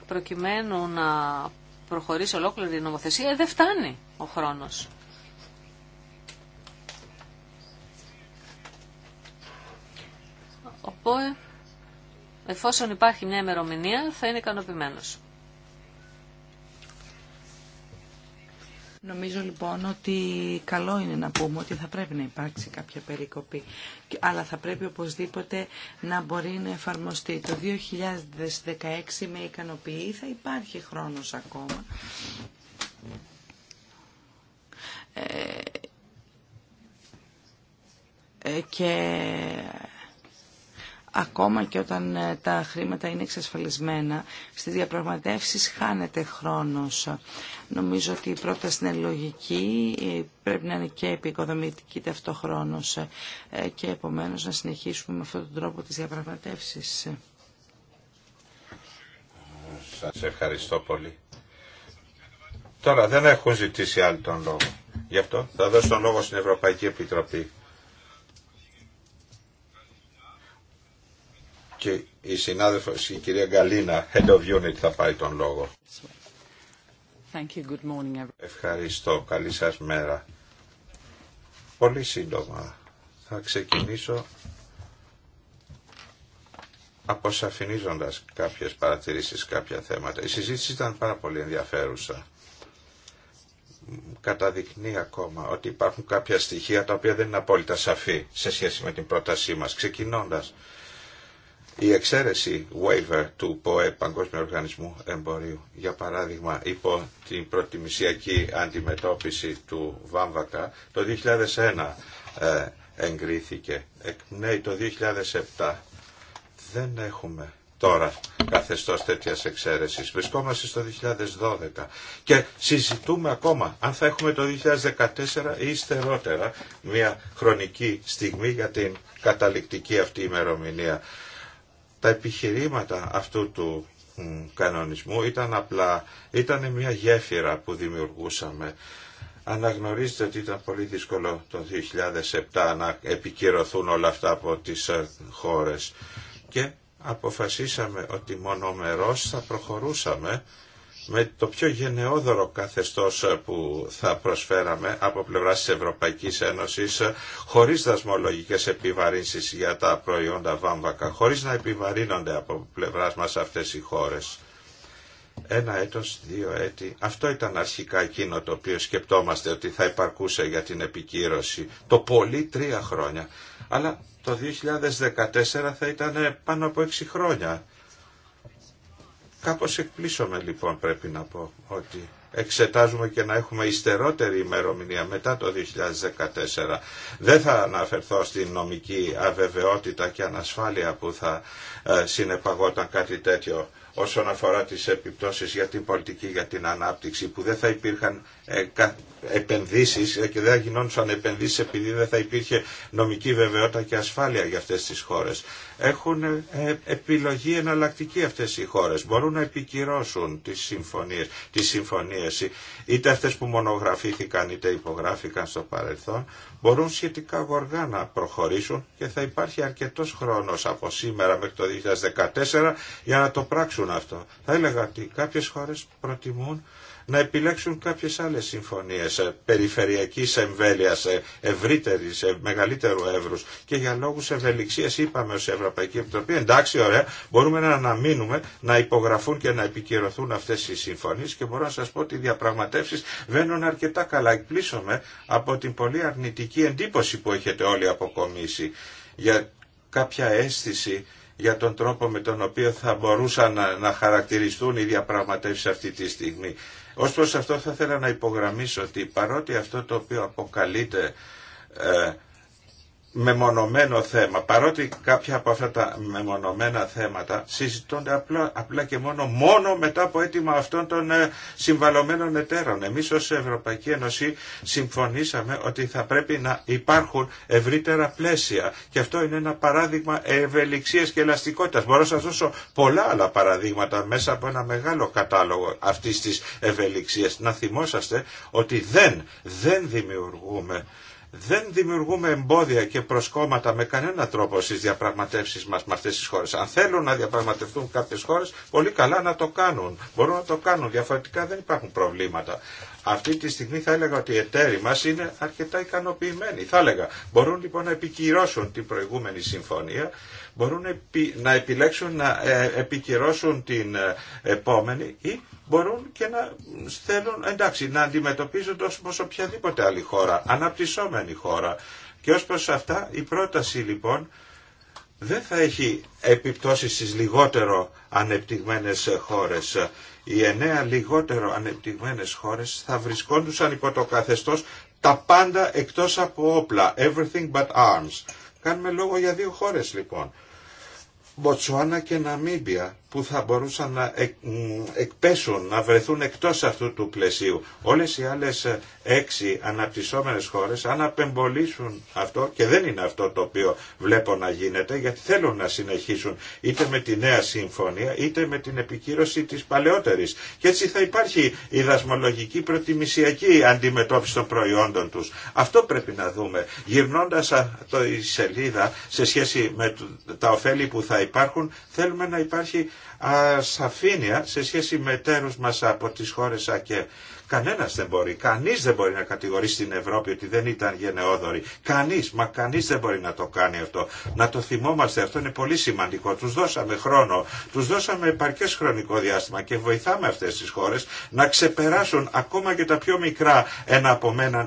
A: προκειμένου να προχωρήσει ολόκληρη η νομοθεσία δεν φτάνει ο χρόνος. Οπότε εφόσον υπάρχει μια ημερομηνία, θα είναι ικανοποιημένο. Νομίζω
C: λοιπόν ότι καλό είναι να πούμε ότι θα πρέπει να υπάρξει κάποια περικοπή, αλλά θα πρέπει οπωσδήποτε να μπορεί να εφαρμοστεί. Το 2016 με ικανοποιεί, θα υπάρχει χρόνος ακόμα. Ε, ε και ακόμα και όταν ε, τα χρήματα είναι εξασφαλισμένα, στις διαπραγματεύσεις χάνεται χρόνος. Νομίζω ότι η πρόταση είναι λογική, ε, πρέπει να είναι και επικοδομητική ταυτόχρονος ε, και επομένως να συνεχίσουμε με αυτόν τον τρόπο τις διαπραγματεύσεις.
B: Σας ευχαριστώ πολύ. Τώρα δεν έχουν ζητήσει άλλη τον λόγο. Γι' αυτό θα δώσω τον λόγο στην Ευρωπαϊκή Επιτροπή. και η συνάδελφος, η κυρία Γκαλίνα, Head of Unit, θα πάει τον λόγο.
C: Thank you. Good morning,
B: Ευχαριστώ. Καλή σας μέρα. Πολύ σύντομα. Θα ξεκινήσω αποσαφηνίζοντας κάποιες παρατηρήσεις, κάποια θέματα. Η συζήτηση ήταν πάρα πολύ ενδιαφέρουσα. Καταδεικνύει ακόμα ότι υπάρχουν κάποια στοιχεία τα οποία δεν είναι απόλυτα σαφή σε σχέση με την πρότασή μας. Ξεκινώντας η εξαίρεση waiver του ΠΟΕ Παγκόσμιου Οργανισμού Εμπορίου για παράδειγμα υπό την προτιμησιακή αντιμετώπιση του Βάμβακα το 2001 ε, εγκρίθηκε εκπνέει το 2007 δεν έχουμε τώρα καθεστώς τέτοιας εξαίρεσης. Βρισκόμαστε στο 2012 και συζητούμε ακόμα αν θα έχουμε το 2014 ή υστερότερα μια χρονική στιγμή για την καταληκτική αυτή ημερομηνία. Τα επιχειρήματα αυτού του κανονισμού ήταν απλά, ήταν μια γέφυρα που δημιουργούσαμε. Αναγνωρίζετε ότι ήταν πολύ δύσκολο το 2007 να επικυρωθούν όλα αυτά από τις ε, χώρες και αποφασίσαμε ότι μονομερός θα προχωρούσαμε με το πιο γενναιόδωρο καθεστώς ε, που θα προσφέραμε από πλευράς της Ευρωπαϊκής Ένωσης ε, χωρίς δασμολογικές επιβαρύνσεις για τα προϊόντα βάμβακα, χωρίς να επιβαρύνονται από πλευράς μας αυτές οι χώρες. Ένα έτος, δύο έτη. Αυτό ήταν αρχικά εκείνο το οποίο σκεπτόμαστε ότι θα υπαρκούσε για την επικύρωση. Το πολύ τρία χρόνια. Αλλά το 2014 θα ήταν ε, πάνω από έξι χρόνια Κάπως εκπλήσωμε λοιπόν πρέπει να πω ότι εξετάζουμε και να έχουμε ιστερότερη ημερομηνία μετά το 2014. Δεν θα αναφερθώ στην νομική αβεβαιότητα και ανασφάλεια που θα ε, συνεπαγόταν κάτι τέτοιο όσον αφορά τις επιπτώσεις για την πολιτική, για την ανάπτυξη, που δεν θα υπήρχαν ε, επενδύσεις ε, και δεν θα γινόντουσαν επενδύσεις επειδή δεν θα υπήρχε νομική βεβαιότητα και ασφάλεια για αυτές τις χώρες. Έχουν ε, επιλογή εναλλακτική αυτές οι χώρες. Μπορούν να επικυρώσουν τις συμφωνίες, τις συμφωνίες είτε αυτές που μονογραφήθηκαν είτε υπογράφηκαν στο παρελθόν. Μπορούν σχετικά γοργά να προχωρήσουν και θα υπάρχει αρκετός χρόνος από σήμερα μέχρι το 2014 για να το πράξουν αυτό. Θα έλεγα ότι κάποιες χώρες προτιμούν να επιλέξουν κάποιες άλλες συμφωνίες ε, περιφερειακής εμβέλειας, ε, ευρύτερης, ε, μεγαλύτερου εύρους και για λόγους ευελιξίας είπαμε ως Ευρωπαϊκή Επιτροπή εντάξει ωραία μπορούμε να αναμείνουμε να υπογραφούν και να επικυρωθούν αυτές οι συμφωνίες και μπορώ να σας πω ότι οι διαπραγματεύσεις βαίνουν αρκετά καλά. Εκπλήσωμαι από την πολύ αρνητική εντύπωση που έχετε όλοι αποκομίσει για κάποια αίσθηση για τον τρόπο με τον οποίο θα μπορούσαν να, να χαρακτηριστούν οι διαπραγματεύσεις αυτή τη στιγμή. Ως προς αυτό θα ήθελα να υπογραμμίσω ότι παρότι αυτό το οποίο αποκαλείται ε, μεμονωμένο θέμα, παρότι κάποια από αυτά τα μεμονωμένα θέματα συζητώνται απλά, απλά και μόνο, μόνο μετά από αίτημα αυτών των ε, συμβαλωμένων εταίρων. Εμείς ως Ευρωπαϊκή Ένωση συμφωνήσαμε ότι θα πρέπει να υπάρχουν ευρύτερα πλαίσια και αυτό είναι ένα παράδειγμα ευελιξίας και ελαστικότητας. Μπορώ να σας δώσω πολλά άλλα παραδείγματα μέσα από ένα μεγάλο κατάλογο αυτής της ευελιξίας. Να θυμόσαστε ότι δεν, δεν δημιουργούμε δεν δημιουργούμε εμπόδια και προσκόμματα με κανένα τρόπο στις διαπραγματεύσεις μας με αυτές τις χώρες. Αν θέλουν να διαπραγματευτούν κάποιες χώρες, πολύ καλά να το κάνουν. Μπορούν να το κάνουν, διαφορετικά δεν υπάρχουν προβλήματα. Αυτή τη στιγμή θα έλεγα ότι οι εταίροι μας είναι αρκετά ικανοποιημένοι. Θα έλεγα, μπορούν λοιπόν να επικυρώσουν την προηγούμενη συμφωνία, μπορούν να επιλέξουν να ε, επικυρώσουν την ε, επόμενη ή μπορούν και να θέλουν εντάξει, να αντιμετωπίζονται ως οποιαδήποτε άλλη χώρα, αναπτυσσόμενη χώρα. Και ως προς αυτά η πρόταση λοιπόν δεν θα έχει επιπτώσει στις λιγότερο ανεπτυγμένες χώρες οι εννέα λιγότερο ανεπτυγμένες χώρες θα βρισκόντουσαν υπό το καθεστώς τα πάντα εκτός από όπλα, everything but arms. Κάνουμε λόγο για δύο χώρες λοιπόν, Μποτσουάνα και Ναμίμπια που θα μπορούσαν να εκπέσουν, να βρεθούν εκτός αυτού του πλαισίου. Όλες οι άλλες ε, έξι αναπτυσσόμενες χώρες αν απεμπολίσουν αυτό και δεν είναι αυτό το οποίο βλέπω να γίνεται γιατί θέλουν να συνεχίσουν είτε με τη νέα συμφωνία είτε με την επικύρωση της παλαιότερης. Και έτσι θα υπάρχει η δασμολογική προτιμησιακή αντιμετώπιση των προϊόντων τους. Αυτό πρέπει να δούμε. Γυρνώντας η σελίδα σε σχέση με τα ωφέλη που θα υπάρχουν θέλουμε να υπάρχει σαφήνεια σε σχέση με τέρους μας από τις χώρες ΑΚΕ. Κανένας δεν μπορεί, κανείς δεν μπορεί να κατηγορήσει την Ευρώπη ότι δεν ήταν γενναιόδορη. Κανείς, μα κανείς δεν μπορεί να το κάνει αυτό. Να το θυμόμαστε, αυτό είναι πολύ σημαντικό. Τους δώσαμε χρόνο, τους δώσαμε επαρκές χρονικό διάστημα και βοηθάμε αυτές τις χώρες να ξεπεράσουν ακόμα και τα πιο μικρά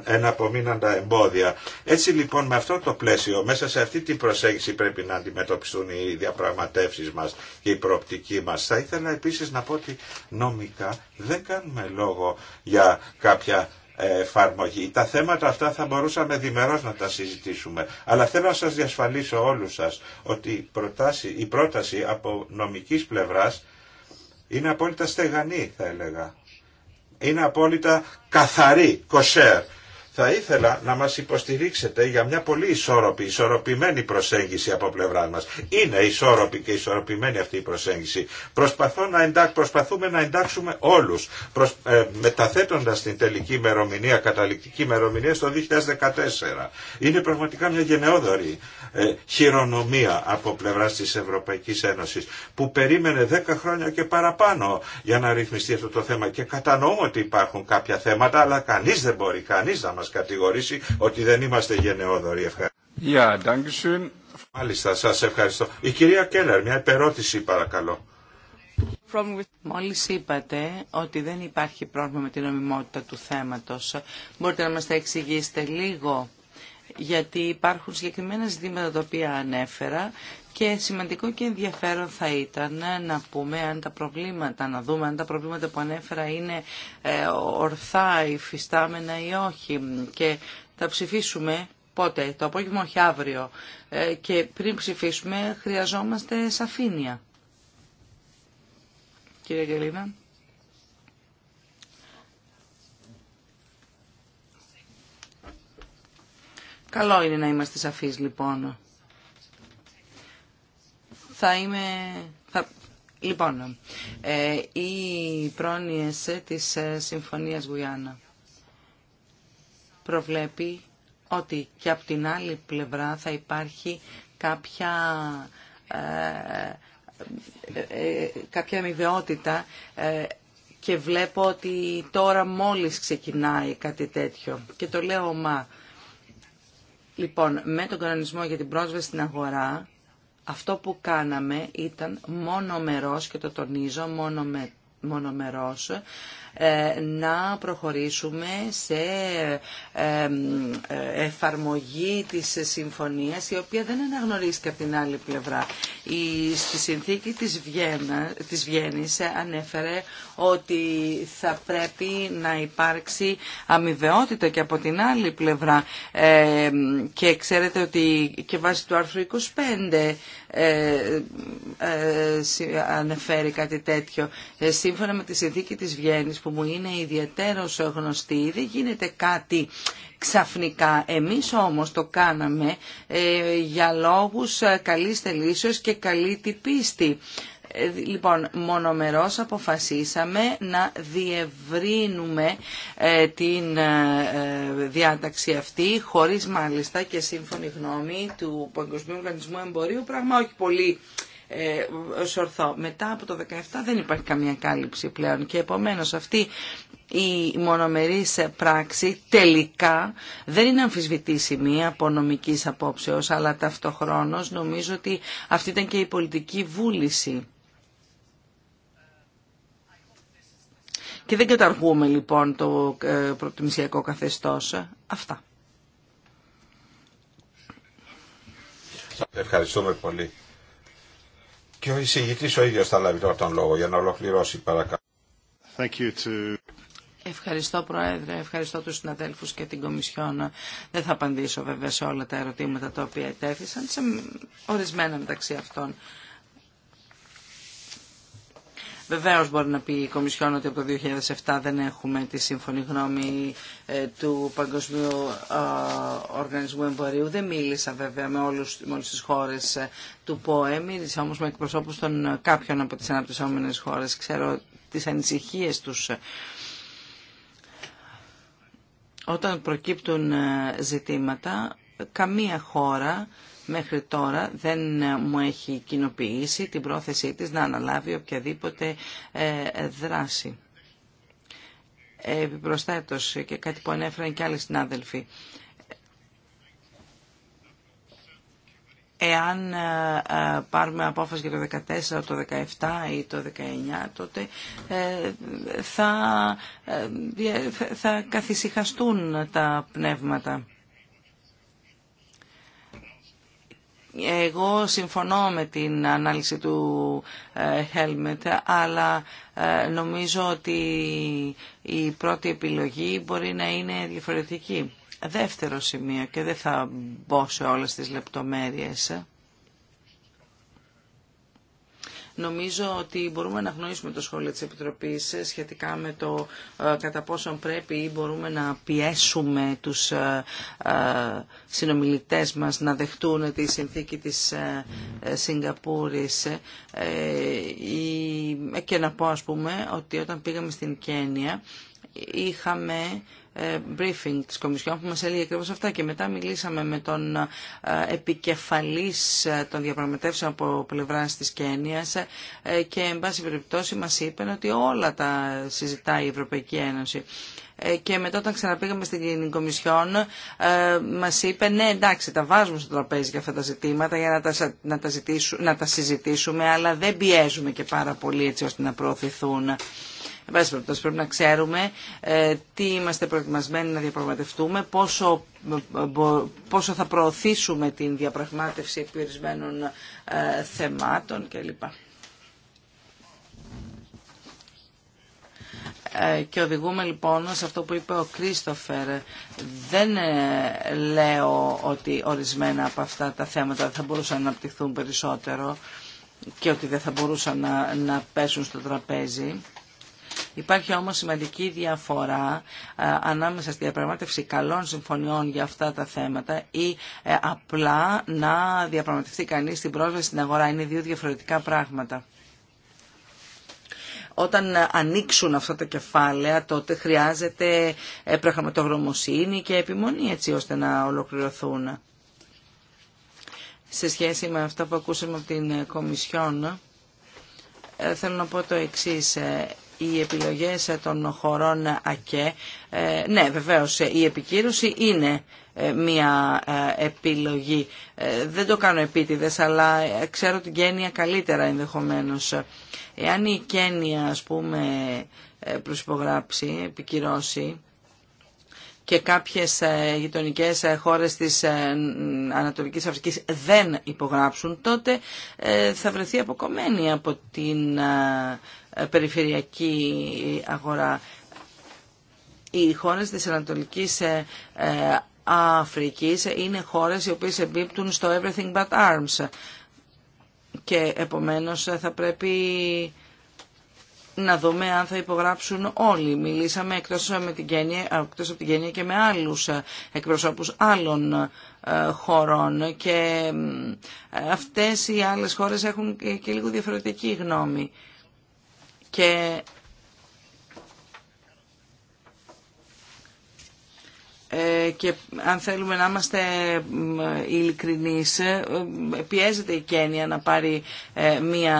B: εναπομείναντα εμπόδια. Έτσι λοιπόν με αυτό το πλαίσιο, μέσα σε αυτή την προσέγγιση πρέπει να αντιμετωπιστούν οι διαπραγματεύσεις μας και η προοπτική μας. Θα ήθελα επίσης να πω ότι νομικά δεν κάνουμε λόγο για κάποια εφαρμογή. Τα θέματα αυτά θα μπορούσαμε διμερώς να τα συζητήσουμε. Αλλά θέλω να σας διασφαλίσω όλους σας ότι η, προτάση, η πρόταση από νομικής πλευράς είναι απόλυτα στεγανή θα έλεγα. Είναι απόλυτα καθαρή, κοσέρ θα ήθελα να μας υποστηρίξετε για μια πολύ ισόρροπη, ισορροπημένη προσέγγιση από πλευρά μας. Είναι ισόρροπη και ισορροπημένη αυτή η προσέγγιση. Προσπαθώ να προσπαθούμε να εντάξουμε όλους, προσ, ε, μεταθέτοντας την τελική ημερομηνία, καταληκτική ημερομηνία στο 2014. Είναι πραγματικά μια γενναιόδορη ε, χειρονομία από πλευρά της Ευρωπαϊκής Ένωσης, που περίμενε 10 χρόνια και παραπάνω για να ρυθμιστεί αυτό το θέμα. Και κατανοώ ότι υπάρχουν κάποια θέματα, αλλά κανείς δεν μπορεί, κανείς να κατηγορήσει ότι δεν είμαστε γενναιόδοροι. Ευχαριστώ. Yeah, Μάλιστα, σας ευχαριστώ. Η κυρία Κέλλερ, μια υπερώτηση παρακαλώ.
C: Μόλις είπατε ότι δεν υπάρχει πρόβλημα με την νομιμότητα του θέματος. Μπορείτε να μας τα εξηγήσετε λίγο γιατί υπάρχουν συγκεκριμένα ζητήματα τα οποία ανέφερα και σημαντικό και ενδιαφέρον θα ήταν να πούμε αν τα προβλήματα, να δούμε αν τα προβλήματα που ανέφερα είναι ε, ορθά υφιστάμενα ή όχι και θα ψηφίσουμε πότε, το απόγευμα όχι αύριο ε, και πριν ψηφίσουμε χρειαζόμαστε σαφήνεια. Κύριε Γελίνα. Καλό είναι να είμαστε σαφείς λοιπόν. Θα είμαι... Θα... Λοιπόν, ε, πρόνοια πρόνοιες της ε, Συμφωνίας Γουιάννα προβλέπει ότι και από την άλλη πλευρά θα υπάρχει κάποια... Ε, ε, ε κάποια αμοιβαιότητα και βλέπω ότι τώρα μόλις ξεκινάει κάτι τέτοιο και το λέω μα Λοιπόν, με τον κανονισμό για την πρόσβαση στην αγορά, αυτό που κάναμε ήταν μόνο μερός, και το τονίζω, μόνο με μονομερός ε, να προχωρήσουμε σε ε, εφαρμογή της συμφωνίας η οποία δεν αναγνωρίστηκε από την άλλη πλευρά. Η, στη συνθήκη της, Βιέννα, της Βιέννης ε, ανέφερε ότι θα πρέπει να υπάρξει αμοιβαιότητα και από την άλλη πλευρά και ξέρετε ότι και βάσει του άρθρου 25 ε, ε, ε, ανεφέρει κάτι τέτοιο. Σύμφωνα με τη συνθήκη της Βιέννης που μου είναι ιδιαίτερο γνωστή δεν γίνεται κάτι ξαφνικά. Εμείς όμως το κάναμε για λόγους καλής θελήσεως και καλή την πίστη. Ε, λοιπόν, μονομερός αποφασίσαμε να διευρύνουμε ε, την ε, διάταξη αυτή χωρίς μάλιστα και σύμφωνη γνώμη του Παγκοσμίου Οργανισμού Εμπορίου, πράγμα όχι πολύ σορθό. Μετά από το 2017 δεν υπάρχει καμία κάλυψη πλέον και επομένως αυτή η μονομερής πράξη τελικά δεν είναι αμφισβητήσιμη από νομικής απόψεως αλλά ταυτοχρόνως νομίζω ότι αυτή ήταν και η πολιτική βούληση και δεν καταργούμε λοιπόν το ε, προτιμησιακό καθεστώς. Αυτά.
B: Ευχαριστούμε πολύ. Και ο εισηγητής ο ίδιος θα λάβει τώρα τον λόγο για να ολοκληρώσει παρακαλώ. Thank you to...
C: Ευχαριστώ Πρόεδρε, ευχαριστώ τους συναδέλφους και την Κομισιόν. Δεν θα απαντήσω βέβαια σε όλα τα ερωτήματα τα οποία ετέθησαν, σε ορισμένα μεταξύ αυτών. Βεβαίως μπορεί να πει η Κομισιόν ότι από το 2007 δεν έχουμε τη σύμφωνη γνώμη ε, του Παγκοσμίου ε, Οργανισμού Εμπορίου. Δεν μίλησα βέβαια με, όλους, τι όλες τις χώρες ε, του ΠΟΕ, μίλησα όμως με εκπροσώπους των κάποιων από τις αναπτυσσόμενες χώρες. Ξέρω τις ανησυχίες τους όταν προκύπτουν ζητήματα, καμία χώρα μέχρι τώρα δεν μου έχει κοινοποιήσει την πρόθεσή της να αναλάβει οποιαδήποτε ε, δράση. Επιπροσθέτως και κάτι που ανέφεραν και άλλοι συνάδελφοι. Εάν ε, ε, πάρουμε απόφαση για το 14, το 17 ή το 19, τότε θα, θα καθησυχαστούν τα πνεύματα. Εγώ συμφωνώ με την ανάλυση του ε, Helmet, αλλά ε, νομίζω ότι η πρώτη επιλογή μπορεί να είναι διαφορετική. Δεύτερο σημείο και δεν θα μπω σε όλες τις λεπτομέρειες Νομίζω ότι μπορούμε να γνωρίσουμε το σχόλιο της Επιτροπής σχετικά με το ε, κατά πόσον πρέπει ή μπορούμε να πιέσουμε τους ε, ε, συνομιλητές μας να δεχτούν τη συνθήκη της Σιγκαπούρης και να πω ας πούμε ότι όταν πήγαμε στην Κένια είχαμε ε, briefing της Κομισιόν που μας έλεγε ακριβώ αυτά και μετά μιλήσαμε με τον ε, επικεφαλής ε, των διαπραγματεύσεων από πλευράς της Κένιας και εν πάση περιπτώσει μας είπε ότι όλα τα συζητάει η Ευρωπαϊκή Ένωση και μετά όταν ξαναπήγαμε στην Κομισιόν ε, μας είπε ναι εντάξει τα βάζουμε στο τραπέζι για αυτά τα ζητήματα για να τα, να τα συζητήσουμε αλλά δεν πιέζουμε και πάρα πολύ έτσι ώστε να προωθηθούν πρέπει να ξέρουμε ε, τι είμαστε προετοιμασμένοι να διαπραγματευτούμε, πόσο, ε, πόσο θα προωθήσουμε την διαπραγμάτευση επιορισμένων ε, θεμάτων κλπ. και οδηγούμε λοιπόν σε αυτό που είπε ο Κρίστοφερ. Δεν λέω ότι ορισμένα από αυτά τα θέματα θα μπορούσαν να αναπτυχθούν περισσότερο και ότι δεν θα μπορούσαν να, να πέσουν στο τραπέζι. Υπάρχει όμως σημαντική διαφορά ε, ανάμεσα στη διαπραγμάτευση καλών συμφωνιών για αυτά τα θέματα ή ε, απλά να διαπραγματευτεί κανείς την πρόσβαση στην αγορά. Είναι δύο διαφορετικά πράγματα όταν ε, ανοίξουν αυτά τα κεφάλαια τότε χρειάζεται πραγματογνωμοσύνη και επιμονή έτσι ώστε να ολοκληρωθούν. Σε σχέση με αυτά που ακούσαμε από την Κομισιόν, θέλω να πω το εξής οι επιλογές των χωρών ΑΚΕ, ε, ναι βεβαίως η επικύρωση είναι ε, μία ε, επιλογή. Δεν το κάνω επίτηδες, αλλά ξέρω την Κένια καλύτερα ενδεχομένως. Εάν η Κένια, ας πούμε, προσυπογράψει, επικυρώσει και κάποιες γειτονικέ χώρες της Ανατολικής Αφρικής δεν υπογράψουν, τότε θα βρεθεί αποκομμένη από την ε, περιφερειακή αγορά. Οι χώρες της Ανατολικής ε, ε, Αφρικής είναι χώρες οι οποίες εμπίπτουν στο Everything But Arms και επομένως θα πρέπει να δούμε αν θα υπογράψουν όλοι. Μιλήσαμε εκτός, με από την Κένια και με άλλους εκπροσώπους άλλων χωρών και αυτές οι άλλες χώρες έχουν και λίγο διαφορετική γνώμη και ε, και αν θέλουμε να είμαστε ειλικρινείς ε, πιέζεται η Κένια να πάρει ε, μία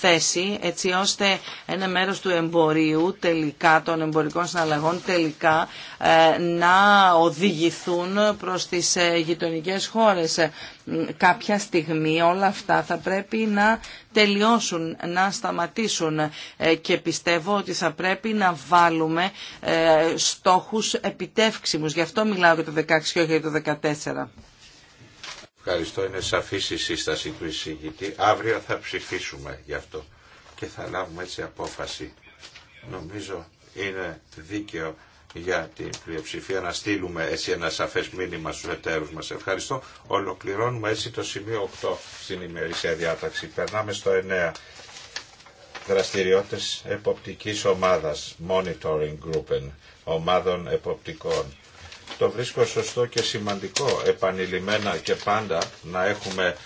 C: θέση έτσι ώστε ένα μέρος του εμπορίου τελικά των εμπορικών συναλλαγών τελικά ε, να οδηγηθούν προς τις ε, γειτονικές χώρες. Ε, κάποια στιγμή όλα αυτά θα πρέπει να τελειώσουν, να σταματήσουν και πιστεύω ότι θα πρέπει να βάλουμε στόχους επιτεύξιμους. Γι' αυτό μιλάω για το 16 και όχι για το 14.
B: Ευχαριστώ. Είναι σαφής η σύσταση του εισηγητή. Αύριο θα ψηφίσουμε γι' αυτό και θα λάβουμε έτσι απόφαση. Νομίζω είναι δίκαιο για την πλειοψηφία να στείλουμε έτσι ένα σαφές μήνυμα στους εταίρους μας. Ευχαριστώ. Ολοκληρώνουμε έτσι το σημείο 8 στην ημερήσια διάταξη. Περνάμε στο 9. Δραστηριότητες εποπτικής ομάδας, monitoring group, ομάδων εποπτικών. Το βρίσκω σωστό και σημαντικό επανειλημμένα και πάντα να έχουμε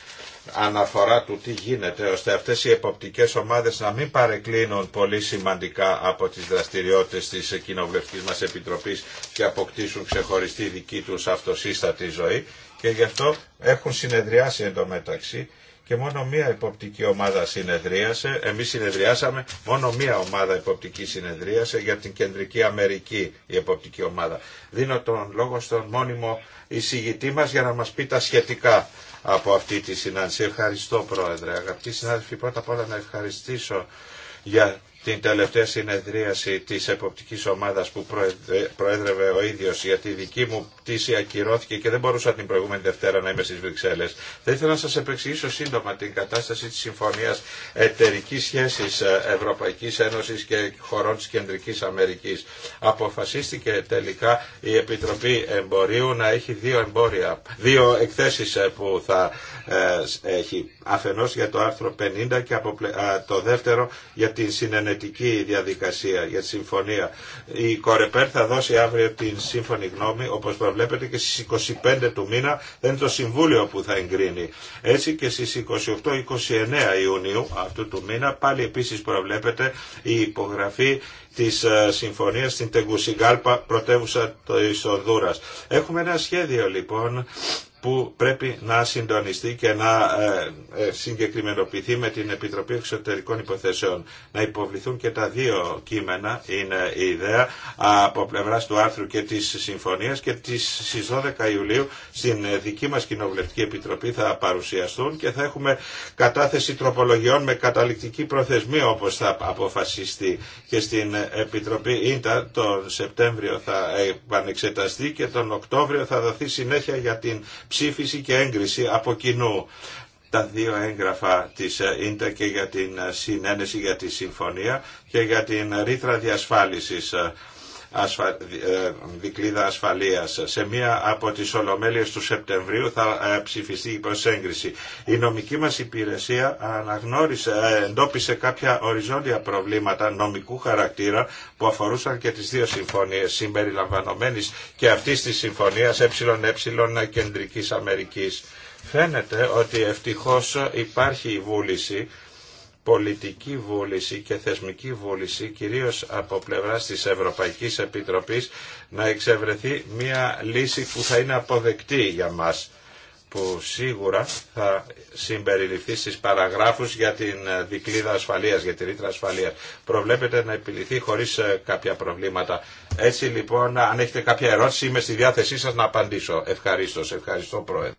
B: αναφορά του τι γίνεται ώστε αυτές οι εποπτικές ομάδες να μην παρεκκλίνουν πολύ σημαντικά από τις δραστηριότητες της κοινοβουλευτική μας επιτροπής και αποκτήσουν ξεχωριστή δική τους αυτοσύστατη ζωή και γι' αυτό έχουν συνεδριάσει εντωμεταξύ και μόνο μία υποπτική ομάδα συνεδρίασε, εμείς συνεδριάσαμε, μόνο μία ομάδα υποπτική συνεδρίασε για την Κεντρική Αμερική η υποπτική ομάδα. Δίνω τον λόγο στον μόνιμο εισηγητή μας για να μας πει τα σχετικά από αυτή τη συνάντηση. Ευχαριστώ Πρόεδρε. Αγαπητοί συνάδελφοι, πρώτα απ' όλα να ευχαριστήσω για την τελευταία συνεδρίαση της εποπτικής ομάδας που προέδρευε ο ίδιος γιατί η δική μου πτήση ακυρώθηκε και δεν μπορούσα την προηγούμενη Δευτέρα να είμαι στις Βρυξέλλες. Θα ήθελα να σας επεξηγήσω σύντομα την κατάσταση της Συμφωνίας Εταιρικής Σχέσης Ευρωπαϊκής Ένωσης και χωρών της Κεντρικής Αμερικής. Αποφασίστηκε τελικά η Επιτροπή Εμπορίου να έχει δύο εμπόρια, δύο εκθέσεις που θα ε, έχει αφενός για το άρθρο 50 και το δεύτερο για την συνενετική συνενετική διαδικασία για τη συμφωνία. Η Κορεπέρ θα δώσει αύριο την σύμφωνη γνώμη, όπως προβλέπετε, και στις 25 του μήνα δεν είναι το Συμβούλιο που θα εγκρίνει. Έτσι και στις 28-29 Ιουνίου αυτού του μήνα πάλι επίσης προβλέπεται η υπογραφή της ε, συμφωνίας στην Τεγκουσιγκάλπα, πρωτεύουσα τη Ορδούρα. Έχουμε ένα σχέδιο λοιπόν που πρέπει να συντονιστεί και να ε, ε, συγκεκριμενοποιηθεί με την Επιτροπή Εξωτερικών Υποθέσεων. Να υποβληθούν και τα δύο κείμενα είναι η ιδέα από πλευρά του άρθρου και τη συμφωνία και στι 12 Ιουλίου στην ε, δική μα Κοινοβουλευτική Επιτροπή θα παρουσιαστούν και θα έχουμε κατάθεση τροπολογιών με καταληκτική προθεσμία όπω θα αποφασιστεί και στην Επιτροπή ΙΝΤΑ τον Σεπτέμβριο θα επανεξεταστεί και τον Οκτώβριο θα δοθεί συνέχεια για την ψήφιση και έγκριση από κοινού τα δύο έγγραφα της ε, ίντα και για την ε, συνένεση για τη συμφωνία και για την ρήτρα διασφάλισης ε, δικλείδα ε, δικλίδα ασφαλείας. Σε μία από τις Ολομέλειες του Σεπτεμβρίου θα ε, ψηφιστεί η προσέγγιση. Η νομική μας υπηρεσία αναγνώρισε, ε, εντόπισε κάποια οριζόντια προβλήματα νομικού χαρακτήρα που αφορούσαν και τις δύο συμφωνίες συμπεριλαμβανομένης και αυτής της συμφωνίας ΕΕ Κεντρικής Αμερικής. Φαίνεται ότι ευτυχώς υπάρχει η βούληση πολιτική βούληση και θεσμική βούληση, κυρίως από πλευράς της Ευρωπαϊκής Επιτροπής, να εξευρεθεί μια λύση που θα είναι αποδεκτή για μας που σίγουρα θα συμπεριληφθεί στις παραγράφους για την δικλίδα ασφαλείας, για τη ρήτρα ασφαλείας. Προβλέπετε να επιληθεί χωρίς ε, κάποια προβλήματα. Έτσι λοιπόν, αν έχετε κάποια ερώτηση, είμαι στη διάθεσή σας να απαντήσω. Ευχαριστώ, ευχαριστώ πρόεδρε.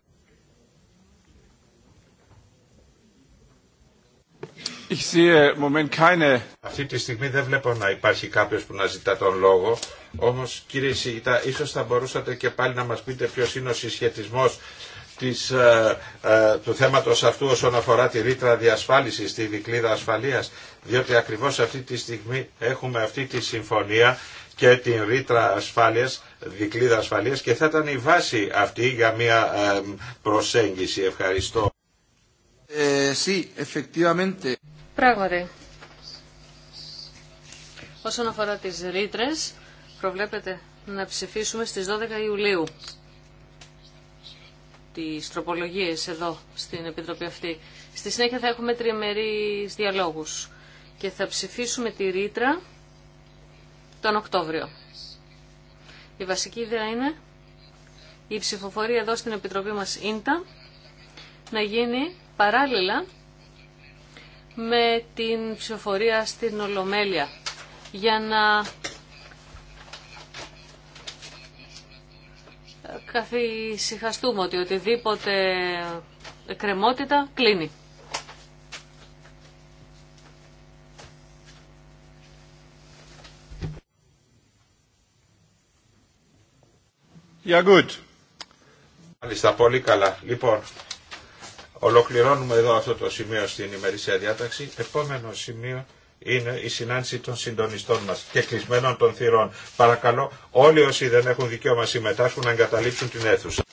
B: Αυτή τη στιγμή δεν βλέπω να υπάρχει κάποιος που να ζητά τον λόγο. Όμως κύριε Σιγητά, ίσως θα μπορούσατε και πάλι να μας πείτε ποιος είναι ο συσχετισμός ε, ε, του θέματος αυτού όσον αφορά τη ρήτρα διασφάλισης, τη δικλίδα ασφαλείας, διότι ακριβώς αυτή τη στιγμή έχουμε αυτή τη συμφωνία και την ρήτρα ασφάλειας, δικλίδα ασφαλείας και θα ήταν η βάση αυτή για μια ε, προσέγγιση. Ευχαριστώ.
A: Πράγματι, όσον αφορά τις ρήτρε, προβλέπετε να ψηφίσουμε στις 12 Ιουλίου τις τροπολογίες εδώ στην Επιτροπή αυτή. Στη συνέχεια θα έχουμε τριμερείς διαλόγους και θα ψηφίσουμε τη ρήτρα τον Οκτώβριο. Η βασική ιδέα είναι η ψηφοφορία εδώ στην Επιτροπή μας ίντα να γίνει παράλληλα με την ψηφοφορία στην Ολομέλεια για να καθησυχαστούμε ότι οτιδήποτε κρεμότητα κλείνει.
B: Ja, yeah, good. Μάλιστα, πολύ καλά. Λοιπόν, Ολοκληρώνουμε εδώ αυτό το σημείο στην ημερήσια διάταξη. Επόμενο σημείο είναι η συνάντηση των συντονιστών μας και κλεισμένων των θυρών. Παρακαλώ όλοι όσοι δεν έχουν δικαίωμα συμμετάσχουν να εγκαταλείψουν την αίθουσα.